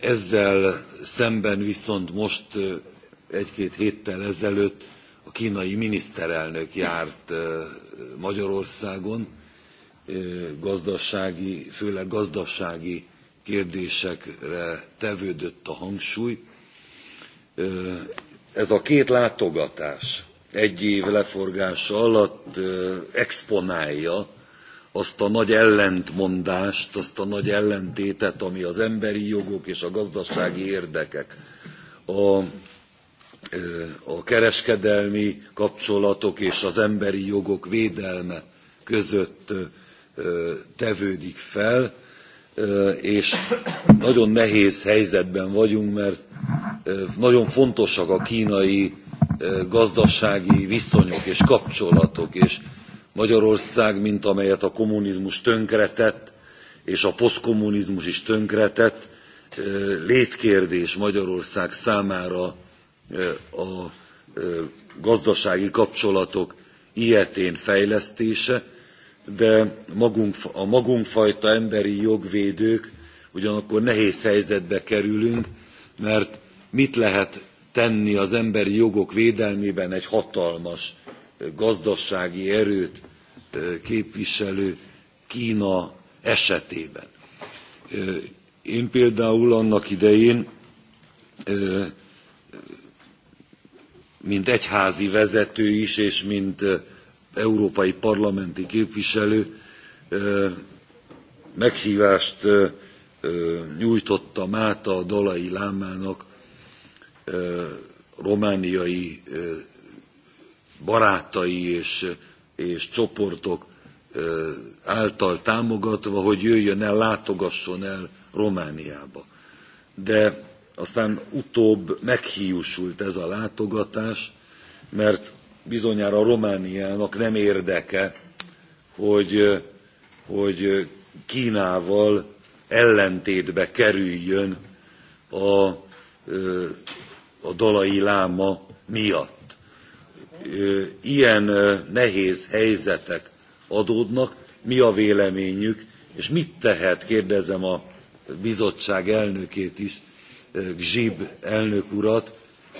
[SPEAKER 4] Ezzel szemben viszont most egy-két héttel ezelőtt a kínai miniszterelnök járt Magyarországon, gazdasági, főleg gazdasági kérdésekre tevődött a hangsúly, ez a két látogatás egy év leforgása alatt exponálja azt a nagy ellentmondást, azt a nagy ellentétet, ami az emberi jogok és a gazdasági érdekek, a, a kereskedelmi kapcsolatok és az emberi jogok védelme között tevődik fel és nagyon nehéz helyzetben vagyunk, mert nagyon fontosak a kínai gazdasági viszonyok és kapcsolatok, és Magyarország, mint amelyet a kommunizmus tönkretett, és a posztkommunizmus is tönkretett, létkérdés Magyarország számára a gazdasági kapcsolatok ilyetén fejlesztése, de magunk, a magunkfajta emberi jogvédők ugyanakkor nehéz helyzetbe kerülünk, mert mit lehet tenni az emberi jogok védelmében egy hatalmas gazdasági erőt képviselő Kína esetében. Én például annak idején, mint egyházi vezető is, és mint európai parlamenti képviselő meghívást nyújtottam át a Dalai Lámának romániai barátai és, és csoportok által támogatva, hogy jöjjön el, látogasson el Romániába. De aztán utóbb meghiúsult ez a látogatás, mert bizonyára Romániának nem érdeke, hogy, hogy Kínával ellentétbe kerüljön a, a dalai láma miatt. Ilyen nehéz helyzetek adódnak, mi a véleményük, és mit tehet, kérdezem a bizottság elnökét is, Gzsib elnök urat,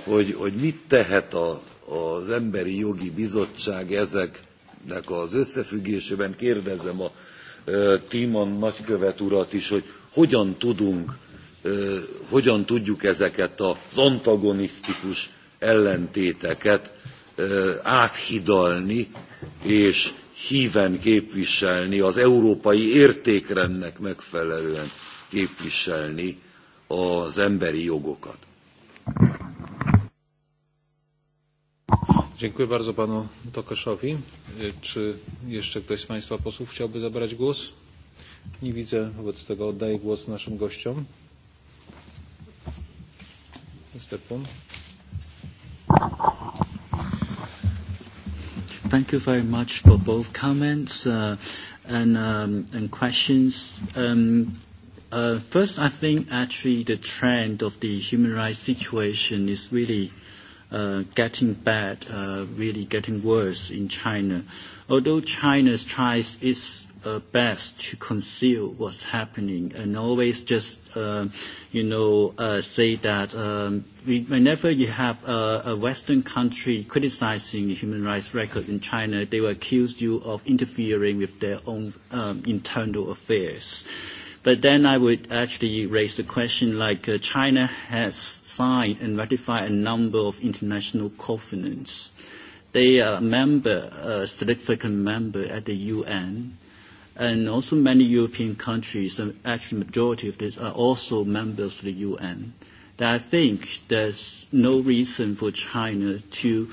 [SPEAKER 4] hogy, hogy mit tehet a az Emberi Jogi Bizottság ezeknek az összefüggésében. Kérdezem a Tímon nagykövet urat is, hogy hogyan tudunk, hogyan tudjuk ezeket az antagonisztikus ellentéteket áthidalni és híven képviselni, az európai értékrendnek megfelelően képviselni az emberi jogokat.
[SPEAKER 1] Dziękuję bardzo panu Tokaszowi. Czy jeszcze ktoś z państwa posłów chciałby zabrać głos? Nie widzę, wobec tego oddaję głos naszym gościom.
[SPEAKER 10] Stepun. Thank you very much for both comments uh, and, um, and questions. Um, uh, first, I think actually the trend of the human rights situation is really uh, uh, getting bad, uh, really getting worse in China. Although China tries its uh, best to conceal what's happening and always just, uh, you know, uh, say that um, we, whenever you have a, a Western country criticizing the human rights record in China, they will accuse you of interfering with their own um, internal affairs. Uh, But then I would actually raise the question like uh, China has signed and ratified a number of international covenants. They are a member, a significant member at the UN. And also many European countries, the actually majority of these are also members of the UN. That I think there's no reason for China to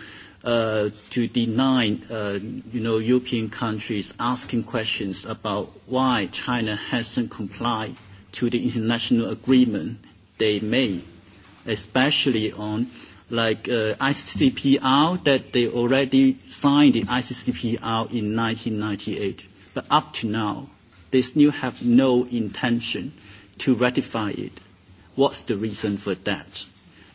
[SPEAKER 10] uh, to deny, uh, you know, European countries asking questions about why China hasn't complied to the international agreement they made, especially on like uh, ICCPR that they already signed the ICCPR in 1998, but up to now they still have no intention to ratify it. What's the reason for that?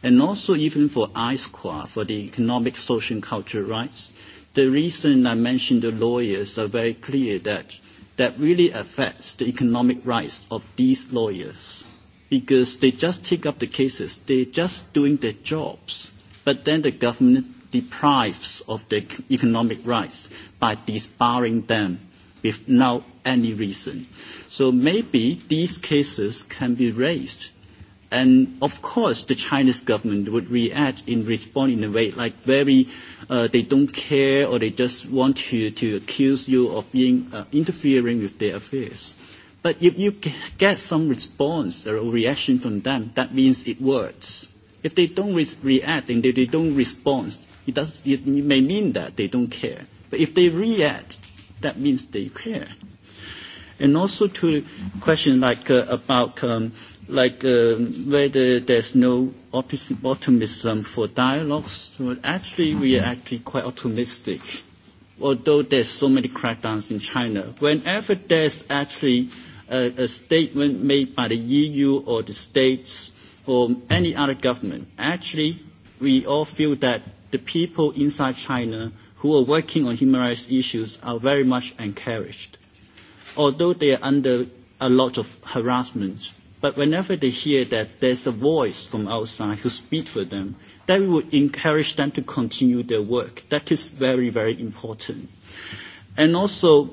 [SPEAKER 10] and also even for ISQA, for the Economic, Social and Cultural Rights. The reason I mentioned the lawyers are very clear that that really affects the economic rights of these lawyers because they just take up the cases, they're just doing their jobs, but then the government deprives of their economic rights by disbarring them without any reason. So maybe these cases can be raised And of course, the Chinese government would react in respond in a way like very, uh, they don't care or they just want to, to accuse you of being uh, interfering with their affairs. But if you get some response or reaction from them, that means it works. If they don't re- react and they, they don't respond, it, does, it may mean that they don't care. But if they react, that means they care. And also to question like uh, about um, like uh, whether there's no optimism for dialogues. Well, actually, we are actually quite optimistic, although there's so many crackdowns in China. Whenever there's actually a, a statement made by the EU or the states or any other government, actually, we all feel that the people inside China who are working on human rights issues are very much encouraged although they are under a lot of harassment, but whenever they hear that there's a voice from outside who speaks for them, that would encourage them to continue their work. That is very, very important. And also,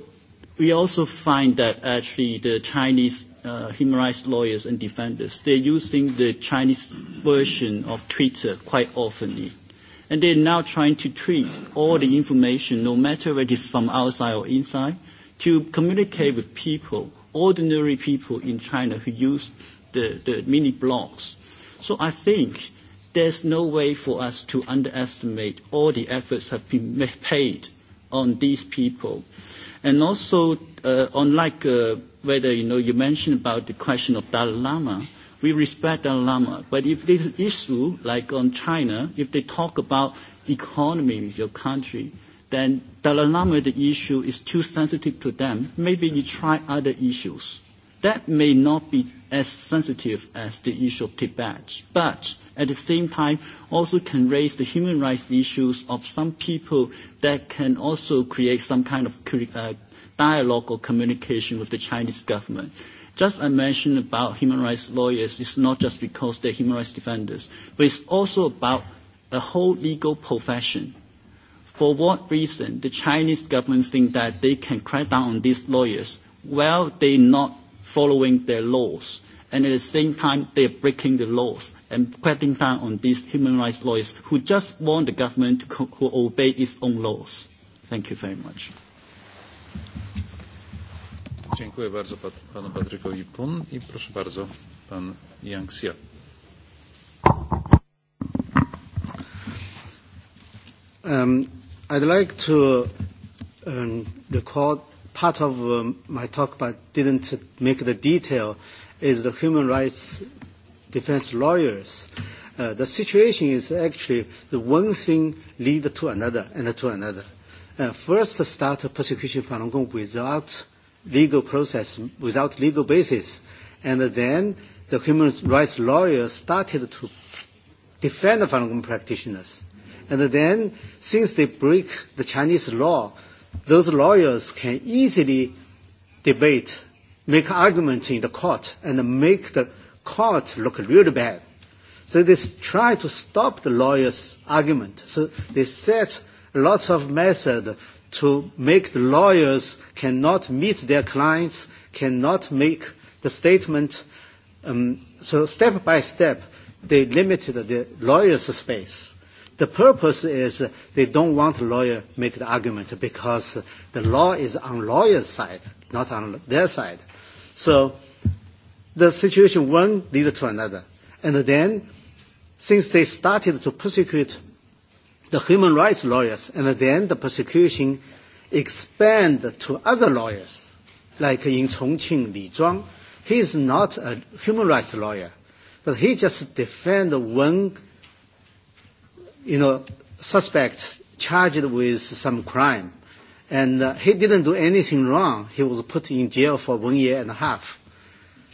[SPEAKER 10] we also find that actually the Chinese uh, human rights lawyers and defenders, they're using the Chinese version of Twitter quite often. And they're now trying to tweet all the information, no matter whether it's from outside or inside, to communicate with people, ordinary people in China who use the, the mini blogs. So I think there's no way for us to underestimate all the efforts have been paid on these people. And also, uh, unlike uh, whether you know you mentioned about the question of Dalai Lama, we respect Dalai Lama. But if this issue, like on China, if they talk about economy of your country, then the issue is too sensitive to them, maybe you try other issues. That may not be as sensitive as the issue of Tibet, but at the same time also can raise the human rights issues of some people that can also create some kind of uh, dialogue or communication with the Chinese government. Just I mentioned about human rights lawyers, it's not just because they're human rights defenders, but it's also about a whole legal profession for what reason the Chinese government think that they can crack down on these lawyers while they're not following their laws. And at the same time, they're breaking the laws and cracking down on these human rights lawyers who just want the government to, co- who obey its own laws. Thank you very much.
[SPEAKER 1] Dziękuję bardzo panu Patrykowi Pun i proszę bardzo pan Yang Xia. Um, I'd like to
[SPEAKER 11] um, record part of um, my talk, but didn't make the detail, is the human rights defense lawyers. Uh, the situation is actually the one thing lead to another and to another. Uh, first, start persecution Falun Gong without legal process, without legal basis, and then the human rights lawyers started to defend Falun Gong practitioners And then, since they break the Chinese law, those lawyers can easily debate, make argument in the court, and make the court look really bad. So they try to stop the lawyers' argument. So they set lots of methods to make the lawyers cannot meet their clients, cannot make the statement. Um, so step by step, they limited the lawyers' space. The purpose is they don't want lawyer make the argument because the law is on lawyer's side, not on their side. So the situation one leads to another. And then since they started to persecute the human rights lawyers, and then the persecution expanded to other lawyers, like in Chongqing Li Zhuang. He is not a human rights lawyer, but he just defends one you know, suspect charged with some crime. And uh, he didn't do anything wrong. He was put in jail for one year and a half.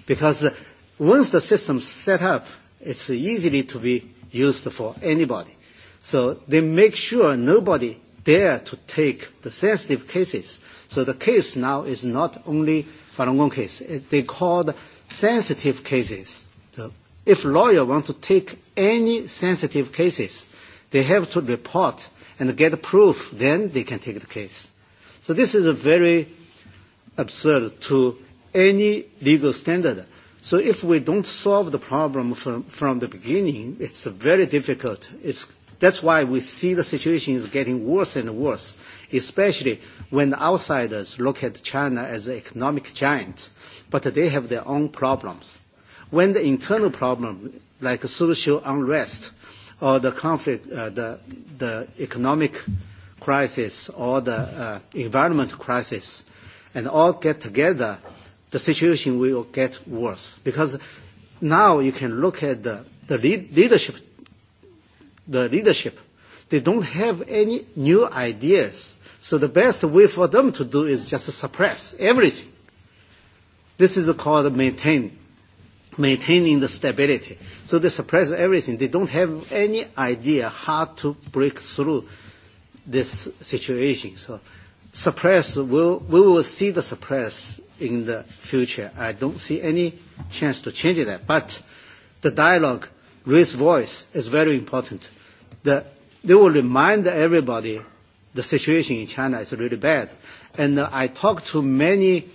[SPEAKER 11] Because uh, once the system's set up, it's easily to be used for anybody. So they make sure nobody dare to take the sensitive cases. So the case now is not only Falun Gong case. It, they called sensitive cases. So if lawyer want to take any sensitive cases, They have to report and get proof, then they can take the case. So this is a very absurd to any legal standard. So if we don't solve the problem from, from the beginning, it's very difficult. It's, that's why we see the situation is getting worse and worse, especially when outsiders look at China as an economic giant, but they have their own problems. When the internal problem, like social unrest, or the conflict, uh, the, the economic crisis or the uh, environment crisis, and all get together, the situation will get worse. Because now you can look at the, the lead, leadership, the leadership, they don't have any new ideas. So the best way for them to do is just suppress everything. This is called maintain, maintaining the stability. So they suppress everything. They don't have any idea how to break through this situation. So suppress, we'll, we will see the suppress in the future. I don't see any chance to change that. But the dialogue, raise voice is very important. The, they will remind everybody the situation in China is really bad. And uh, I talked to many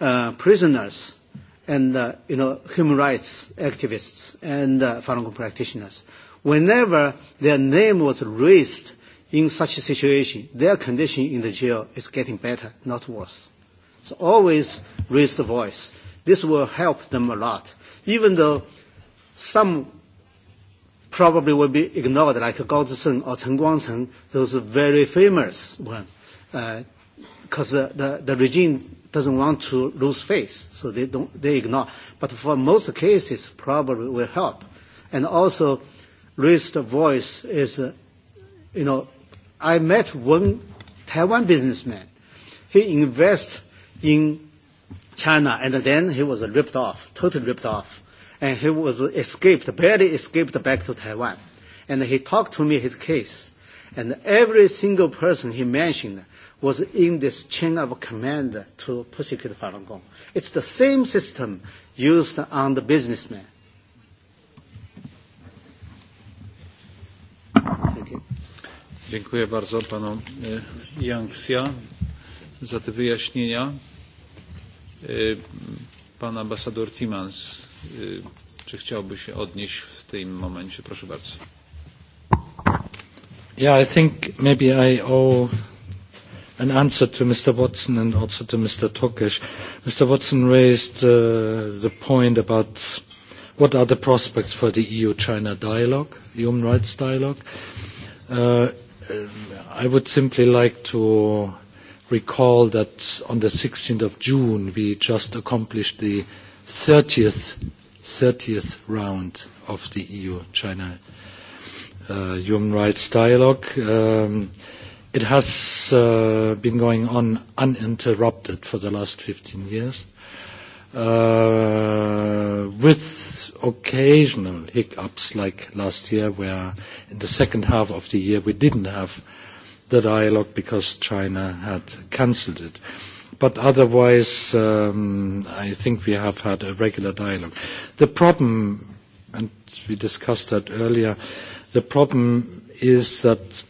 [SPEAKER 11] uh, prisoners and uh, you know human rights activists and uh, Falun Gong practitioners. Whenever their name was raised in such a situation, their condition in the jail is getting better, not worse. So always raise the voice. This will help them a lot, even though some probably will be ignored, like Gao Zisheng or Chen Guangcheng, those very famous ones, because uh, the, the regime doesn't want to lose face, so they don't they ignore. But for most cases, probably will help, and also raised voice is, uh, you know, I met one Taiwan businessman. He invests in China, and then he was ripped off, totally ripped off, and he was escaped, barely escaped back to Taiwan. And he talked to me his case, and every single person he mentioned was in this chain of command to persecute Falun Gong. It's the same system used on the businessman.
[SPEAKER 1] Dziękuję bardzo panu Yangxia za te wyjaśnienia. Pan ambasador Timans, czy chciałby się odnieść w tym momencie? Proszę bardzo.
[SPEAKER 12] Yeah, I think maybe I owe an answer to Mr. Watson and also to Mr. Tokish. Mr. Watson raised the point about what are the prospects for the EU-China dialogue, human rights dialogue. I would simply like to recall that on the 16th of June, we just accomplished the 30th, 30th round of the EU-China human rights dialogue. Um, It has been going on uninterrupted for the last 15 years, with occasional hiccups like last year, where in the second half of the year, we didn't have the dialogue because China had cancelled it. But otherwise, I think we have had a regular dialogue. The problem, and we discussed that earlier, the problem is that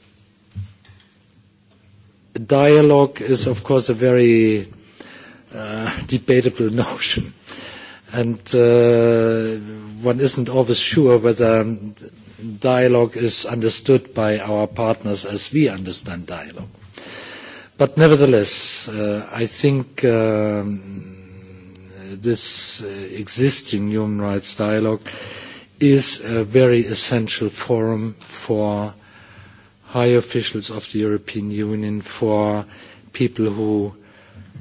[SPEAKER 12] dialogue is, of course, a very uh, debatable notion. And uh, one isn't always sure whether dialogue is understood by our partners as we understand dialogue. But nevertheless, uh, I think um, this existing human rights dialogue is a very essential forum for high officials of the European Union, for people who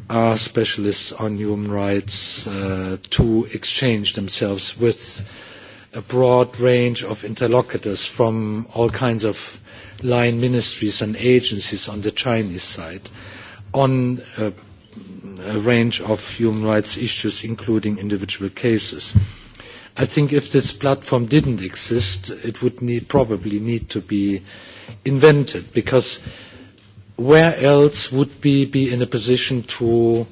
[SPEAKER 12] are specialists on human rights to exchange themselves with a broad range of interlocutors from all kinds of line ministries and agencies on the Chinese side on a, range of human rights issues, including individual cases. I think if this platform didn't exist, it would probably need to be uh, invented because where else would we be in a position to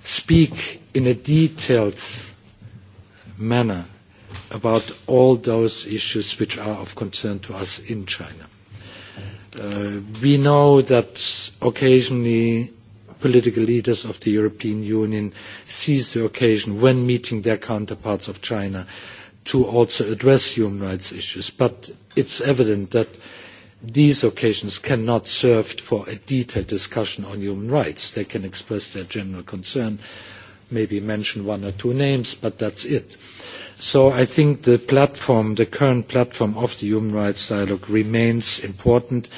[SPEAKER 12] speak in a detailed manner about all those issues which are of concern to us in China. we know that occasionally political leaders of the European Union seize the occasion when meeting their counterparts of China to also address human rights issues. But it's evident that these occasions cannot serve for a detailed discussion on human rights. They can express their general concern, maybe mention one or two names, but that's it. So I think the platform, the current platform of the human rights dialogue remains important.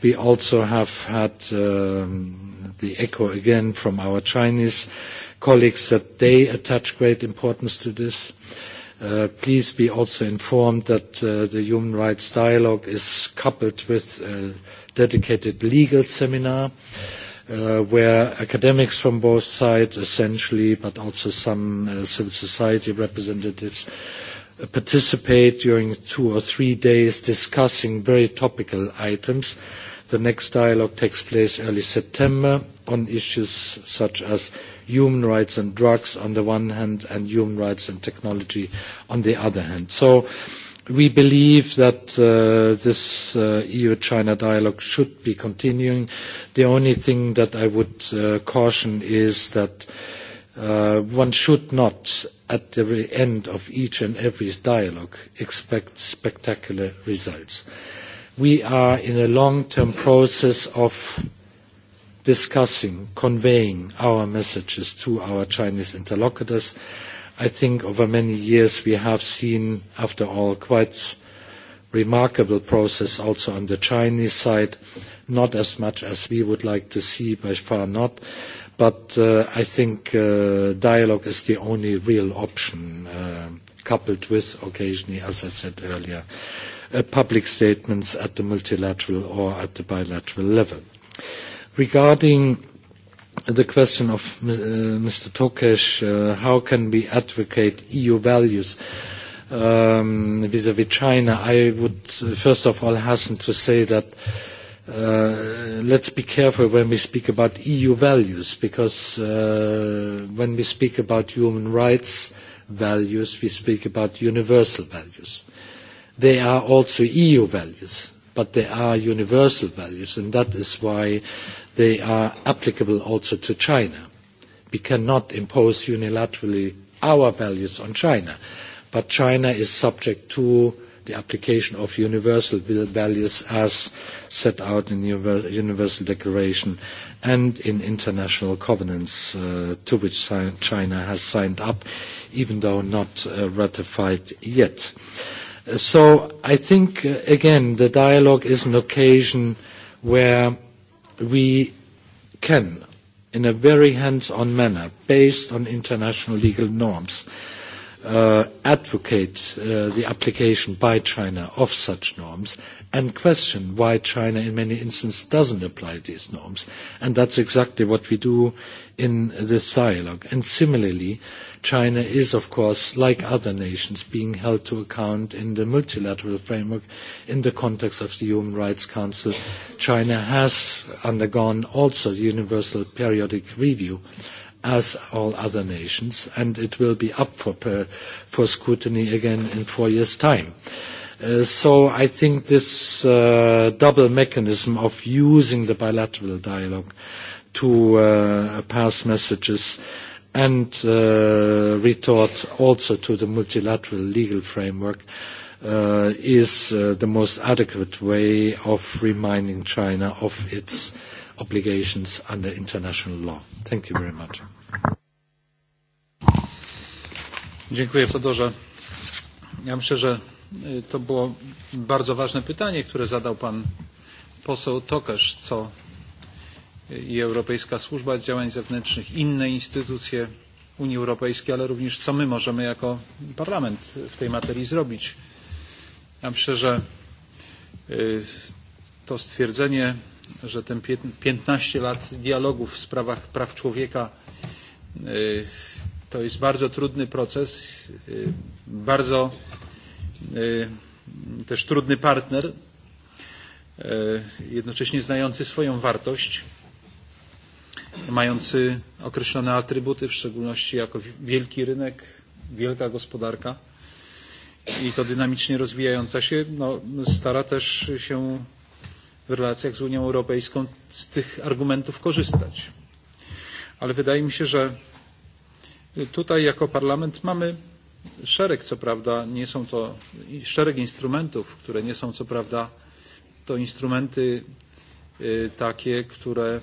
[SPEAKER 12] We also have had the echo again from our Chinese colleagues that they attach great importance to this. Uh, please be also informed that the human rights dialogue is coupled with a dedicated legal seminar where academics from both sides essentially, but also some civil society representatives participate during two or three days discussing very topical items. The next dialogue takes place early September on issues such as human rights and drugs on the one hand and human rights and technology on the other hand. So we believe that this EU-China dialogue should be continuing. The only thing that I would caution is that one should not at the end of each and every dialogue expect spectacular results. We are in a long-term process of discussing, conveying our messages to our Chinese interlocutors. I think over many years we have seen, after all, quite remarkable process also on the Chinese side, not as much as we would like to see, by far not. But I think dialogue is the only real option, coupled with occasionally, as I said earlier, public statements at the multilateral or at the bilateral level. Regarding the question of Mr. Tokes, how can we advocate EU values vis-à-vis China? I would first of all hasten to say that let's be careful when we speak about EU values, because when we speak about human rights values, we speak about universal values. They are also EU values, but they are universal values, and that is why they are applicable also to China. We cannot impose unilaterally our values on China, but China is subject to the application of universal values as set out in the Universal Declaration and in international covenants to which China has signed up, even though not ratified yet. So I think, again, the dialogue is an occasion where we can, in a very hands-on manner, based on international legal norms, advocate the application by China of such norms and question why China in many instances doesn't apply these norms. And that's exactly what we do in this dialogue. And similarly, uh, China is, of course, like other nations, being held to account in the multilateral framework in the context of the Human Rights Council. China has undergone also the Universal Periodic Review as all other nations, and it will be up for, scrutiny again in four years' time. so I think this double mechanism of using the bilateral dialogue to pass messages uh, and retort also to the multilateral legal framework is the most adequate way of reminding China of its obligations under international law. Thank you very much.
[SPEAKER 1] Dziękuję, Fedorze. Ja myślę, że to było bardzo ważne pytanie, które zadał pan poseł Tokarz, co i Europejska Służba Działań Zewnętrznych, inne instytucje Unii Europejskiej, ale również co my możemy jako Parlament w tej materii zrobić. Ja myślę, że to stwierdzenie, że ten 15 lat dialogu w sprawach praw człowieka to jest bardzo trudny proces, bardzo też trudny partner, jednocześnie znający swoją wartość mający określone atrybuty, w szczególności jako wielki rynek, wielka gospodarka i to dynamicznie rozwijająca się, no, stara też się w relacjach z Unią Europejską z tych argumentów korzystać. Ale wydaje mi się, że tutaj jako parlament mamy szereg, co prawda, nie są to szereg instrumentów, które nie są co prawda to instrumenty takie, które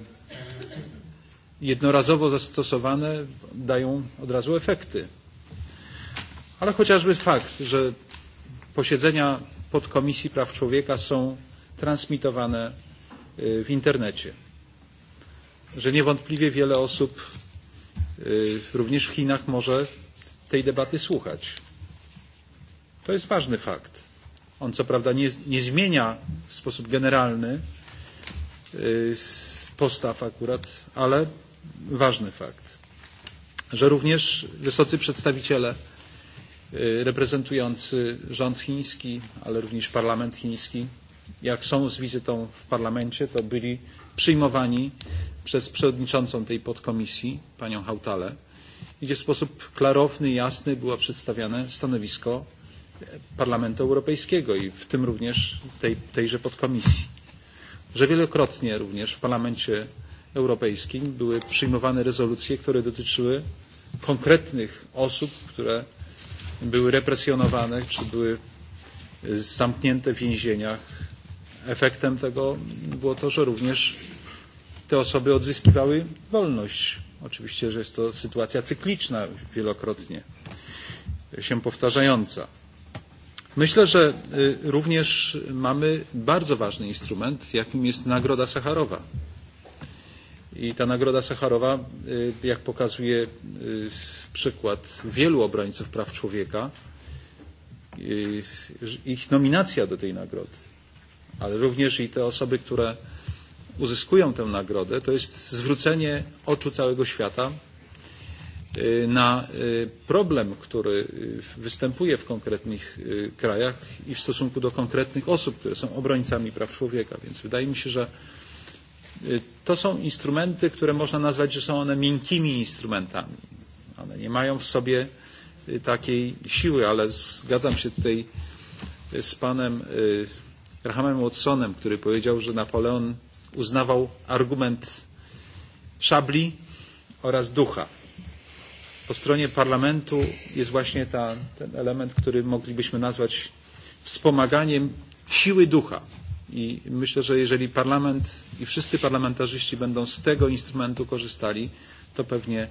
[SPEAKER 1] jednorazowo zastosowane dają od razu efekty. Ale chociażby fakt, że posiedzenia podkomisji praw człowieka są transmitowane w internecie, że niewątpliwie wiele osób również w Chinach może tej debaty słuchać. To jest ważny fakt. On co prawda nie, nie zmienia w sposób generalny postaw akurat, ale ważny fakt, że również wysocy przedstawiciele reprezentujący rząd chiński, ale również parlament chiński, jak są z wizytą w parlamencie, to byli przyjmowani przez przewodniczącą tej podkomisji, panią Hautalę, gdzie w sposób klarowny i jasny było przedstawiane stanowisko Parlamentu Europejskiego i w tym również tej, tejże podkomisji. Że wielokrotnie również w Parlamencie Europejskim były przyjmowane rezolucje, które dotyczyły konkretnych osób, które były represjonowane czy były zamknięte w więzieniach. Efektem tego było to, że również te osoby odzyskiwały wolność. Oczywiście, że jest to sytuacja cykliczna, wielokrotnie się powtarzająca. Myślę, że również mamy bardzo ważny instrument, jakim jest Nagroda Sacharowa I ta nagroda Sacharowa, jak pokazuje przykład wielu obrońców praw człowieka, ich nominacja do tej nagrody, ale również i te osoby, które uzyskują tę nagrodę, to jest zwrócenie oczu całego świata na problem, który występuje w konkretnych krajach i w stosunku do konkretnych osób, które są obrońcami praw człowieka. Więc wydaje mi się, że to są instrumenty, które można nazwać, że są one miękkimi instrumentami. One nie mają w sobie takiej siły, ale zgadzam się tutaj z panem Grahamem Watsonem, który powiedział, że Napoleon uznawał argument szabli oraz ducha. Po stronie parlamentu jest właśnie ta, ten element, który moglibyśmy nazwać wspomaganiem siły ducha. I myślę, że jeżeli parlament i wszyscy parlamentarzyści będą z tego instrumentu korzystali, to pewnie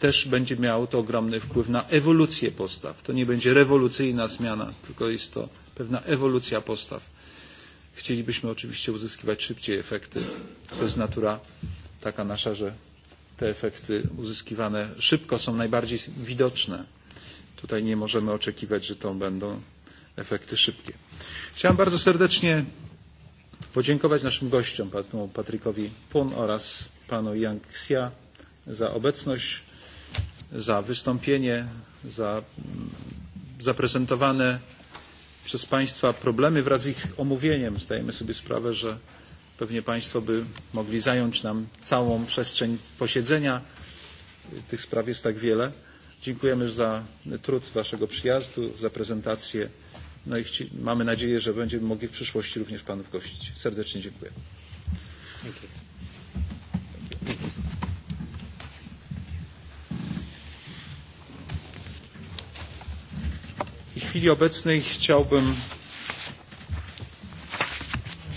[SPEAKER 1] też będzie miało to ogromny wpływ na ewolucję postaw. To nie będzie rewolucyjna zmiana, tylko jest to pewna ewolucja postaw. Chcielibyśmy oczywiście uzyskiwać szybciej efekty. To jest natura taka nasza, że te efekty uzyskiwane szybko są najbardziej widoczne. Tutaj nie możemy oczekiwać, że to będą efekty szybkie. Chciałem bardzo serdecznie podziękować naszym gościom, panu Patrykowi Pun oraz panu Yang Xia za obecność, za wystąpienie, za zaprezentowane przez Państwa problemy wraz z ich omówieniem. Zdajemy sobie sprawę, że pewnie Państwo by mogli zająć nam całą przestrzeń posiedzenia. Tych spraw jest tak wiele. Dziękujemy za trud Waszego przyjazdu, za prezentację No i mamy nadzieję, że będziemy mogli w przyszłości również Panów gościć. Serdecznie dziękuję. W chwili obecnej chciałbym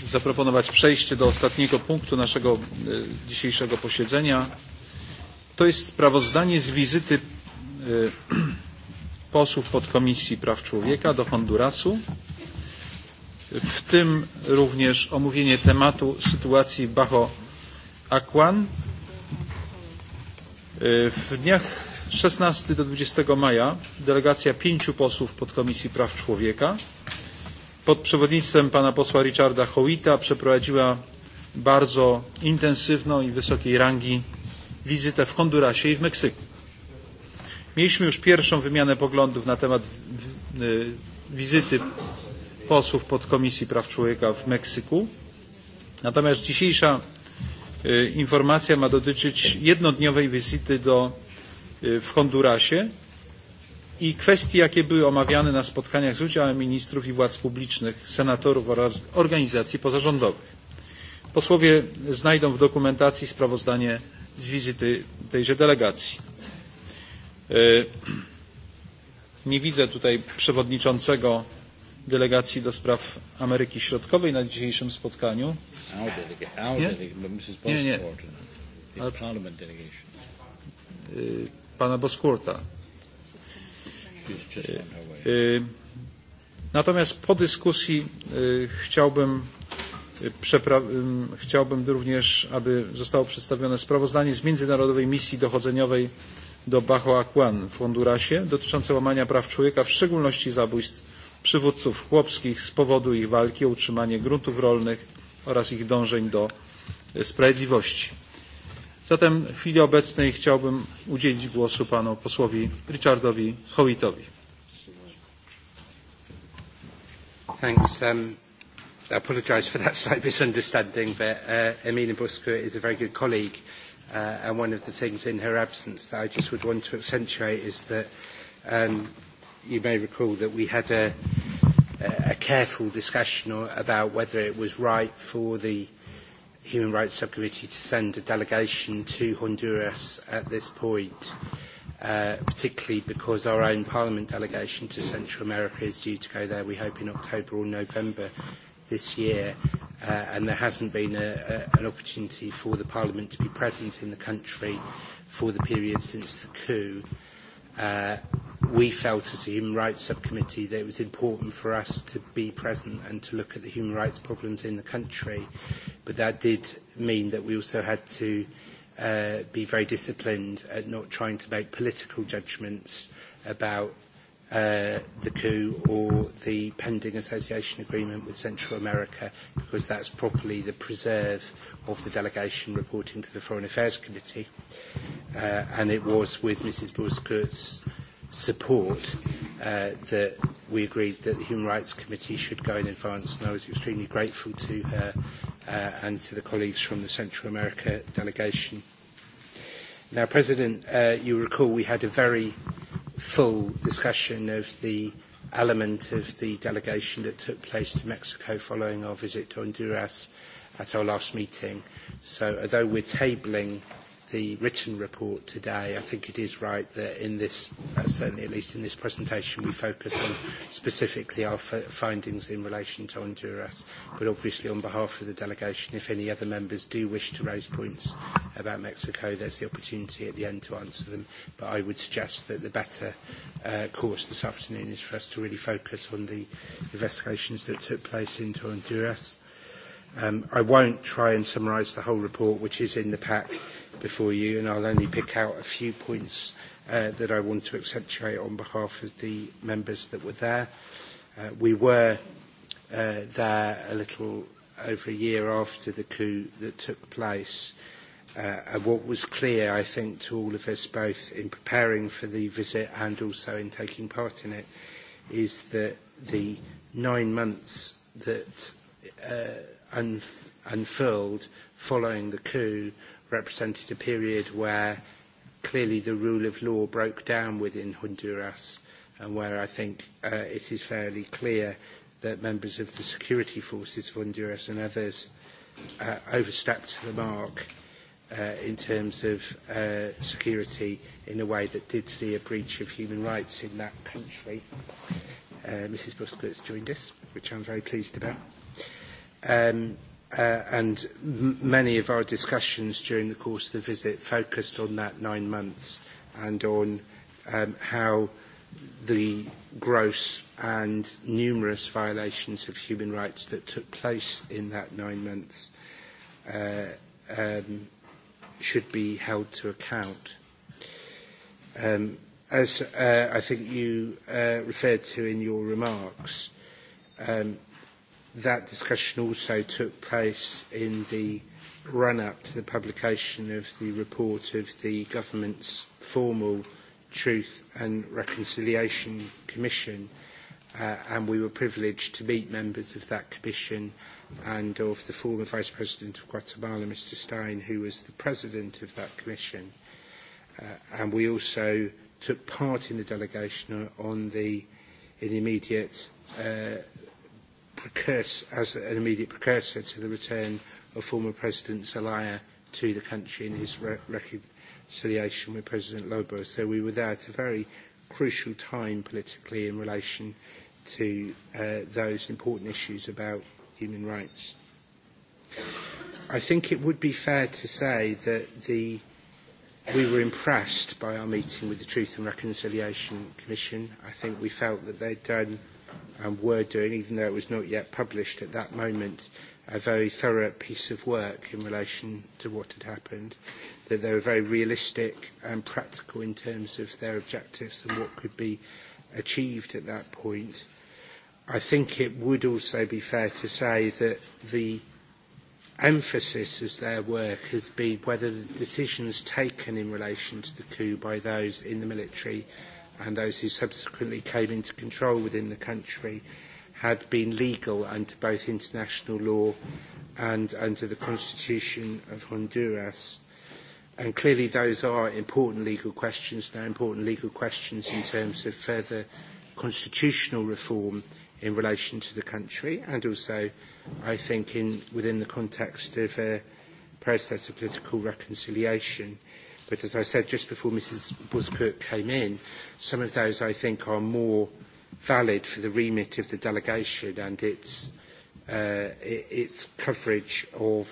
[SPEAKER 1] zaproponować przejście do ostatniego punktu naszego dzisiejszego posiedzenia. To jest sprawozdanie z wizyty posłów podkomisji praw człowieka do Hondurasu, w tym również omówienie tematu sytuacji w Bajo Akwan. W dniach 16 do 20 maja delegacja pięciu posłów podkomisji praw człowieka pod przewodnictwem pana posła Richarda Howita przeprowadziła bardzo intensywną i wysokiej rangi wizytę w Hondurasie i w Meksyku. Mieliśmy już pierwszą wymianę poglądów na temat wizyty posłów podkomisji praw człowieka w Meksyku. Natomiast dzisiejsza informacja ma dotyczyć jednodniowej wizyty do, w Hondurasie i kwestii, jakie były omawiane na spotkaniach z udziałem ministrów i władz publicznych, senatorów oraz organizacji pozarządowych. Posłowie znajdą w dokumentacji sprawozdanie z wizyty tejże delegacji. Nie widzę tutaj przewodniczącego delegacji do spraw Ameryki Środkowej na dzisiejszym spotkaniu. Nie, nie. Pana Boskurta. Natomiast po dyskusji chciałbym, chciałbym również, aby zostało przedstawione sprawozdanie z Międzynarodowej Misji Dochodzeniowej do Baho Akwan w Hondurasie dotyczące łamania praw człowieka, w szczególności zabójstw przywódców chłopskich z powodu ich walki o utrzymanie gruntów rolnych oraz ich dążeń do sprawiedliwości. Zatem w chwili obecnej chciałbym udzielić głosu panu posłowi Richardowi Howitowi.
[SPEAKER 7] Thanks. Um, I apologize for that slight misunderstanding, but uh, Emina Busco is a very good colleague Uh, and one of the things in her absence that I just would want to accentuate is that um, you may recall that we had a, a careful discussion about whether it was right for the Human Rights Subcommittee to send a delegation to Honduras at this point, particularly because our own Parliament delegation to Central America is due to go there, we hope, in October or November this year, and there hasn't been a, a, an opportunity for the Parliament to be present in the country for the period since the coup. Uh, we felt as a Human Rights Subcommittee that it was important for us to be present and to look at the human rights problems in the country, but that did mean that we also had to uh, be very disciplined at not trying to make political judgments about the coup or the pending association agreement with Central America because that's properly the preserve of the delegation reporting to the Foreign Affairs Committee. Uh, and it was with Mrs. Borskurt's support uh, that we agreed that the Human Rights Committee should go in advance and I was extremely grateful to her uh, and to the colleagues from the Central America delegation. Now, President, uh, you recall we had a very uh, full discussion of the element of the delegation that took place to Mexico following our visit to Honduras at our last meeting. So although we're tabling the written report today, I think it is right that in this, certainly at least in this presentation, we focus on specifically our findings in relation to Honduras. But obviously, on behalf of the delegation, if any other members do wish to raise points about Mexico, there's the opportunity at the end to answer them. But I would suggest that the better uh, course this afternoon is for us to really focus on the investigations that took place into Honduras. Um, I won't try and summarise the whole report, which is in the pack before you, and I'll only pick out a few points uh, that I want to accentuate on behalf of the members that were there. Uh, we were uh, there a little over a year after the coup that took place. Uh, and what was clear, I think, to all of us, both in preparing for the visit and also in taking part in it, is that the nine months that uh, unf- unfurled following the coup represented a period where clearly the rule of law broke down within Honduras and where I think uh, it is fairly clear that members of the security forces of Honduras and others uh, overstepped the mark uh, in terms of uh, security in a way that did see a breach of human rights in that country. Uh, Mrs. Busquets joined us, which I'm very pleased about. Um, and many of our discussions during the course of the visit focused on that nine months and on um, how the gross and numerous violations of human rights that took place in that nine months uh, um, should be held to account. Um, as uh, I think you uh, referred to in your remarks, um, that discussion also took place in the run-up to the publication of the report of the government's formal Truth and Reconciliation Commission, uh, and we were privileged to meet members of that commission and of the former Vice President of Guatemala, Mr. Stein, who was the President of that commission. Uh, and we also took part in the delegation on the, in the immediate uh, precursor, as an immediate precursor to the return of former President Zelaya to the country in his re- reconciliation with President Lobo. So we were there at a very crucial time politically in relation to uh, those important issues about human rights. I think it would be fair to say that the, we were impressed by our meeting with the Truth and Reconciliation Commission. I think we felt that they'd done and were doing, even though it was not yet published at that moment, a very thorough piece of work in relation to what had happened, that they were very realistic and practical in terms of their objectives and what could be achieved at that point. I think it would also be fair to say that the emphasis of their work has been whether the decisions taken in relation to the coup by those in the military and those who subsequently came into control within the country had been legal under both international law and under the Constitution of Honduras. And clearly those are important legal questions. They're important legal questions in terms of further constitutional reform in relation to the country and also, I think, in, within the context of a process of political reconciliation. Uh, But as I said just before Mrs. Buskirk came in, some of those I think are more valid for the remit of the delegation and its, uh, its coverage of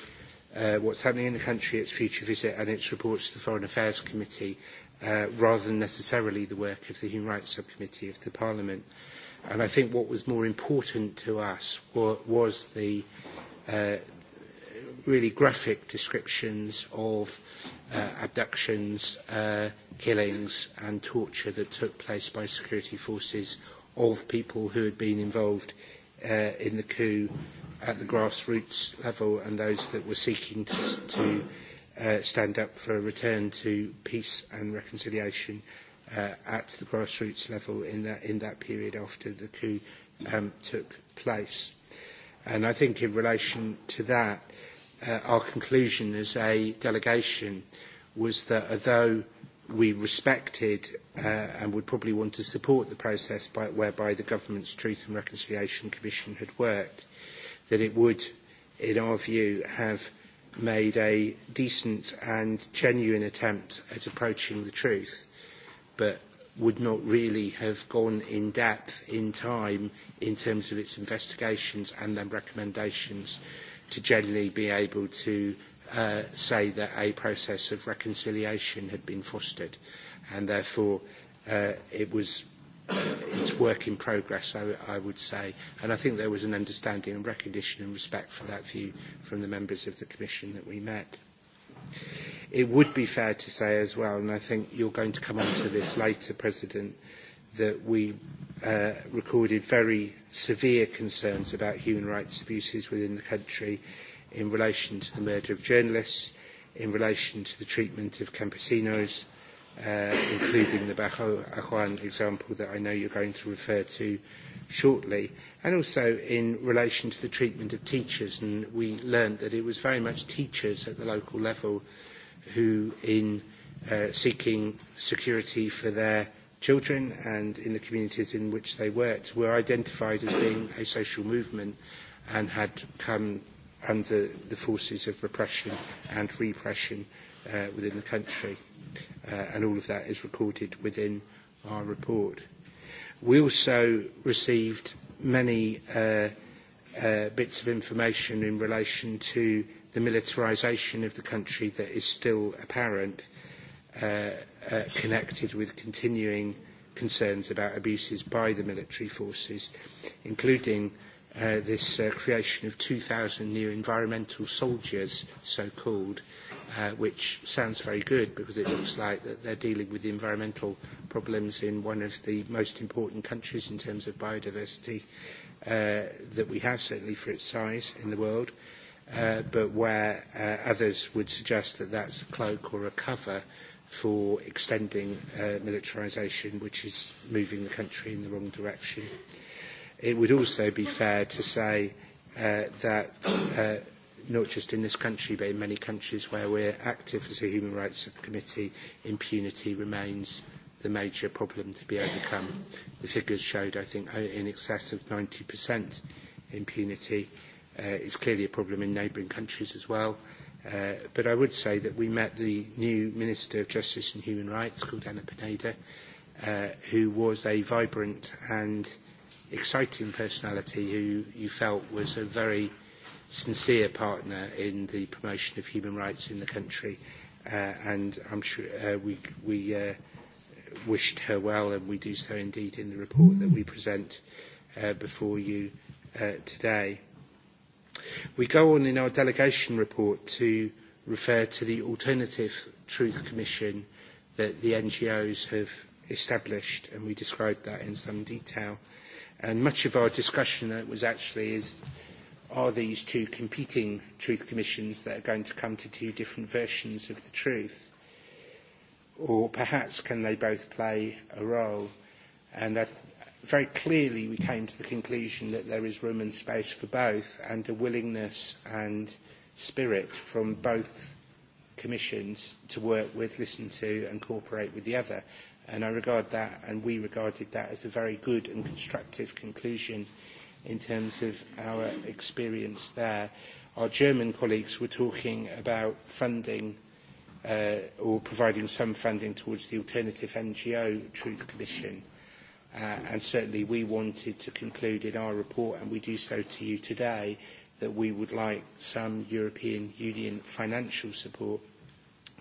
[SPEAKER 7] uh, what's happening in the country, its future visit and its reports to the Foreign Affairs Committee uh, rather than necessarily the work of the Human Rights Subcommittee of the Parliament. And I think what was more important to us was the uh, really graphic descriptions of uh, abductions, uh, killings and torture that took place by security forces of people who had been involved uh, in the coup at the grassroots level and those that were seeking to, to uh, stand up for a return to peace and reconciliation uh, at the grassroots level in that, in that period after the coup um, took place. And I think in relation to that, uh, uh, our conclusion as a delegation was that although we respected uh, and would probably want to support the process by, whereby the government's Truth and Reconciliation Commission had worked, that it would, in our view, have made a decent and genuine attempt at approaching the truth, but would not really have gone in depth in time in terms of its investigations and then recommendations to generally be able to uh, say that a process of reconciliation had been fostered, and therefore uh, it was it's work in progress, I, I would say. And I think there was an understanding and recognition and respect for that view from the members of the Commission that we met. It would be fair to say as well, and I think you're going to come on to this later, President, uh, that we uh, recorded very severe concerns about human rights abuses within the country in relation to the murder of journalists, in relation to the treatment of campesinos, uh, including the Bajo Ajuan example that I know you're going to refer to shortly, and also in relation to the treatment of teachers. And we learned that it was very much teachers at the local level who, in uh, seeking security for their children and in the communities in which they worked were identified as being a social movement and had come under the forces of repression and repression uh, within the country. Uh, and all of that is recorded within our report. We also received many uh, uh, bits of information in relation to the militarisation of the country that is still apparent uh, uh, connected with continuing concerns about abuses by the military forces, including uh, this uh, creation of 2,000 new environmental soldiers, so-called, uh, which sounds very good because it looks like that they're dealing with the environmental problems in one of the most important countries in terms of biodiversity uh, that we have, certainly for its size in the world, uh, but where uh, others would suggest that that's a cloak or a cover uh, for extending uh, militarisation, which is moving the country in the wrong direction. It would also be fair to say uh, that uh, not just in this country but in many countries where we're active as a human rights subcommittee, impunity remains the major problem to be overcome. The figures showed, I think, in excess of 90% impunity. Uh, it's clearly a problem in neighbouring countries as well but I would say that we met the new Minister of Justice and Human Rights called Anna Pineda, uh, who was a vibrant and exciting personality who you felt was a very sincere partner in the promotion of human rights in the country. Uh, and I'm sure uh, we, we uh, wished her well, and we do so indeed in the report that we present uh, before you uh, today. We go on in our delegation report to refer to the Alternative Truth Commission that the NGOs have established, and we described that in some detail. And much of our discussion that was actually is, are these two competing truth commissions that are going to come to two different versions of the truth? Or perhaps can they both play a role? And I very clearly we came to the conclusion that there is room and space for both and a willingness and spirit from both commissions to work with, listen to and cooperate with the other. And I regard that, and we regarded that as a very good and constructive conclusion in terms of our experience there. Our German colleagues were talking about funding uh, or providing some funding towards the Alternative NGO Truth Commission. Uh, uh, and certainly we wanted to conclude in our report, and we do so to you today, that we would like some European Union financial support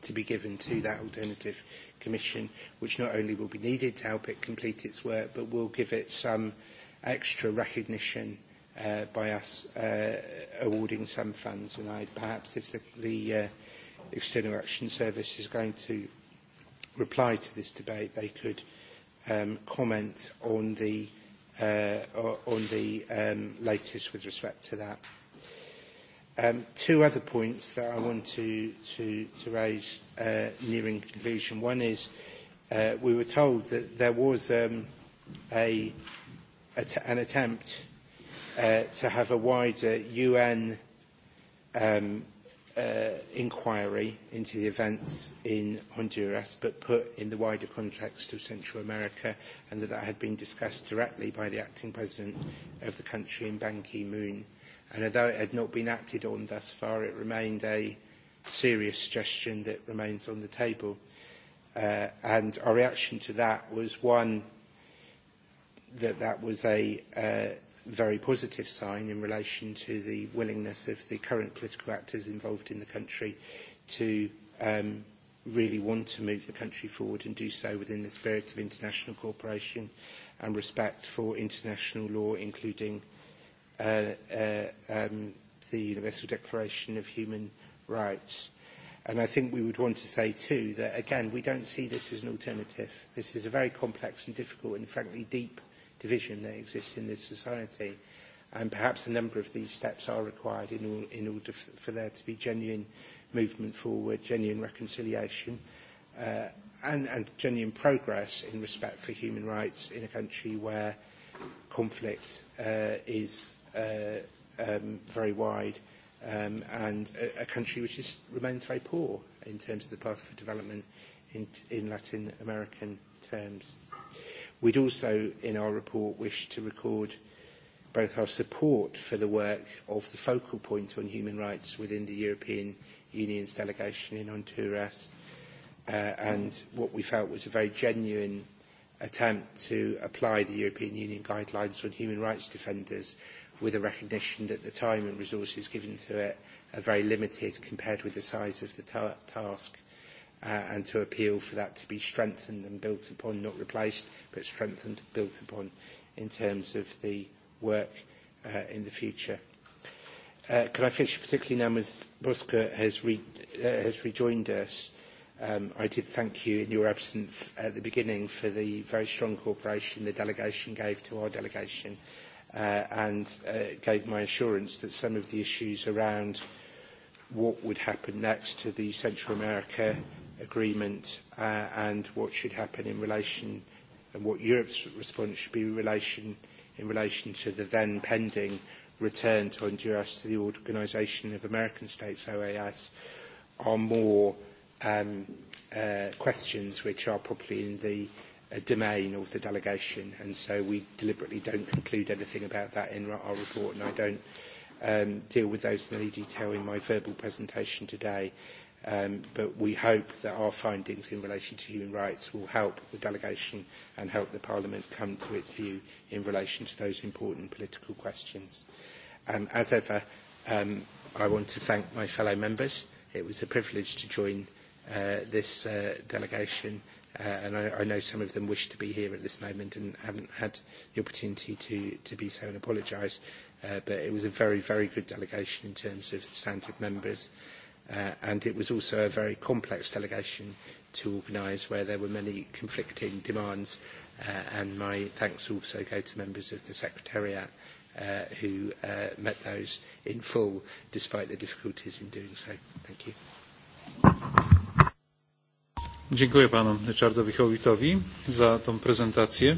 [SPEAKER 7] to be given to that alternative commission, which not only will be needed to help it complete its work, but will give it some extra recognition uh, by us uh, awarding some funds. And I, perhaps if the, the uh, External Action Service is going to reply to this debate, they could uh, um, comment on the, uh, on the um, latest with respect to that. Um, two other points that I want to, to, to raise uh, nearing conclusion. One is uh, we were told that there was um, a, a t- an attempt uh, to have a wider UN um, uh, inquiry into the events in Honduras, but put in the wider context of Central America, and that that had been discussed directly by the acting president of the country in Ban Ki-moon. And although it had not been acted on thus far, it remained a serious suggestion that remains on the table. Uh, and our reaction to that was one, that that was a uh, very positive sign in relation to the willingness of the current political actors involved in the country to um, really want to move the country forward and do so within the spirit of international cooperation and respect for international law, including uh, uh, um, the Universal Declaration of Human Rights. And I think we would want to say too that again we don't see this as an alternative. This is a very complex and difficult and frankly deep division that exists in this society. And perhaps a number of these steps are required in, all, in order f- for there to be genuine movement forward, genuine reconciliation, uh, and, and genuine progress in respect for human rights in a country where conflict uh, is uh, um, very wide um, and a, a country which is, remains very poor in terms of the path for development in, in Latin American terms. We'd also, in our report, wish to record both our support for the work of the focal point on human rights within the European Union's delegation in Honduras uh, and what we felt was a very genuine attempt to apply the European Union guidelines on human rights defenders with a recognition that the time and resources given to it are very limited compared with the size of the ta task uh, and to appeal for that to be strengthened and built upon, not replaced, but strengthened and built upon in terms of the work uh, in the future. Uh, can I finish particularly now Ms. Busker has, re, uh, has rejoined us. Um, I did thank you in your absence at the beginning for the very strong cooperation the delegation gave to our delegation uh, and uh, gave my assurance that some of the issues around what would happen next to the Central America agreement uh, and what should happen in relation and what Europe's response should be in relation, in relation to the then pending return to Honduras to the Organization of American States, OAS, are more um, uh, questions which are probably in the uh, domain of the delegation. And so we deliberately don't conclude anything about that in our report, and I don't um, deal with those in any detail in my verbal presentation today um, but we hope that our findings in relation to human rights will help the delegation and help the Parliament come to its view in relation to those important political questions. Um, as ever, um, I want to thank my fellow members. It was a privilege to join uh, this uh, delegation, uh, and I, I know some of them wish to be here at this moment and haven't had the opportunity to, to be so and apologise, uh, but it was a very, very good delegation in terms of the standard members uh, and it was also a very complex delegation to organise where there were many conflicting demands uh, and my thanks also go to members of the Secretariat uh, who uh, met those in full despite the difficulties in doing so. Thank you.
[SPEAKER 1] Dziękuję panu Richardowi Howitowi za tą prezentację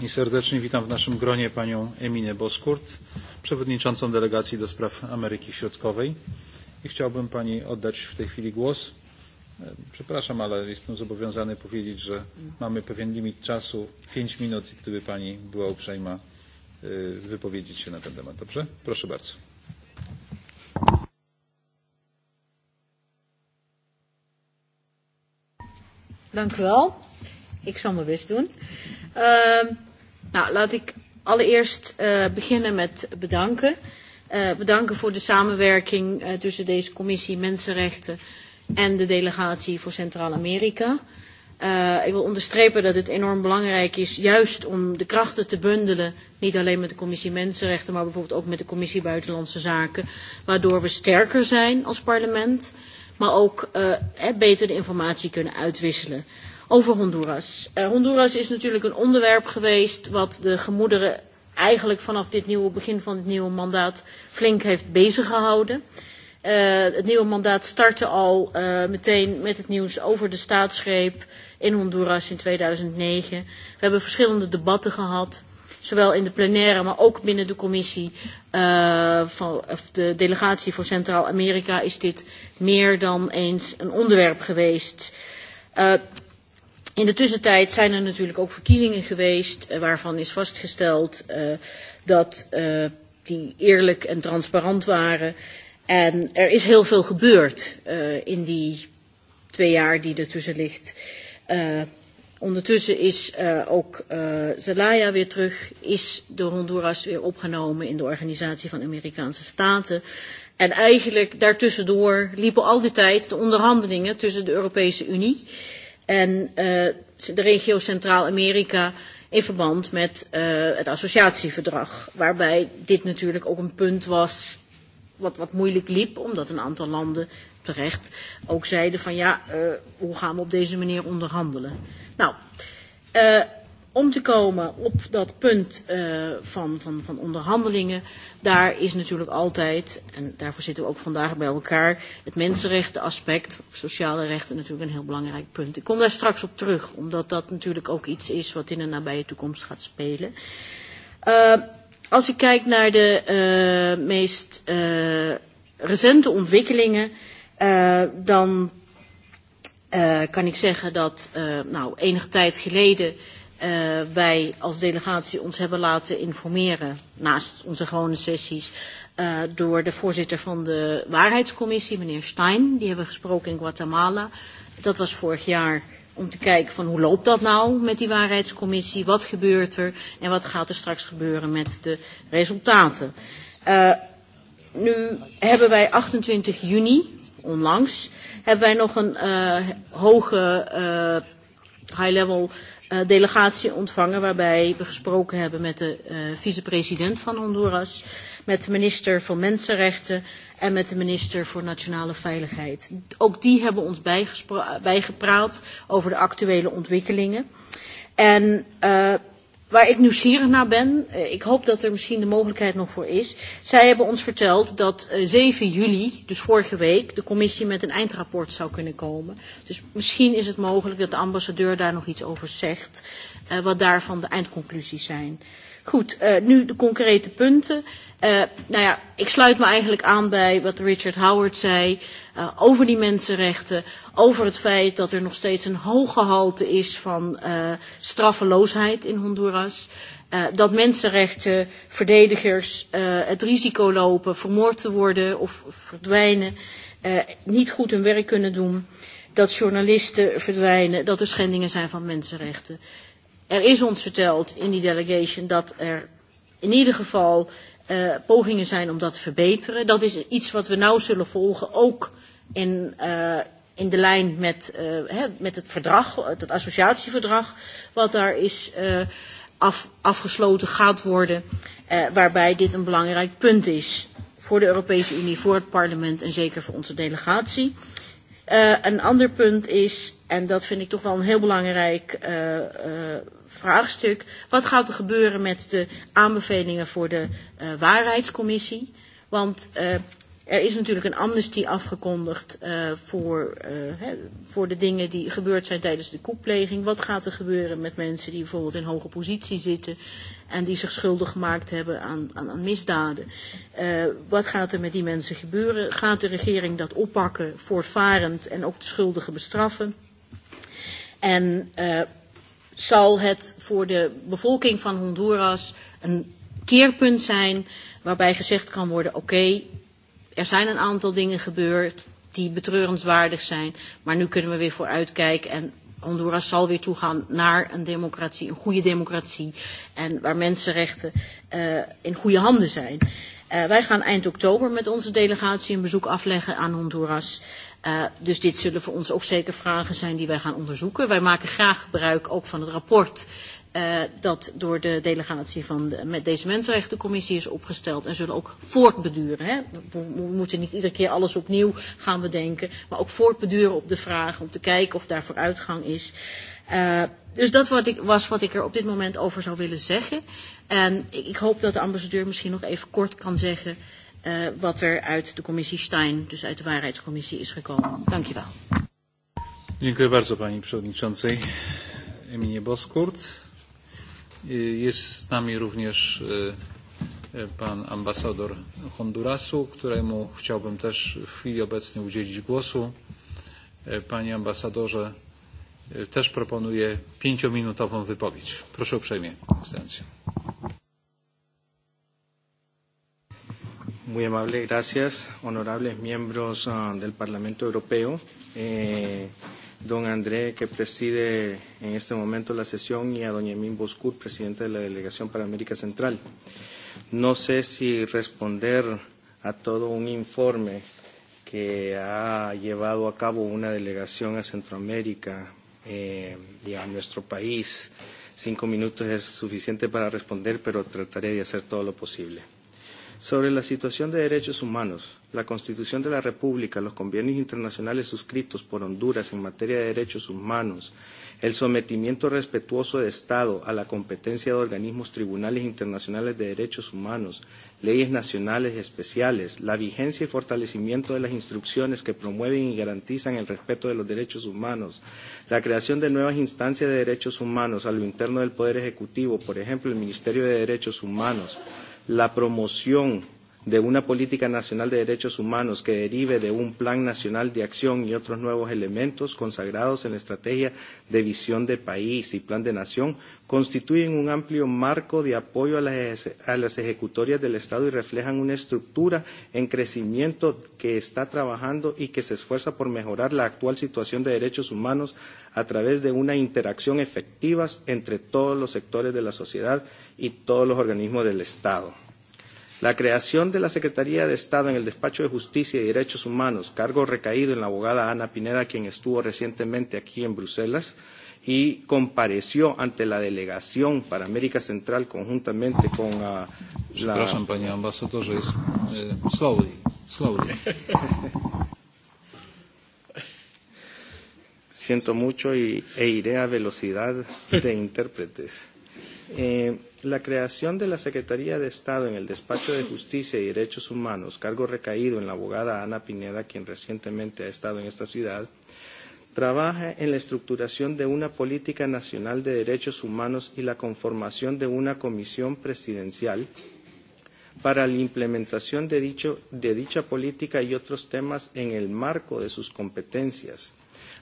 [SPEAKER 1] i serdecznie witam w naszym gronie panią Eminę Boskurt, przewodniczącą delegacji do spraw Ameryki Środkowej i chciałbym Pani oddać w tej chwili głos. Przepraszam, ale jestem zobowiązany powiedzieć, że mamy pewien limit czasu, pięć minut, gdyby Pani była uprzejma wypowiedzieć się na ten temat. Dobrze? Proszę bardzo.
[SPEAKER 14] Dank u wel. Ik zal mijn best doen. Uh, nou, laat ik allereerst uh, beginnen met bedanken. Uh, bedanken voor de samenwerking tussen deze commissie Mensenrechten en de delegatie voor Centraal-Amerika. ik wil onderstrepen dat het enorm belangrijk is juist om de krachten te bundelen, niet alleen met de commissie Mensenrechten, maar bijvoorbeeld ook met de commissie Buitenlandse Zaken, waardoor we sterker zijn als parlement, maar ook beter de informatie kunnen uitwisselen. Over Honduras. Honduras is natuurlijk een onderwerp geweest wat de gemoederen eigenlijk vanaf dit nieuwe begin van het nieuwe mandaat flink heeft bezig gehouden. Uh, het nieuwe mandaat startte al uh, meteen met het nieuws over de staatsgreep in Honduras in 2009. We hebben verschillende debatten gehad, zowel in de plenaire, maar ook binnen de commissie uh, van of de delegatie voor Centraal-Amerika is dit meer dan eens een onderwerp geweest. Uh, In de tussentijd zijn er natuurlijk ook verkiezingen geweest waarvan is vastgesteld dat die eerlijk en transparant waren. En er is heel veel gebeurd in die twee jaar die ertussen ligt. ondertussen is ook Zelaya weer terug, is door Honduras weer opgenomen in de Organisatie van Amerikaanse Staten. En eigenlijk daartussendoor liepen al die tijd de onderhandelingen tussen de Europese Unie. Uh, en uh, de regio Centraal-Amerika in verband met uh, het associatieverdrag. Waarbij dit natuurlijk ook een punt was wat, wat moeilijk liep, omdat een aantal landen terecht ook zeiden van ja, uh, hoe gaan we op deze manier onderhandelen. Nou, uh, om te komen op dat punt uh, van, van, van onderhandelingen, daar is natuurlijk altijd, en daarvoor zitten we ook vandaag bij elkaar, het mensenrechtenaspect, sociale rechten natuurlijk een heel belangrijk punt. Ik kom daar straks op terug, omdat dat natuurlijk ook iets is wat in de nabije toekomst gaat spelen. Uh, als ik kijk naar de uh, meest uh, recente ontwikkelingen, uh, dan uh, kan ik zeggen dat uh, nou, enige tijd geleden uh, wij als delegatie ons hebben laten informeren, naast onze gewone sessies, uh, door de voorzitter van de waarheidscommissie, meneer Stein. Die hebben we gesproken in Guatemala. Dat was vorig jaar om te kijken van hoe loopt dat nou met die waarheidscommissie, wat gebeurt er en wat gaat er straks gebeuren met de resultaten. Uh, nu hebben wij 28 juni, onlangs, hebben wij nog een uh, hoge uh, high-level delegatie ontvangen waarbij we gesproken hebben met de vicepresident van Honduras, met de minister van Mensenrechten en met de minister voor Nationale Veiligheid. Ook die hebben ons bijgepraat over de actuele ontwikkelingen. En waar ik nieuwsgierig naar ben, ik hoop dat er misschien de mogelijkheid nog voor is. Zij hebben ons verteld dat 7 juli, dus vorige week, de commissie met een eindrapport zou kunnen komen. Dus misschien is het mogelijk dat de ambassadeur daar nog iets over zegt, wat daarvan de eindconclusies zijn. Uh, Goed, uh, nu de concrete punten. Uh, nou ja, ik sluit me eigenlijk aan bij wat Richard Howard zei uh, over die mensenrechten, over het feit dat er nog steeds een hoog gehalte is van uh, straffeloosheid in Honduras dat mensenrechtenverdedigers het risico lopen vermoord te worden of verdwijnen, niet goed hun werk kunnen doen, dat journalisten verdwijnen, dat er schendingen zijn van mensenrechten er is ons verteld in die delegation dat er in ieder geval uh, pogingen zijn om dat te verbeteren. Dat is iets wat we nauw zullen volgen, ook in, uh, in de lijn met, uh, hè, met het verdrag, het associatieverdrag, wat daar is uh, af, afgesloten gaat worden, uh, waarbij dit een belangrijk punt is voor de Europese Unie, voor het parlement en zeker voor onze delegatie. Uh, een ander punt is, en dat vind ik toch wel een heel belangrijk uh, uh, vraagstuk, wat gaat er gebeuren met de aanbevelingen voor de uh, waarheidscommissie? Want uh, Er is natuurlijk een amnesty afgekondigd uh, voor, uh, he, voor de dingen die gebeurd zijn tijdens de koepleging. Wat gaat er gebeuren met mensen die bijvoorbeeld in hoge positie zitten en die zich schuldig gemaakt hebben aan, aan, aan misdaden? Uh, wat gaat er met die mensen gebeuren? Gaat de regering dat oppakken, voortvarend en ook de schuldigen bestraffen? En uh, zal het voor de bevolking van Honduras een keerpunt zijn waarbij gezegd kan worden: oké, okay, Er zijn een aantal dingen gebeurd die betreurenswaardig zijn. Maar nu kunnen we weer vooruitkijken. En Honduras zal weer toegaan naar een democratie, een goede democratie. En waar mensenrechten uh, in goede handen zijn. Uh, wij gaan eind oktober met onze delegatie een bezoek afleggen aan Honduras. Uh, dus dit zullen voor ons ook zeker vragen zijn die wij gaan onderzoeken. Wij maken graag gebruik ook van het rapport dat door de delegatie van de, met deze Mensenrechtencommissie is opgesteld en zullen ook voortbeduren. Hè? We, moeten niet iedere keer alles opnieuw gaan bedenken, maar ook voortbeduren op de vraag om te kijken of daar vooruitgang is. Uh, dus dat wat ik, was wat ik er op dit moment over zou willen zeggen. En ik, ik hoop dat de ambassadeur misschien nog even kort kan zeggen uh, wat er uit de commissie Stein, dus uit de waarheidscommissie, is gekomen. Dank je wel.
[SPEAKER 1] Dziękuję bardzo Pani Przewodniczącej Boskurt. Jest z nami również pan ambasador Hondurasu, któremu chciałbym też w chwili obecnej udzielić głosu. Panie ambasadorze, też proponuję pięciominutową wypowiedź. Proszę uprzejmie, ekscelencjo. Muy amable, gracias,
[SPEAKER 15] honorables miembros del Parlamento Europeo. Eh, don André, que preside en este momento la sesión, y a doña Emín Boscur, presidente de la Delegación para América Central. No sé si responder a todo un informe que ha llevado a cabo una delegación a Centroamérica eh, y a nuestro país. Cinco minutos es suficiente para responder, pero trataré de hacer todo lo posible sobre la situación de derechos humanos, la Constitución de la República, los convenios internacionales suscritos por Honduras en materia de derechos humanos, el sometimiento respetuoso de Estado a la competencia de organismos tribunales internacionales de derechos humanos, leyes nacionales especiales, la vigencia y fortalecimiento de las instrucciones que promueven y garantizan el respeto de los derechos humanos, la creación de nuevas instancias de derechos humanos a lo interno del Poder Ejecutivo, por ejemplo, el Ministerio de Derechos Humanos, la promoción de una política nacional de derechos humanos que derive de un plan nacional de acción y otros nuevos elementos consagrados en la estrategia de visión de país y plan de nación constituyen un amplio marco de apoyo a las, a las ejecutorias del Estado y reflejan una estructura en crecimiento que está trabajando y que se esfuerza por mejorar la actual situación de derechos humanos a través de una interacción efectiva entre todos los sectores de la sociedad y todos los organismos del Estado. La creación de la Secretaría de Estado en el Despacho de Justicia y Derechos Humanos, cargo recaído en la abogada Ana Pineda, quien estuvo recientemente aquí en Bruselas y compareció ante la delegación para América Central conjuntamente con la... Przepraszam, panie Slowly, slowly. Siento mucho y, e iré a velocidad de intérpretes Eh, la creación de la Secretaría de Estado en el Despacho de Justicia y Derechos Humanos, cargo recaído en la abogada Ana Pineda, quien recientemente ha estado en esta ciudad, trabaja en la estructuración de una política nacional de derechos humanos y la conformación de una comisión presidencial para la implementación de, dicho, de dicha política y otros temas en el marco de sus competencias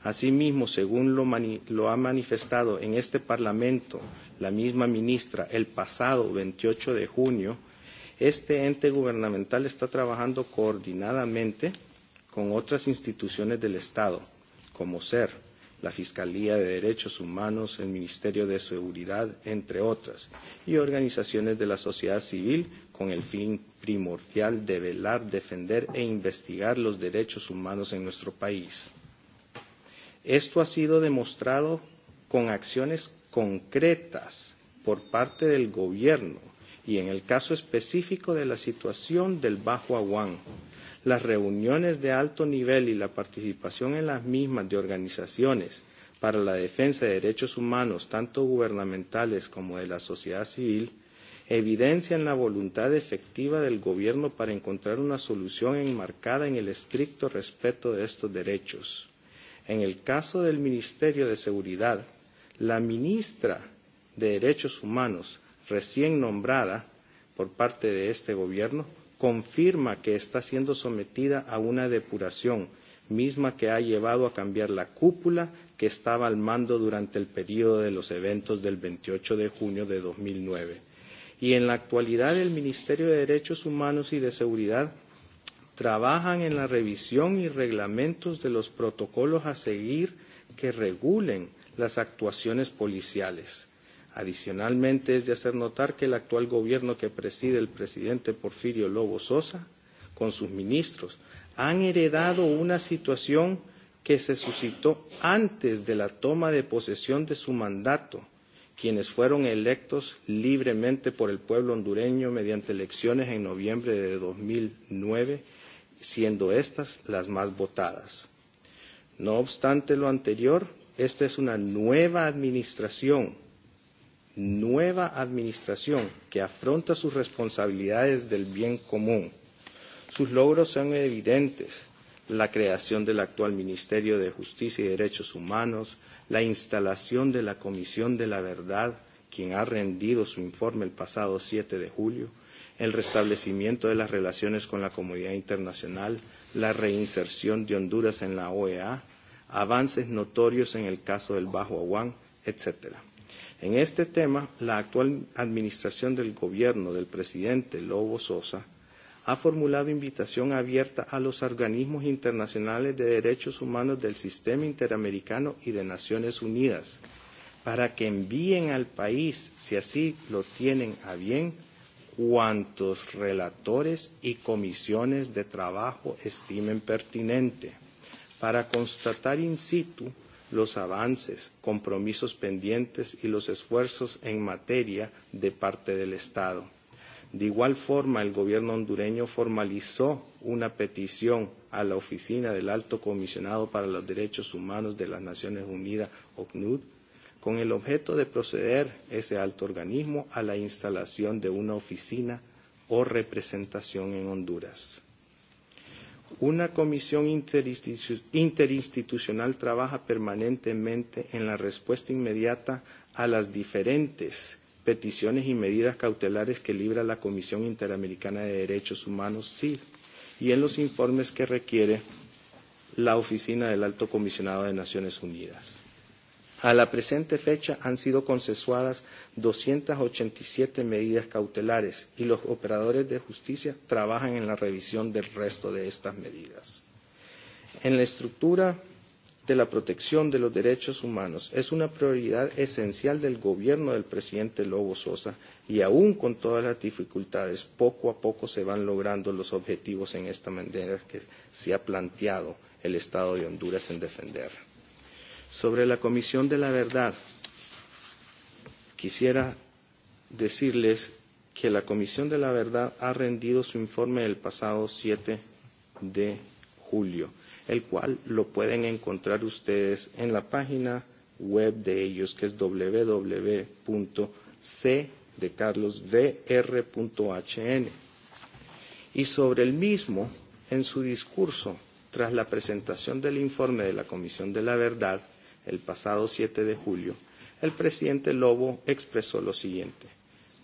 [SPEAKER 15] Asimismo, según lo, lo ha manifestado en este Parlamento la misma ministra el pasado 28 de junio, este ente gubernamental está trabajando coordinadamente con otras instituciones del Estado, como SER, la Fiscalía de Derechos Humanos, el Ministerio de Seguridad, entre otras, y organizaciones de la sociedad civil con el fin primordial de velar, defender e investigar los derechos humanos en nuestro país. Esto ha sido demostrado con acciones concretas por parte del gobierno y en el caso específico de la situación del Bajo Aguán. Las reuniones de alto nivel y la participación en las mismas de organizaciones para la defensa de derechos humanos, tanto gubernamentales como de la sociedad civil, evidencian la voluntad efectiva del Gobierno para encontrar una solución enmarcada en el estricto respeto de estos derechos. En el caso del Ministerio de Seguridad, la ministra de Derechos Humanos, recién nombrada por parte de este gobierno, confirma que está siendo sometida a una depuración, misma que ha llevado a cambiar la cúpula que estaba al mando durante el periodo de los eventos del 28 de junio de 2009. Y en la actualidad el Ministerio de Derechos Humanos y de Seguridad trabajan en la revisión y reglamentos de los protocolos a seguir que regulen las actuaciones policiales. Adicionalmente, es de hacer notar que el actual gobierno que preside el presidente Porfirio Lobo Sosa, con sus ministros, han heredado una situación que se suscitó antes de la toma de posesión de su mandato, quienes fueron electos libremente por el pueblo hondureño mediante elecciones en noviembre de 2009 siendo estas las más votadas. No obstante lo anterior, esta es una nueva administración, nueva administración que afronta sus responsabilidades del bien común. Sus logros son evidentes, la creación del actual Ministerio de Justicia y Derechos Humanos, la instalación de la Comisión de la Verdad, quien ha rendido su informe el pasado 7 de julio, el restablecimiento de las relaciones con la comunidad internacional, la reinserción de Honduras en la OEA, avances notorios en el caso del Bajo Aguán, etc. En este tema, la actual administración del gobierno del presidente Lobo Sosa ha formulado invitación abierta a los organismos internacionales de derechos humanos del sistema interamericano y de Naciones Unidas para que envíen al país, si así lo tienen a bien, cuantos relatores y comisiones de trabajo estimen pertinente para constatar in situ los avances, compromisos pendientes y los esfuerzos en materia de parte del Estado. De igual forma, el gobierno hondureño formalizó una petición a la Oficina del Alto Comisionado para los Derechos Humanos de las Naciones Unidas, OCNUD, con el objeto de proceder ese alto organismo a la instalación de una oficina o representación en Honduras. Una comisión interinstitucional trabaja permanentemente en la respuesta inmediata a las diferentes peticiones y medidas cautelares que libra la Comisión Interamericana de Derechos Humanos, CID, y en los informes que requiere la Oficina del Alto Comisionado de Naciones Unidas. A la presente fecha han sido consensuadas 287 medidas cautelares y los operadores de justicia trabajan en la revisión del resto de estas medidas. En la estructura de la protección de los derechos humanos es una prioridad esencial del gobierno del presidente Lobo Sosa y aún con todas las dificultades, poco a poco se van logrando los objetivos en esta manera que se ha planteado el Estado de Honduras en defender. Sobre la Comisión de la Verdad, quisiera decirles que la Comisión de la Verdad ha rendido su informe el pasado 7 de julio, el cual lo pueden encontrar ustedes en la página web de ellos, que es www.c de Y sobre el mismo, en su discurso, tras la presentación del informe de la Comisión de la Verdad, el pasado 7 de julio, el presidente Lobo expresó lo siguiente.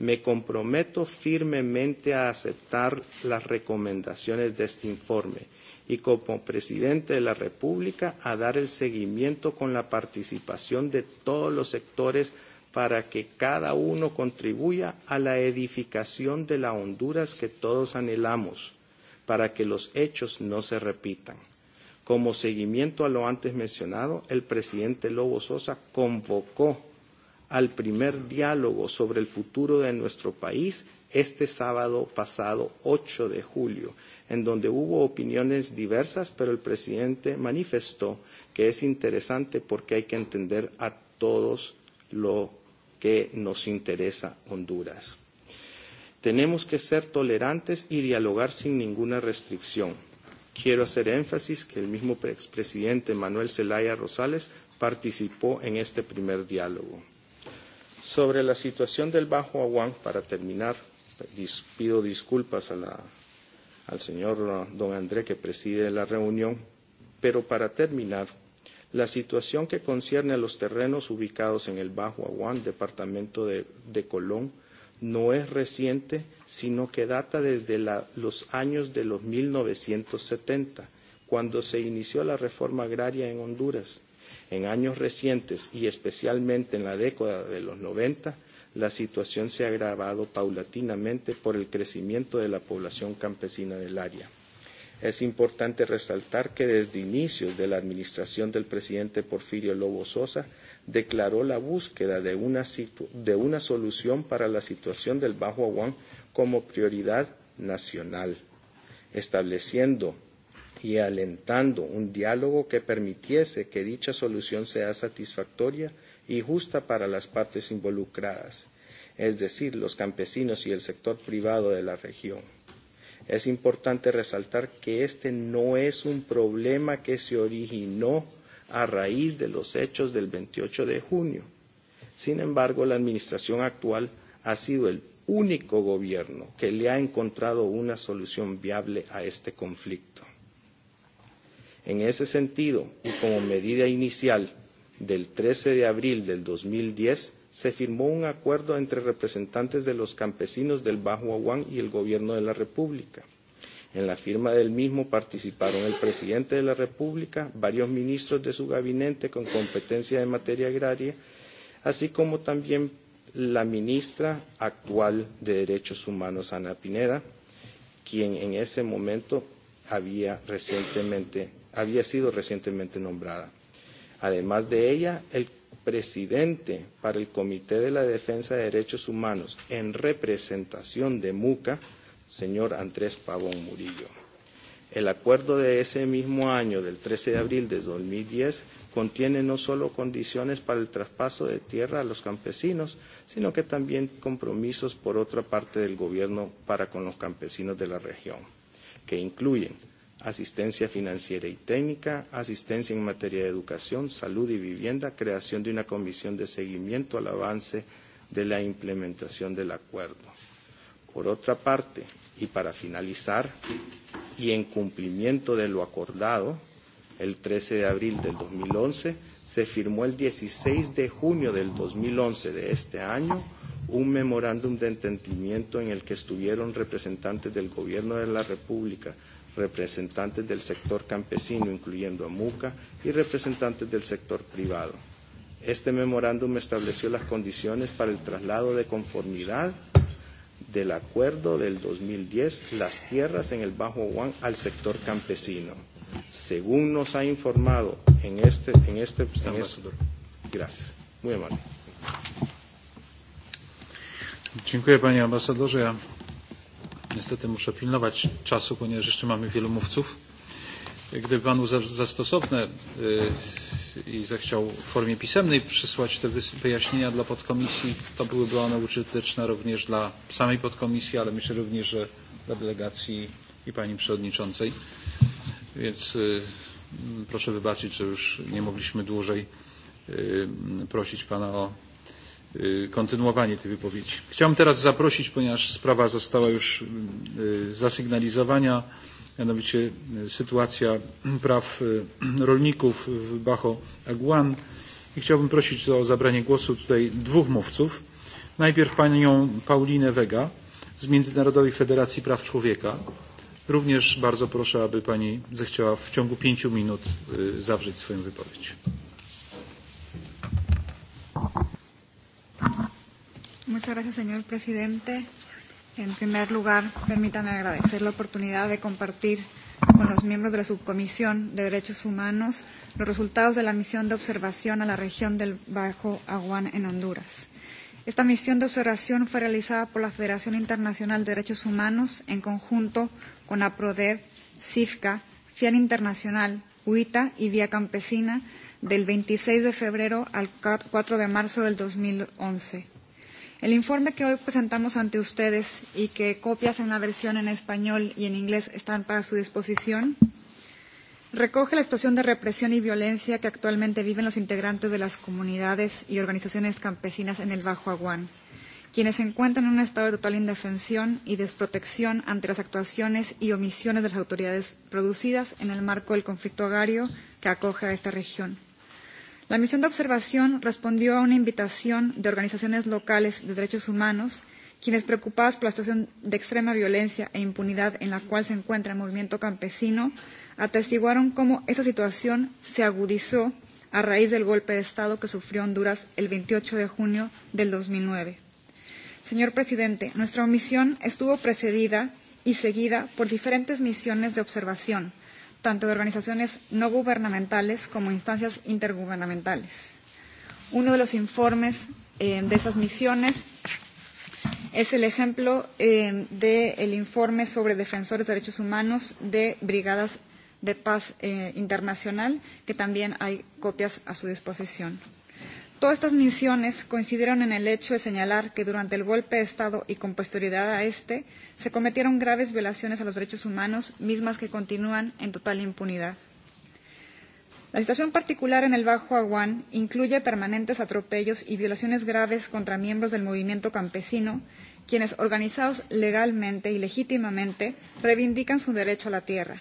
[SPEAKER 15] Me comprometo firmemente a aceptar las recomendaciones de este informe y como presidente de la República a dar el seguimiento con la participación de todos los sectores para que cada uno contribuya a la edificación de la Honduras que todos anhelamos, para que los hechos no se repitan. Como seguimiento a lo antes mencionado, el presidente Lobo Sosa convocó al primer diálogo sobre el futuro de nuestro país este sábado pasado 8 de julio, en donde hubo opiniones diversas, pero el presidente manifestó que es interesante porque hay que entender a todos lo que nos interesa Honduras. Tenemos que ser tolerantes y dialogar sin ninguna restricción Quiero hacer énfasis que el mismo expresidente Manuel Zelaya Rosales participó en este primer diálogo. Sobre la situación del Bajo Aguán, para terminar, pido disculpas a la, al señor don André que preside la reunión, pero para terminar, la situación que concierne a los terrenos ubicados en el Bajo Aguán, departamento de, de Colón, no es reciente, sino que data desde la, los años de los 1970, cuando se inició la reforma agraria en Honduras. En años recientes y especialmente en la década de los 90, la situación se ha agravado paulatinamente por el crecimiento de la población campesina del área. Es importante resaltar que desde inicios de la administración del presidente Porfirio Lobo Sosa declaró la búsqueda de una, de una solución para la situación del Bajo Aguán como prioridad nacional, estableciendo y alentando un diálogo que permitiese que dicha solución sea satisfactoria y justa para las partes involucradas, es decir, los campesinos y el sector privado de la región. Es importante resaltar que este no es un problema que se originó a raíz de los hechos del 28 de junio. Sin embargo, la administración actual ha sido el único gobierno que le ha encontrado una solución viable a este conflicto. En ese sentido, y como medida inicial del 13 de abril del 2010, se firmó un acuerdo entre representantes de los campesinos del Bajo Aguán y el gobierno de la República En la firma del mismo participaron el presidente de la República, varios ministros de su gabinete con competencia en materia agraria, así como también la ministra actual de Derechos Humanos, Ana Pineda, quien en ese momento había, recientemente, había sido recientemente nombrada. Además de ella, el presidente para el Comité de la Defensa de Derechos Humanos en representación de MUCA, señor Andrés Pavón Murillo. El acuerdo de ese mismo año, del 13 de abril de 2010, contiene no solo condiciones para el traspaso de tierra a los campesinos, sino que también compromisos por otra parte del gobierno para con los campesinos de la región, que incluyen asistencia financiera y técnica, asistencia en materia de educación, salud y vivienda, creación de una comisión de seguimiento al avance de la implementación del acuerdo. Por otra parte, y para finalizar, y en cumplimiento de lo acordado, el 13 de abril del 2011, se firmó el 16 de junio del 2011 de este año un memorándum de entendimiento en el que estuvieron representantes del Gobierno de la República, representantes del sector campesino, incluyendo a MUCA, y representantes del sector privado. Este memorándum estableció las condiciones para el traslado de conformidad del acuerdo del 2010 las tierras en el Bajo Juan al sector campesino. Según nos ha informado en este, en este, en este gracias,
[SPEAKER 1] muy amable. Dziękuję panie ambasadorze. Ja niestety muszę pilnować czasu, ponieważ jeszcze mamy wielu mówców gdyby panu za, za stosowne i zechciał w formie pisemnej przysłać te wyjaśnienia dla podkomisji, to byłyby one użyteczne również dla samej podkomisji, ale myślę również, że dla delegacji i Pani Przewodniczącej. Więc proszę wybaczyć, że już nie mogliśmy dłużej prosić Pana o kontynuowanie tej wypowiedzi. Chciałem teraz zaprosić, ponieważ sprawa została już zasygnalizowana, mianowicie sytuacja praw rolników w Bajo Aguan. I chciałbym prosić o zabranie głosu tutaj dwóch mówców. Najpierw panią Paulinę Wega z Międzynarodowej Federacji Praw Człowieka. Również bardzo proszę, aby pani zechciała w ciągu pięciu minut zawrzeć swoją wypowiedź.
[SPEAKER 16] Muchas gracias, señor presidente. En primer lugar, permítanme agradecer la oportunidad de compartir con los miembros de la Subcomisión de Derechos Humanos los resultados de la misión de observación a la región del Bajo Aguán en Honduras. Esta misión de observación fue realizada por la Federación Internacional de Derechos Humanos en conjunto con APRODEV, CIFCA, FIAN Internacional, UITA y Vía Campesina del 26 de febrero al 4 de marzo del 2011 El informe que hoy presentamos ante ustedes y que copias en la versión en español y en inglés están para su disposición recoge la situación de represión y violencia que actualmente viven los integrantes de las comunidades y organizaciones campesinas en el Bajo Aguán, quienes se encuentran en un estado de total indefensión y desprotección ante las actuaciones y omisiones de las autoridades producidas en el marco del conflicto agrario que acoge a esta región. La misión de observación respondió a una invitación de organizaciones locales de derechos humanos, quienes preocupados por la situación de extrema violencia e impunidad en la cual se encuentra el movimiento campesino, atestiguaron cómo esa situación se agudizó a raíz del golpe de Estado que sufrió Honduras el 28 de junio del 2009. Señor presidente, nuestra misión estuvo precedida y seguida por diferentes misiones de observación tanto de organizaciones no gubernamentales como instancias intergubernamentales. Uno de los informes eh, de esas misiones es el ejemplo eh, del informe sobre defensores de derechos humanos de brigadas de paz eh, internacional, que también hay copias a su disposición. Todas estas misiones coincidieron en el hecho de señalar que durante el golpe de Estado y con posterioridad a este, se cometieron graves violaciones a los derechos humanos, mismas que continúan en total impunidad. La situación particular en el Bajo Aguán incluye permanentes atropellos y violaciones graves contra miembros del movimiento campesino, quienes, organizados legalmente y legítimamente, reivindican su derecho a la tierra.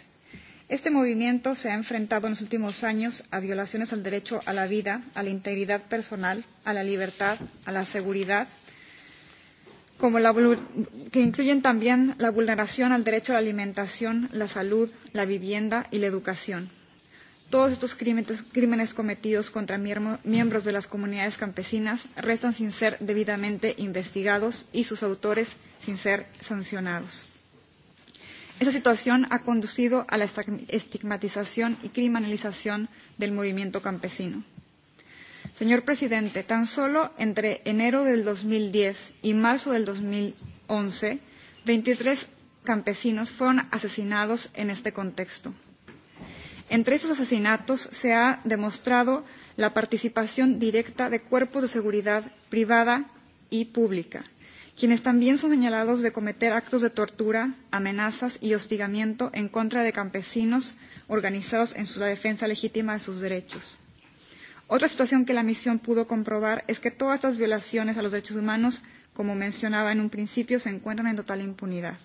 [SPEAKER 16] Este movimiento se ha enfrentado en los últimos años a violaciones al derecho a la vida, a la integridad personal, a la libertad, a la seguridad como la, que incluyen también la vulneración al derecho a la alimentación, la salud, la vivienda y la educación. Todos estos crímenes, crímenes cometidos contra miembros de las comunidades campesinas restan sin ser debidamente investigados y sus autores sin ser sancionados. Esa situación ha conducido a la estigmatización y criminalización del movimiento campesino. Señor presidente, tan solo entre enero del diez y marzo del once, veintitrés campesinos fueron asesinados en este contexto. Entre estos asesinatos se ha demostrado la participación directa de cuerpos de seguridad privada y pública, quienes también son señalados de cometer actos de tortura, amenazas y hostigamiento en contra de campesinos organizados en su defensa legítima de sus derechos. Otra situación que la misión pudo comprobar es que todas estas violaciones a los derechos humanos, como mencionaba en un principio, se encuentran en total impunidad.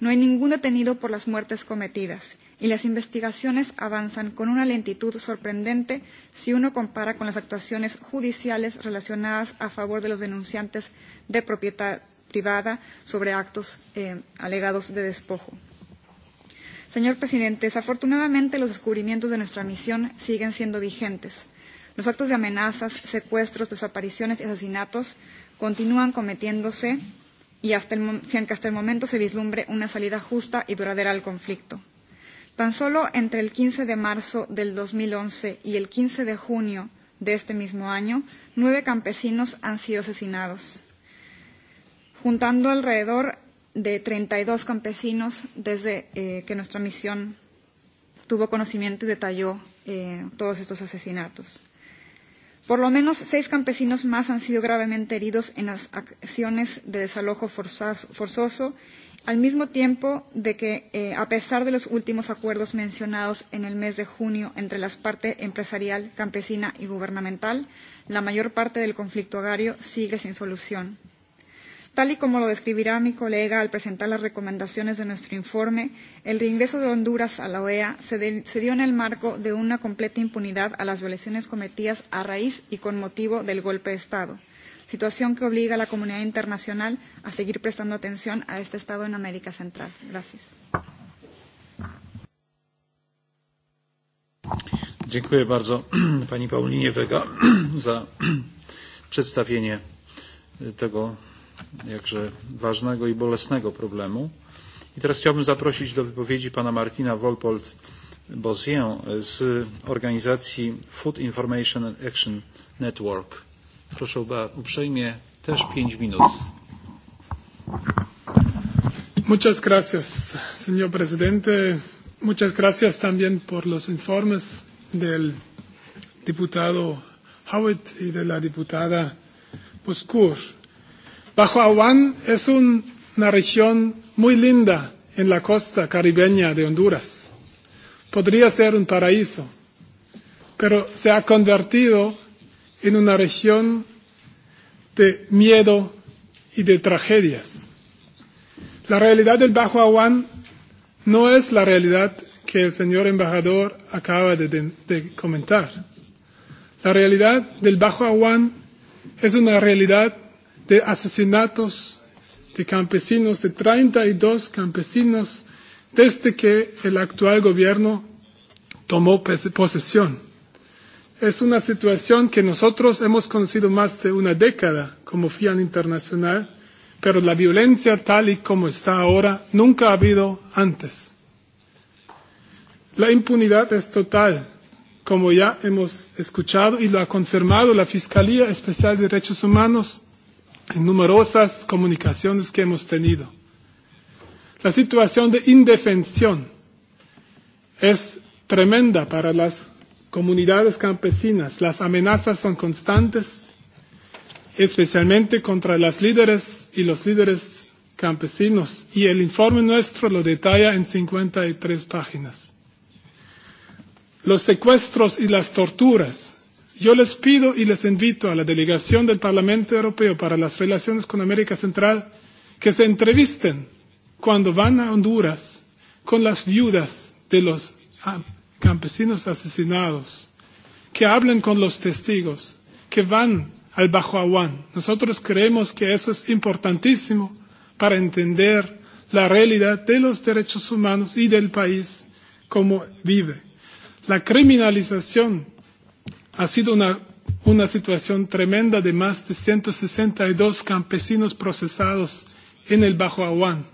[SPEAKER 16] No hay ningún detenido por las muertes cometidas y las investigaciones avanzan con una lentitud sorprendente si uno compara con las actuaciones judiciales relacionadas a favor de los denunciantes de propiedad privada sobre actos eh, alegados de despojo. Señor presidente, desafortunadamente los descubrimientos de nuestra misión siguen siendo vigentes Los actos de amenazas, secuestros, desapariciones y asesinatos continúan cometiéndose y hasta el, sin que hasta el momento se vislumbre una salida justa y duradera al conflicto. Tan solo entre el 15 de marzo del 2011 y el 15 de junio de este mismo año, nueve campesinos han sido asesinados, juntando alrededor de 32 campesinos desde eh, que nuestra misión tuvo conocimiento y detalló eh, todos estos asesinatos. Por lo menos seis campesinos más han sido gravemente heridos en las acciones de desalojo forzoso, al mismo tiempo de que, eh, a pesar de los últimos acuerdos mencionados en el mes de junio entre las partes empresarial, campesina y gubernamental, la mayor parte del conflicto agrario sigue sin solución. Tal y como lo describirá mi colega al presentar las recomendaciones de nuestro informe, el reingreso de Honduras a la OEA se, de, se dio en el marco de una completa impunidad a las violaciones cometidas a raíz y con motivo del golpe de Estado, situación que obliga a la comunidad internacional a seguir prestando atención a este Estado en América Central. Gracias.
[SPEAKER 1] Dziękuję bardzo pani Paulinie Wega za przedstawienie tego jakże ważnego i bolesnego problemu. I teraz chciałbym zaprosić do wypowiedzi pana Martina Wolpold Bozien z organizacji Food Information and Action Network. Proszę uprzejmie, też pięć minut.
[SPEAKER 17] Muchas gracias, señor presidente. Muchas gracias también por los informes del diputado Howitt y de la diputada Boscourt Bajo Aguán es una región muy linda en la costa caribeña de Honduras. Podría ser un paraíso, pero se ha convertido en una región de miedo y de tragedias. La realidad del Bajo Aguán no es la realidad que el señor embajador acaba de, de, de comentar. La realidad del Bajo Aguán es una realidad de asesinatos de campesinos, de 32 campesinos, desde que el actual gobierno tomó posesión. Es una situación que nosotros hemos conocido más de una década como FIAN Internacional, pero la violencia tal y como está ahora nunca ha habido antes. La impunidad es total, como ya hemos escuchado y lo ha confirmado la Fiscalía Especial de Derechos Humanos en numerosas comunicaciones que hemos tenido. La situación de indefensión es tremenda para las comunidades campesinas. Las amenazas son constantes, especialmente contra las líderes y los líderes campesinos. Y el informe nuestro lo detalla en 53 páginas. Los secuestros y las torturas Yo les pido y les invito a la delegación del Parlamento Europeo para las Relaciones con América Central que se entrevisten cuando van a Honduras con las viudas de los campesinos asesinados, que hablen con los testigos, que van al Bajo Aguán. Nosotros creemos que eso es importantísimo para entender la realidad de los derechos humanos y del país como vive. La criminalización Ha sido una, una situación tremenda de más de 162 campesinos procesados en el Bajo Aguán.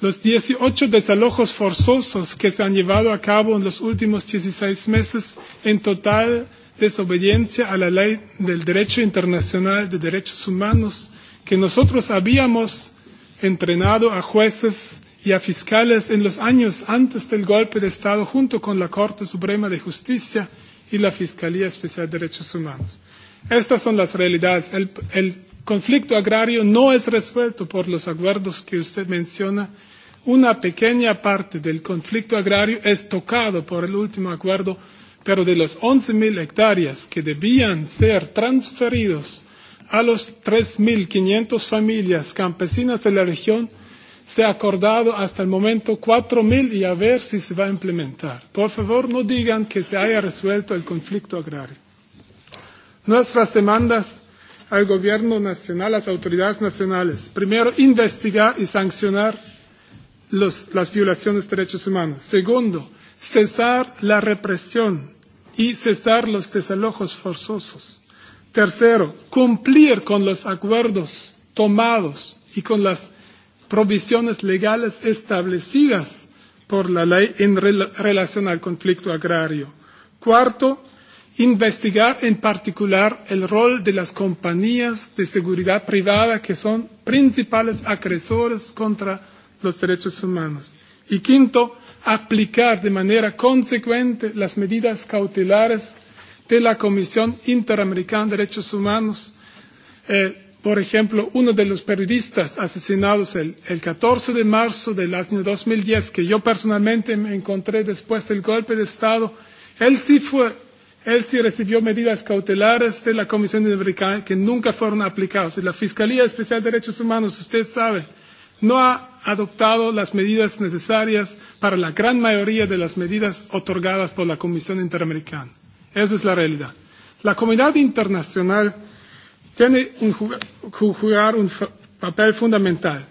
[SPEAKER 17] Los 18 desalojos forzosos que se han llevado a cabo en los últimos 16 meses, en total desobediencia a la ley del derecho internacional de derechos humanos, que nosotros habíamos entrenado a jueces y a fiscales en los años antes del golpe de Estado junto con la Corte Suprema de Justicia y la Fiscalía Especial de Derechos Humanos. Estas son las realidades. El, el conflicto agrario no es resuelto por los acuerdos que usted menciona. Una pequeña parte del conflicto agrario es tocado por el último acuerdo, pero de las 11.000 hectáreas que debían ser transferidos a las 3.500 familias campesinas de la región, se ha acordado hasta el momento cuatro mil y a ver si se va a implementar. Por favor, no digan que se haya resuelto el conflicto agrario. Nuestras demandas al gobierno nacional, a las autoridades nacionales. Primero, investigar y sancionar los, las violaciones de derechos humanos. Segundo, cesar la represión y cesar los desalojos forzosos. Tercero, cumplir con los acuerdos tomados y con las provisiones legales establecidas por la ley en relación al conflicto agrario. Cuarto, investigar en particular el rol de las compañías de seguridad privada que son principales agresores contra los derechos humanos. Y quinto, aplicar de manera consecuente las medidas cautelares de la Comisión Interamericana de Derechos Humanos eh, Por ejemplo, uno de los periodistas asesinados el, el 14 de marzo del año 2010, que yo personalmente me encontré después del golpe de Estado, él sí fue, él sí recibió medidas cautelares de la Comisión Interamericana que nunca fueron aplicadas. Y la Fiscalía Especial de Derechos Humanos, usted sabe, no ha adoptado las medidas necesarias para la gran mayoría de las medidas otorgadas por la Comisión Interamericana. Esa es la realidad. La comunidad internacional tiene un, jugar un papel fundamental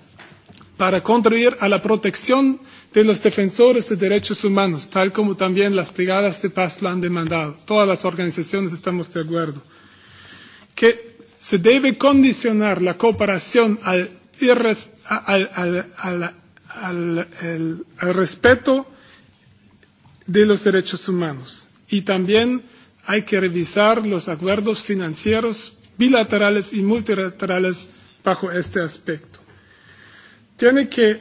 [SPEAKER 17] para contribuir a la protección de los defensores de derechos humanos, tal como también las brigadas de paz lo han demandado. Todas las organizaciones estamos de acuerdo. Que se debe condicionar la cooperación al, al, al, al, al, al respeto de los derechos humanos. Y también hay que revisar los acuerdos financieros bilaterales y multilaterales bajo este aspecto. Tiene que, eh,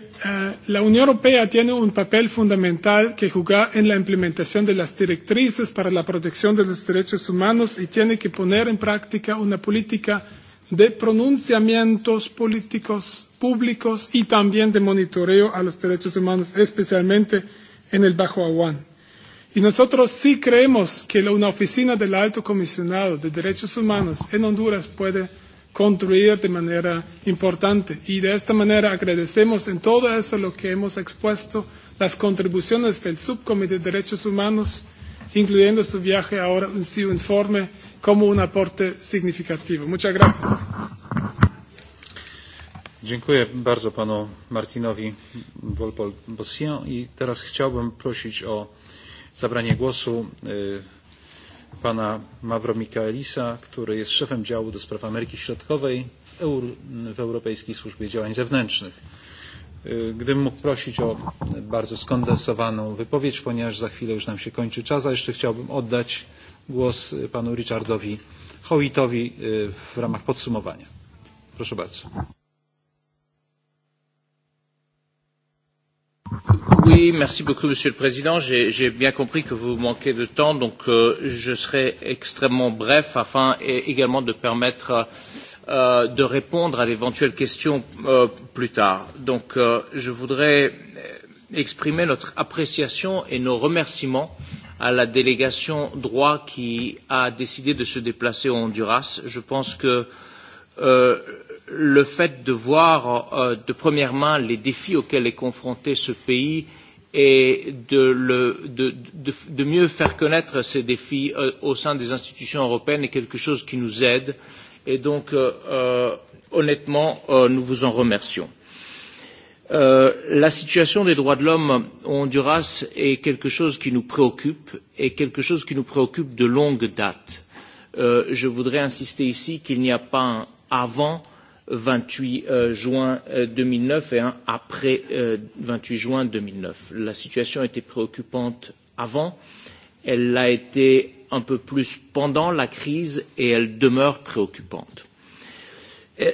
[SPEAKER 17] la Unión Europea tiene un papel fundamental que jugar en la implementación de las directrices para la protección de los derechos humanos y tiene que poner en práctica una política de pronunciamientos políticos públicos y también de monitoreo a los derechos humanos, especialmente en el Bajo Aguán. Y nosotros sí creemos que una oficina del alto comisionado de derechos humanos en Honduras puede contribuir de manera importante. Y de esta manera agradecemos en todo eso lo que hemos expuesto, las contribuciones del Subcomité de Derechos Humanos, incluyendo su viaje ahora en su informe, como un aporte significativo. Muchas gracias.
[SPEAKER 1] Dziękuję bardzo panu Martinowi Wolpol-Bossian i teraz chciałbym prosić o zabranie głosu pana Mavro Michaelisa, który jest szefem działu do spraw Ameryki Środkowej w Europejskiej Służbie Działań Zewnętrznych. Gdybym mógł prosić o bardzo skondensowaną wypowiedź, ponieważ za chwilę już nam się kończy czas, a jeszcze chciałbym oddać głos panu Richardowi Howitowi w ramach podsumowania. Proszę bardzo.
[SPEAKER 18] Oui, merci beaucoup, Monsieur le Président. J'ai bien compris que vous manquez de temps, donc je serai extrêmement bref afin également de permettre de répondre à d'éventuelles questions plus tard. Donc je voudrais exprimer notre appréciation et nos remerciements à la délégation droit qui a décidé de se déplacer au Honduras. Je pense que le fait de voir euh, de première main les défis auxquels est confronté ce pays et de, le, de, de, de mieux faire connaître ces défis euh, au sein des institutions européennes est quelque chose qui nous aide. Et donc, euh, honnêtement, euh, nous vous en remercions. Euh, la situation des droits de l'homme au Honduras est quelque chose qui nous préoccupe et quelque chose qui nous préoccupe de longue date. Euh, je voudrais insister ici qu'il n'y a pas un avant vingt huit juin deux mille neuf et un après vingt huit juin deux mille neuf. La situation était préoccupante avant, elle l'a été un peu plus pendant la crise et elle demeure préoccupante.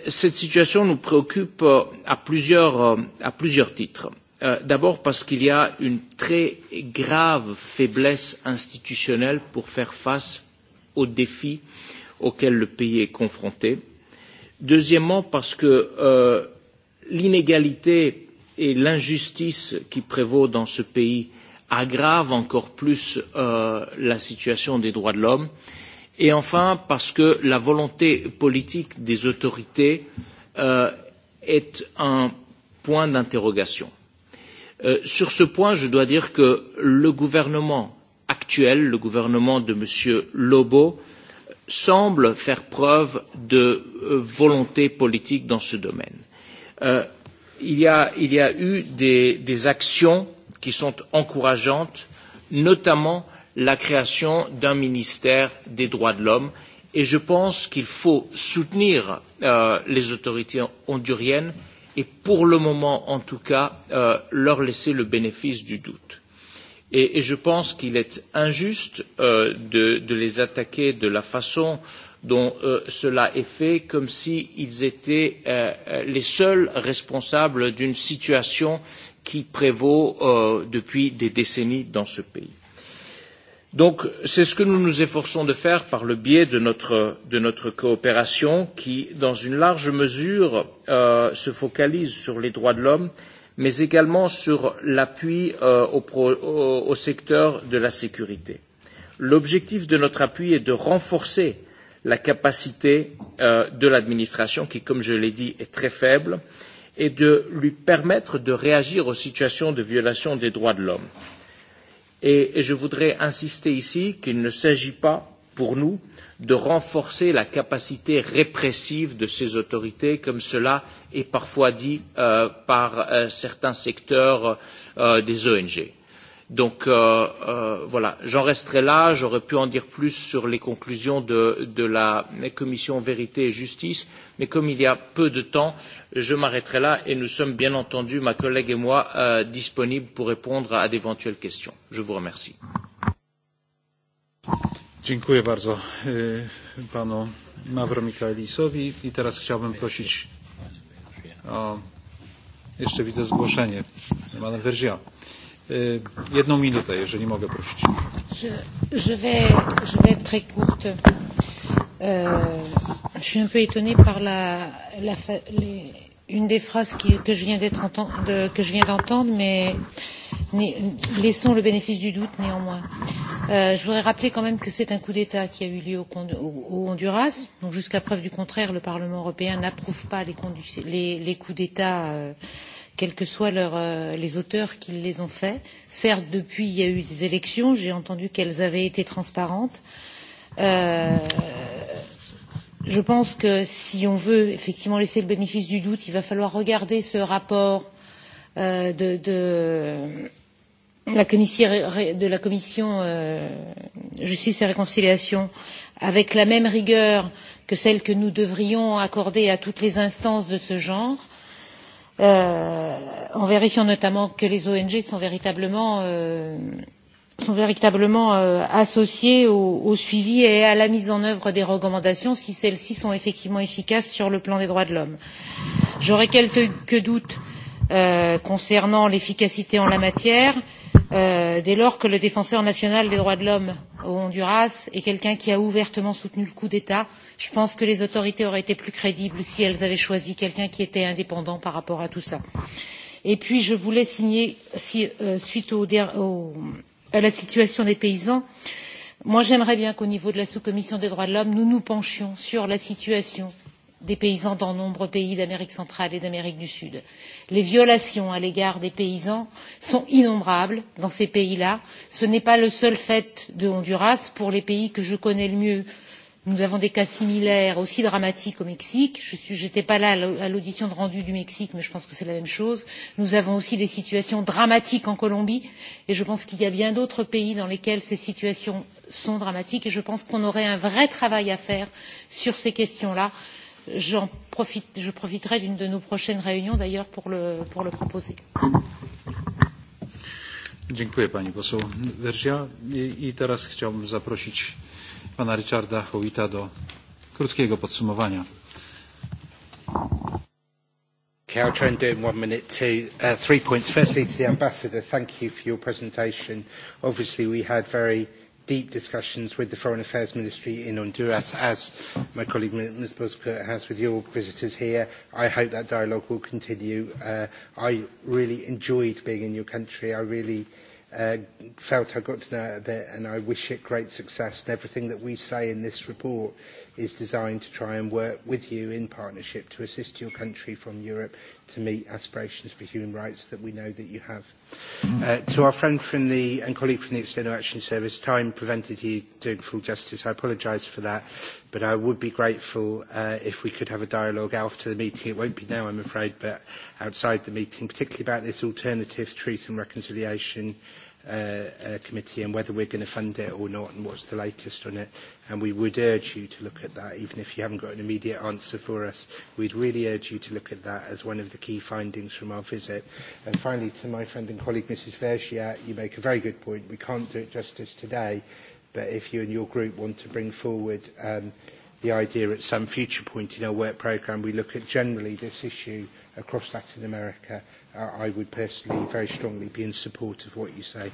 [SPEAKER 18] Cette situation nous préoccupe à plusieurs, à plusieurs titres. D'abord parce qu'il y a une très grave faiblesse institutionnelle pour faire face aux défis auxquels le pays est confronté Deuxièmement, parce que euh, l'inégalité et l'injustice qui prévaut dans ce pays aggravent encore plus euh, la situation des droits de l'homme. Et enfin, parce que la volonté politique des autorités euh, est un point d'interrogation. Euh, sur ce point, je dois dire que le gouvernement actuel, le gouvernement de M. Lobo, semble faire preuve de volonté politique dans ce domaine. il, y a, eu des, actions qui sont encourageantes, notamment la création d'un ministère des droits de l'homme, et je pense qu'il faut soutenir les autorités honduriennes et, pour le moment en tout cas, leur laisser le bénéfice du doute Et, je pense qu'il est injuste de, les attaquer de la façon dont cela est fait, comme s'ils étaient les seuls responsables d'une situation qui prévaut depuis des décennies dans ce pays. Donc, c'est ce que nous nous efforçons de faire par le biais de notre, coopération qui, dans une large mesure, se focalise sur les droits de l'homme, mais également sur l'appui au, secteur de la sécurité. L'objectif de notre appui est de renforcer la capacité de l'administration, qui, comme je l'ai dit, est très faible, et de lui permettre de réagir aux situations de violation des droits de l'homme. Et, je voudrais insister ici qu'il ne s'agit pas, pour nous, de renforcer la capacité répressive de ces autorités, comme cela est parfois dit par certains secteurs des ONG. Donc voilà, j'en resterai là. J'aurais pu en dire plus sur les conclusions de, la commission Vérité et Justice, mais comme il y a peu de temps, je m'arrêterai là et nous sommes bien entendu, ma collègue et moi, disponibles pour répondre à d'éventuelles questions. Je vous remercie.
[SPEAKER 1] Dziękuję bardzo panu Mawro Michaelisowi i teraz chciałbym prosić o jeszcze widzę zgłoszenie Madame Vergia. Jedną minutę, jeżeli mogę prosić.
[SPEAKER 19] Je, vais, je vais très courte. je suis un peu étonnée par la, la, les, une des phrases que je viens d'entendre, mais laissons le bénéfice du doute néanmoins. je voudrais rappeler quand même que c'est un coup d'État qui a eu lieu au, Honduras. Donc jusqu'à preuve du contraire, le Parlement européen n'approuve pas les, coups d'État, quels que soient les auteurs qui les ont faits. Certes, depuis, il y a eu des élections. J'ai entendu qu'elles avaient été transparentes je pense que si on veut effectivement laisser le bénéfice du doute, il va falloir regarder ce rapport euh, de, de, la commission, de la commission euh, justice et réconciliation avec la même rigueur que celle que nous devrions accorder à toutes les instances de ce genre, euh, en vérifiant notamment que les ONG sont véritablement euh, sont véritablement associés au, suivi et à la mise en œuvre des recommandations si celles ci sont effectivement efficaces sur le plan des droits de l'homme. J'aurais quelques doutes concernant l'efficacité en la matière dès lors que le défenseur national des droits de l'homme au Honduras est quelqu'un qui a ouvertement soutenu le coup d'État. Je pense que les autorités auraient été plus crédibles si elles avaient choisi quelqu'un qui était indépendant par rapport à tout cela. Et puis, je voulais signer, suite aux, à la situation des paysans j'aimerais bien qu'au niveau de la sous commission des droits de l'homme nous nous penchions sur la situation des paysans dans de nombreux pays d'amérique centrale et d'amérique du sud. les violations à l'égard des paysans sont innombrables dans ces pays là. ce n'est pas le seul fait du honduras. pour les pays que je connais le mieux Nous avons des cas similaires aussi dramatiques au Mexique. Je n'étais pas là à l'audition de rendu du Mexique, mais je pense que c'est la même chose. Nous avons aussi des situations dramatiques en Colombie et je pense qu'il y a bien d'autres pays dans lesquels ces situations sont dramatiques et je pense qu'on aurait un vrai travail à faire sur ces questions-là. je profiterai d'une de nos prochaines réunions d'ailleurs pour le, proposer.
[SPEAKER 1] Dziękuję pani poseł I teraz chciałbym zaprosić pana Richarda Howita do krótkiego podsumowania.
[SPEAKER 7] try and do in one minute to three points. Firstly, to the Ambassador, thank you for your presentation. Obviously, we had very deep discussions with the Foreign Affairs Ministry in Honduras, as my colleague Ms. Buska has with your visitors here. I hope that dialogue will continue. Uh, I really enjoyed being in your country. I really uh, felt I got to know it a bit, and I wish it great success. And everything that we say in this report is designed to try and work with you in partnership to assist your country from Europe to meet aspirations for human rights that we know that you have. Uh, to our friend from the, and colleague from the External Action Service, time prevented you doing full justice. I apologise for that, but I would be grateful uh, if we could have a dialogue after the meeting. It won't be now, I'm afraid, but outside the meeting, particularly about this alternative truth and reconciliation uh committee and whether we're going to fund it or not and what's the latest on it. And we would urge you to look at that, even if you haven't got an immediate answer for us. We'd really urge you to look at that as one of the key findings from our visit. And finally, to my friend and colleague, Mrs. Vergia, you make a very good point. We can't do it justice today, but if you and your group want to bring forward um, the idea at some future point in our work programme, we look at generally this issue across Latin America uh, I would personally very strongly be in support of what you say.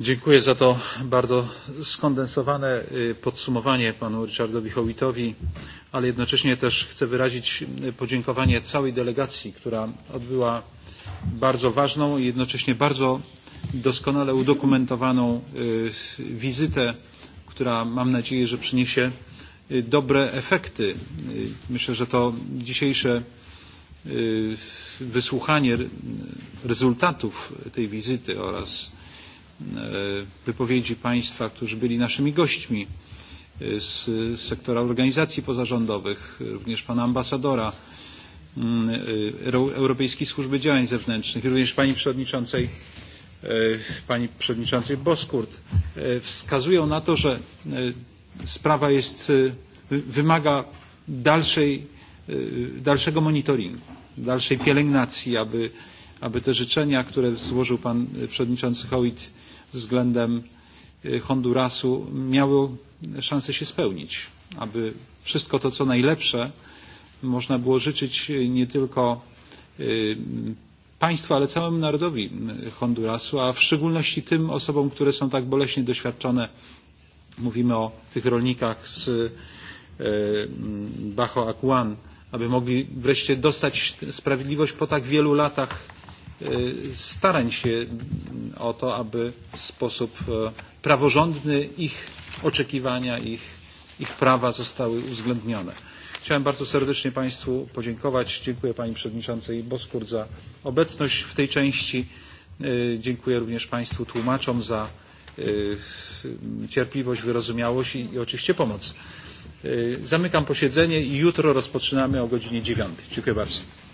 [SPEAKER 7] Dziękuję za to bardzo skondensowane
[SPEAKER 1] podsumowanie panu Richardowi Howitowi, ale jednocześnie też chcę wyrazić podziękowanie całej delegacji, która odbyła bardzo ważną i jednocześnie bardzo doskonale udokumentowaną wizytę, która mam nadzieję, że przyniesie dobre efekty. Myślę, że to dzisiejsze wysłuchanie rezultatów tej wizyty oraz wypowiedzi Państwa, którzy byli naszymi gośćmi z sektora organizacji pozarządowych, również Pana Ambasadora Europejskiej Służby Działań Zewnętrznych, również Pani Przewodniczącej Pani Przewodniczącej Boskurt wskazują na to, że sprawa jest, wymaga dalszej, dalszego monitoringu, dalszej pielęgnacji, aby, aby te życzenia, które złożył pan przewodniczący Howitt względem Hondurasu, miały szansę się spełnić, aby wszystko to, co najlepsze, można było życzyć nie tylko państwu, ale całemu narodowi Hondurasu, a w szczególności tym osobom, które są tak boleśnie doświadczone mówimy o tych rolnikach z Bajo Akuan, aby mogli wreszcie dostać sprawiedliwość po tak wielu latach starań się o to, aby w sposób praworządny ich oczekiwania, ich, ich prawa zostały uwzględnione. Chciałem bardzo serdecznie Państwu podziękować. Dziękuję Pani Przewodniczącej Boskur za obecność w tej części. Dziękuję również Państwu tłumaczom za cierpliwość, wyrozumiałość i, i oczywiście pomoc. Zamykam posiedzenie i jutro rozpoczynamy o godzinie 9. Dziękuję bardzo.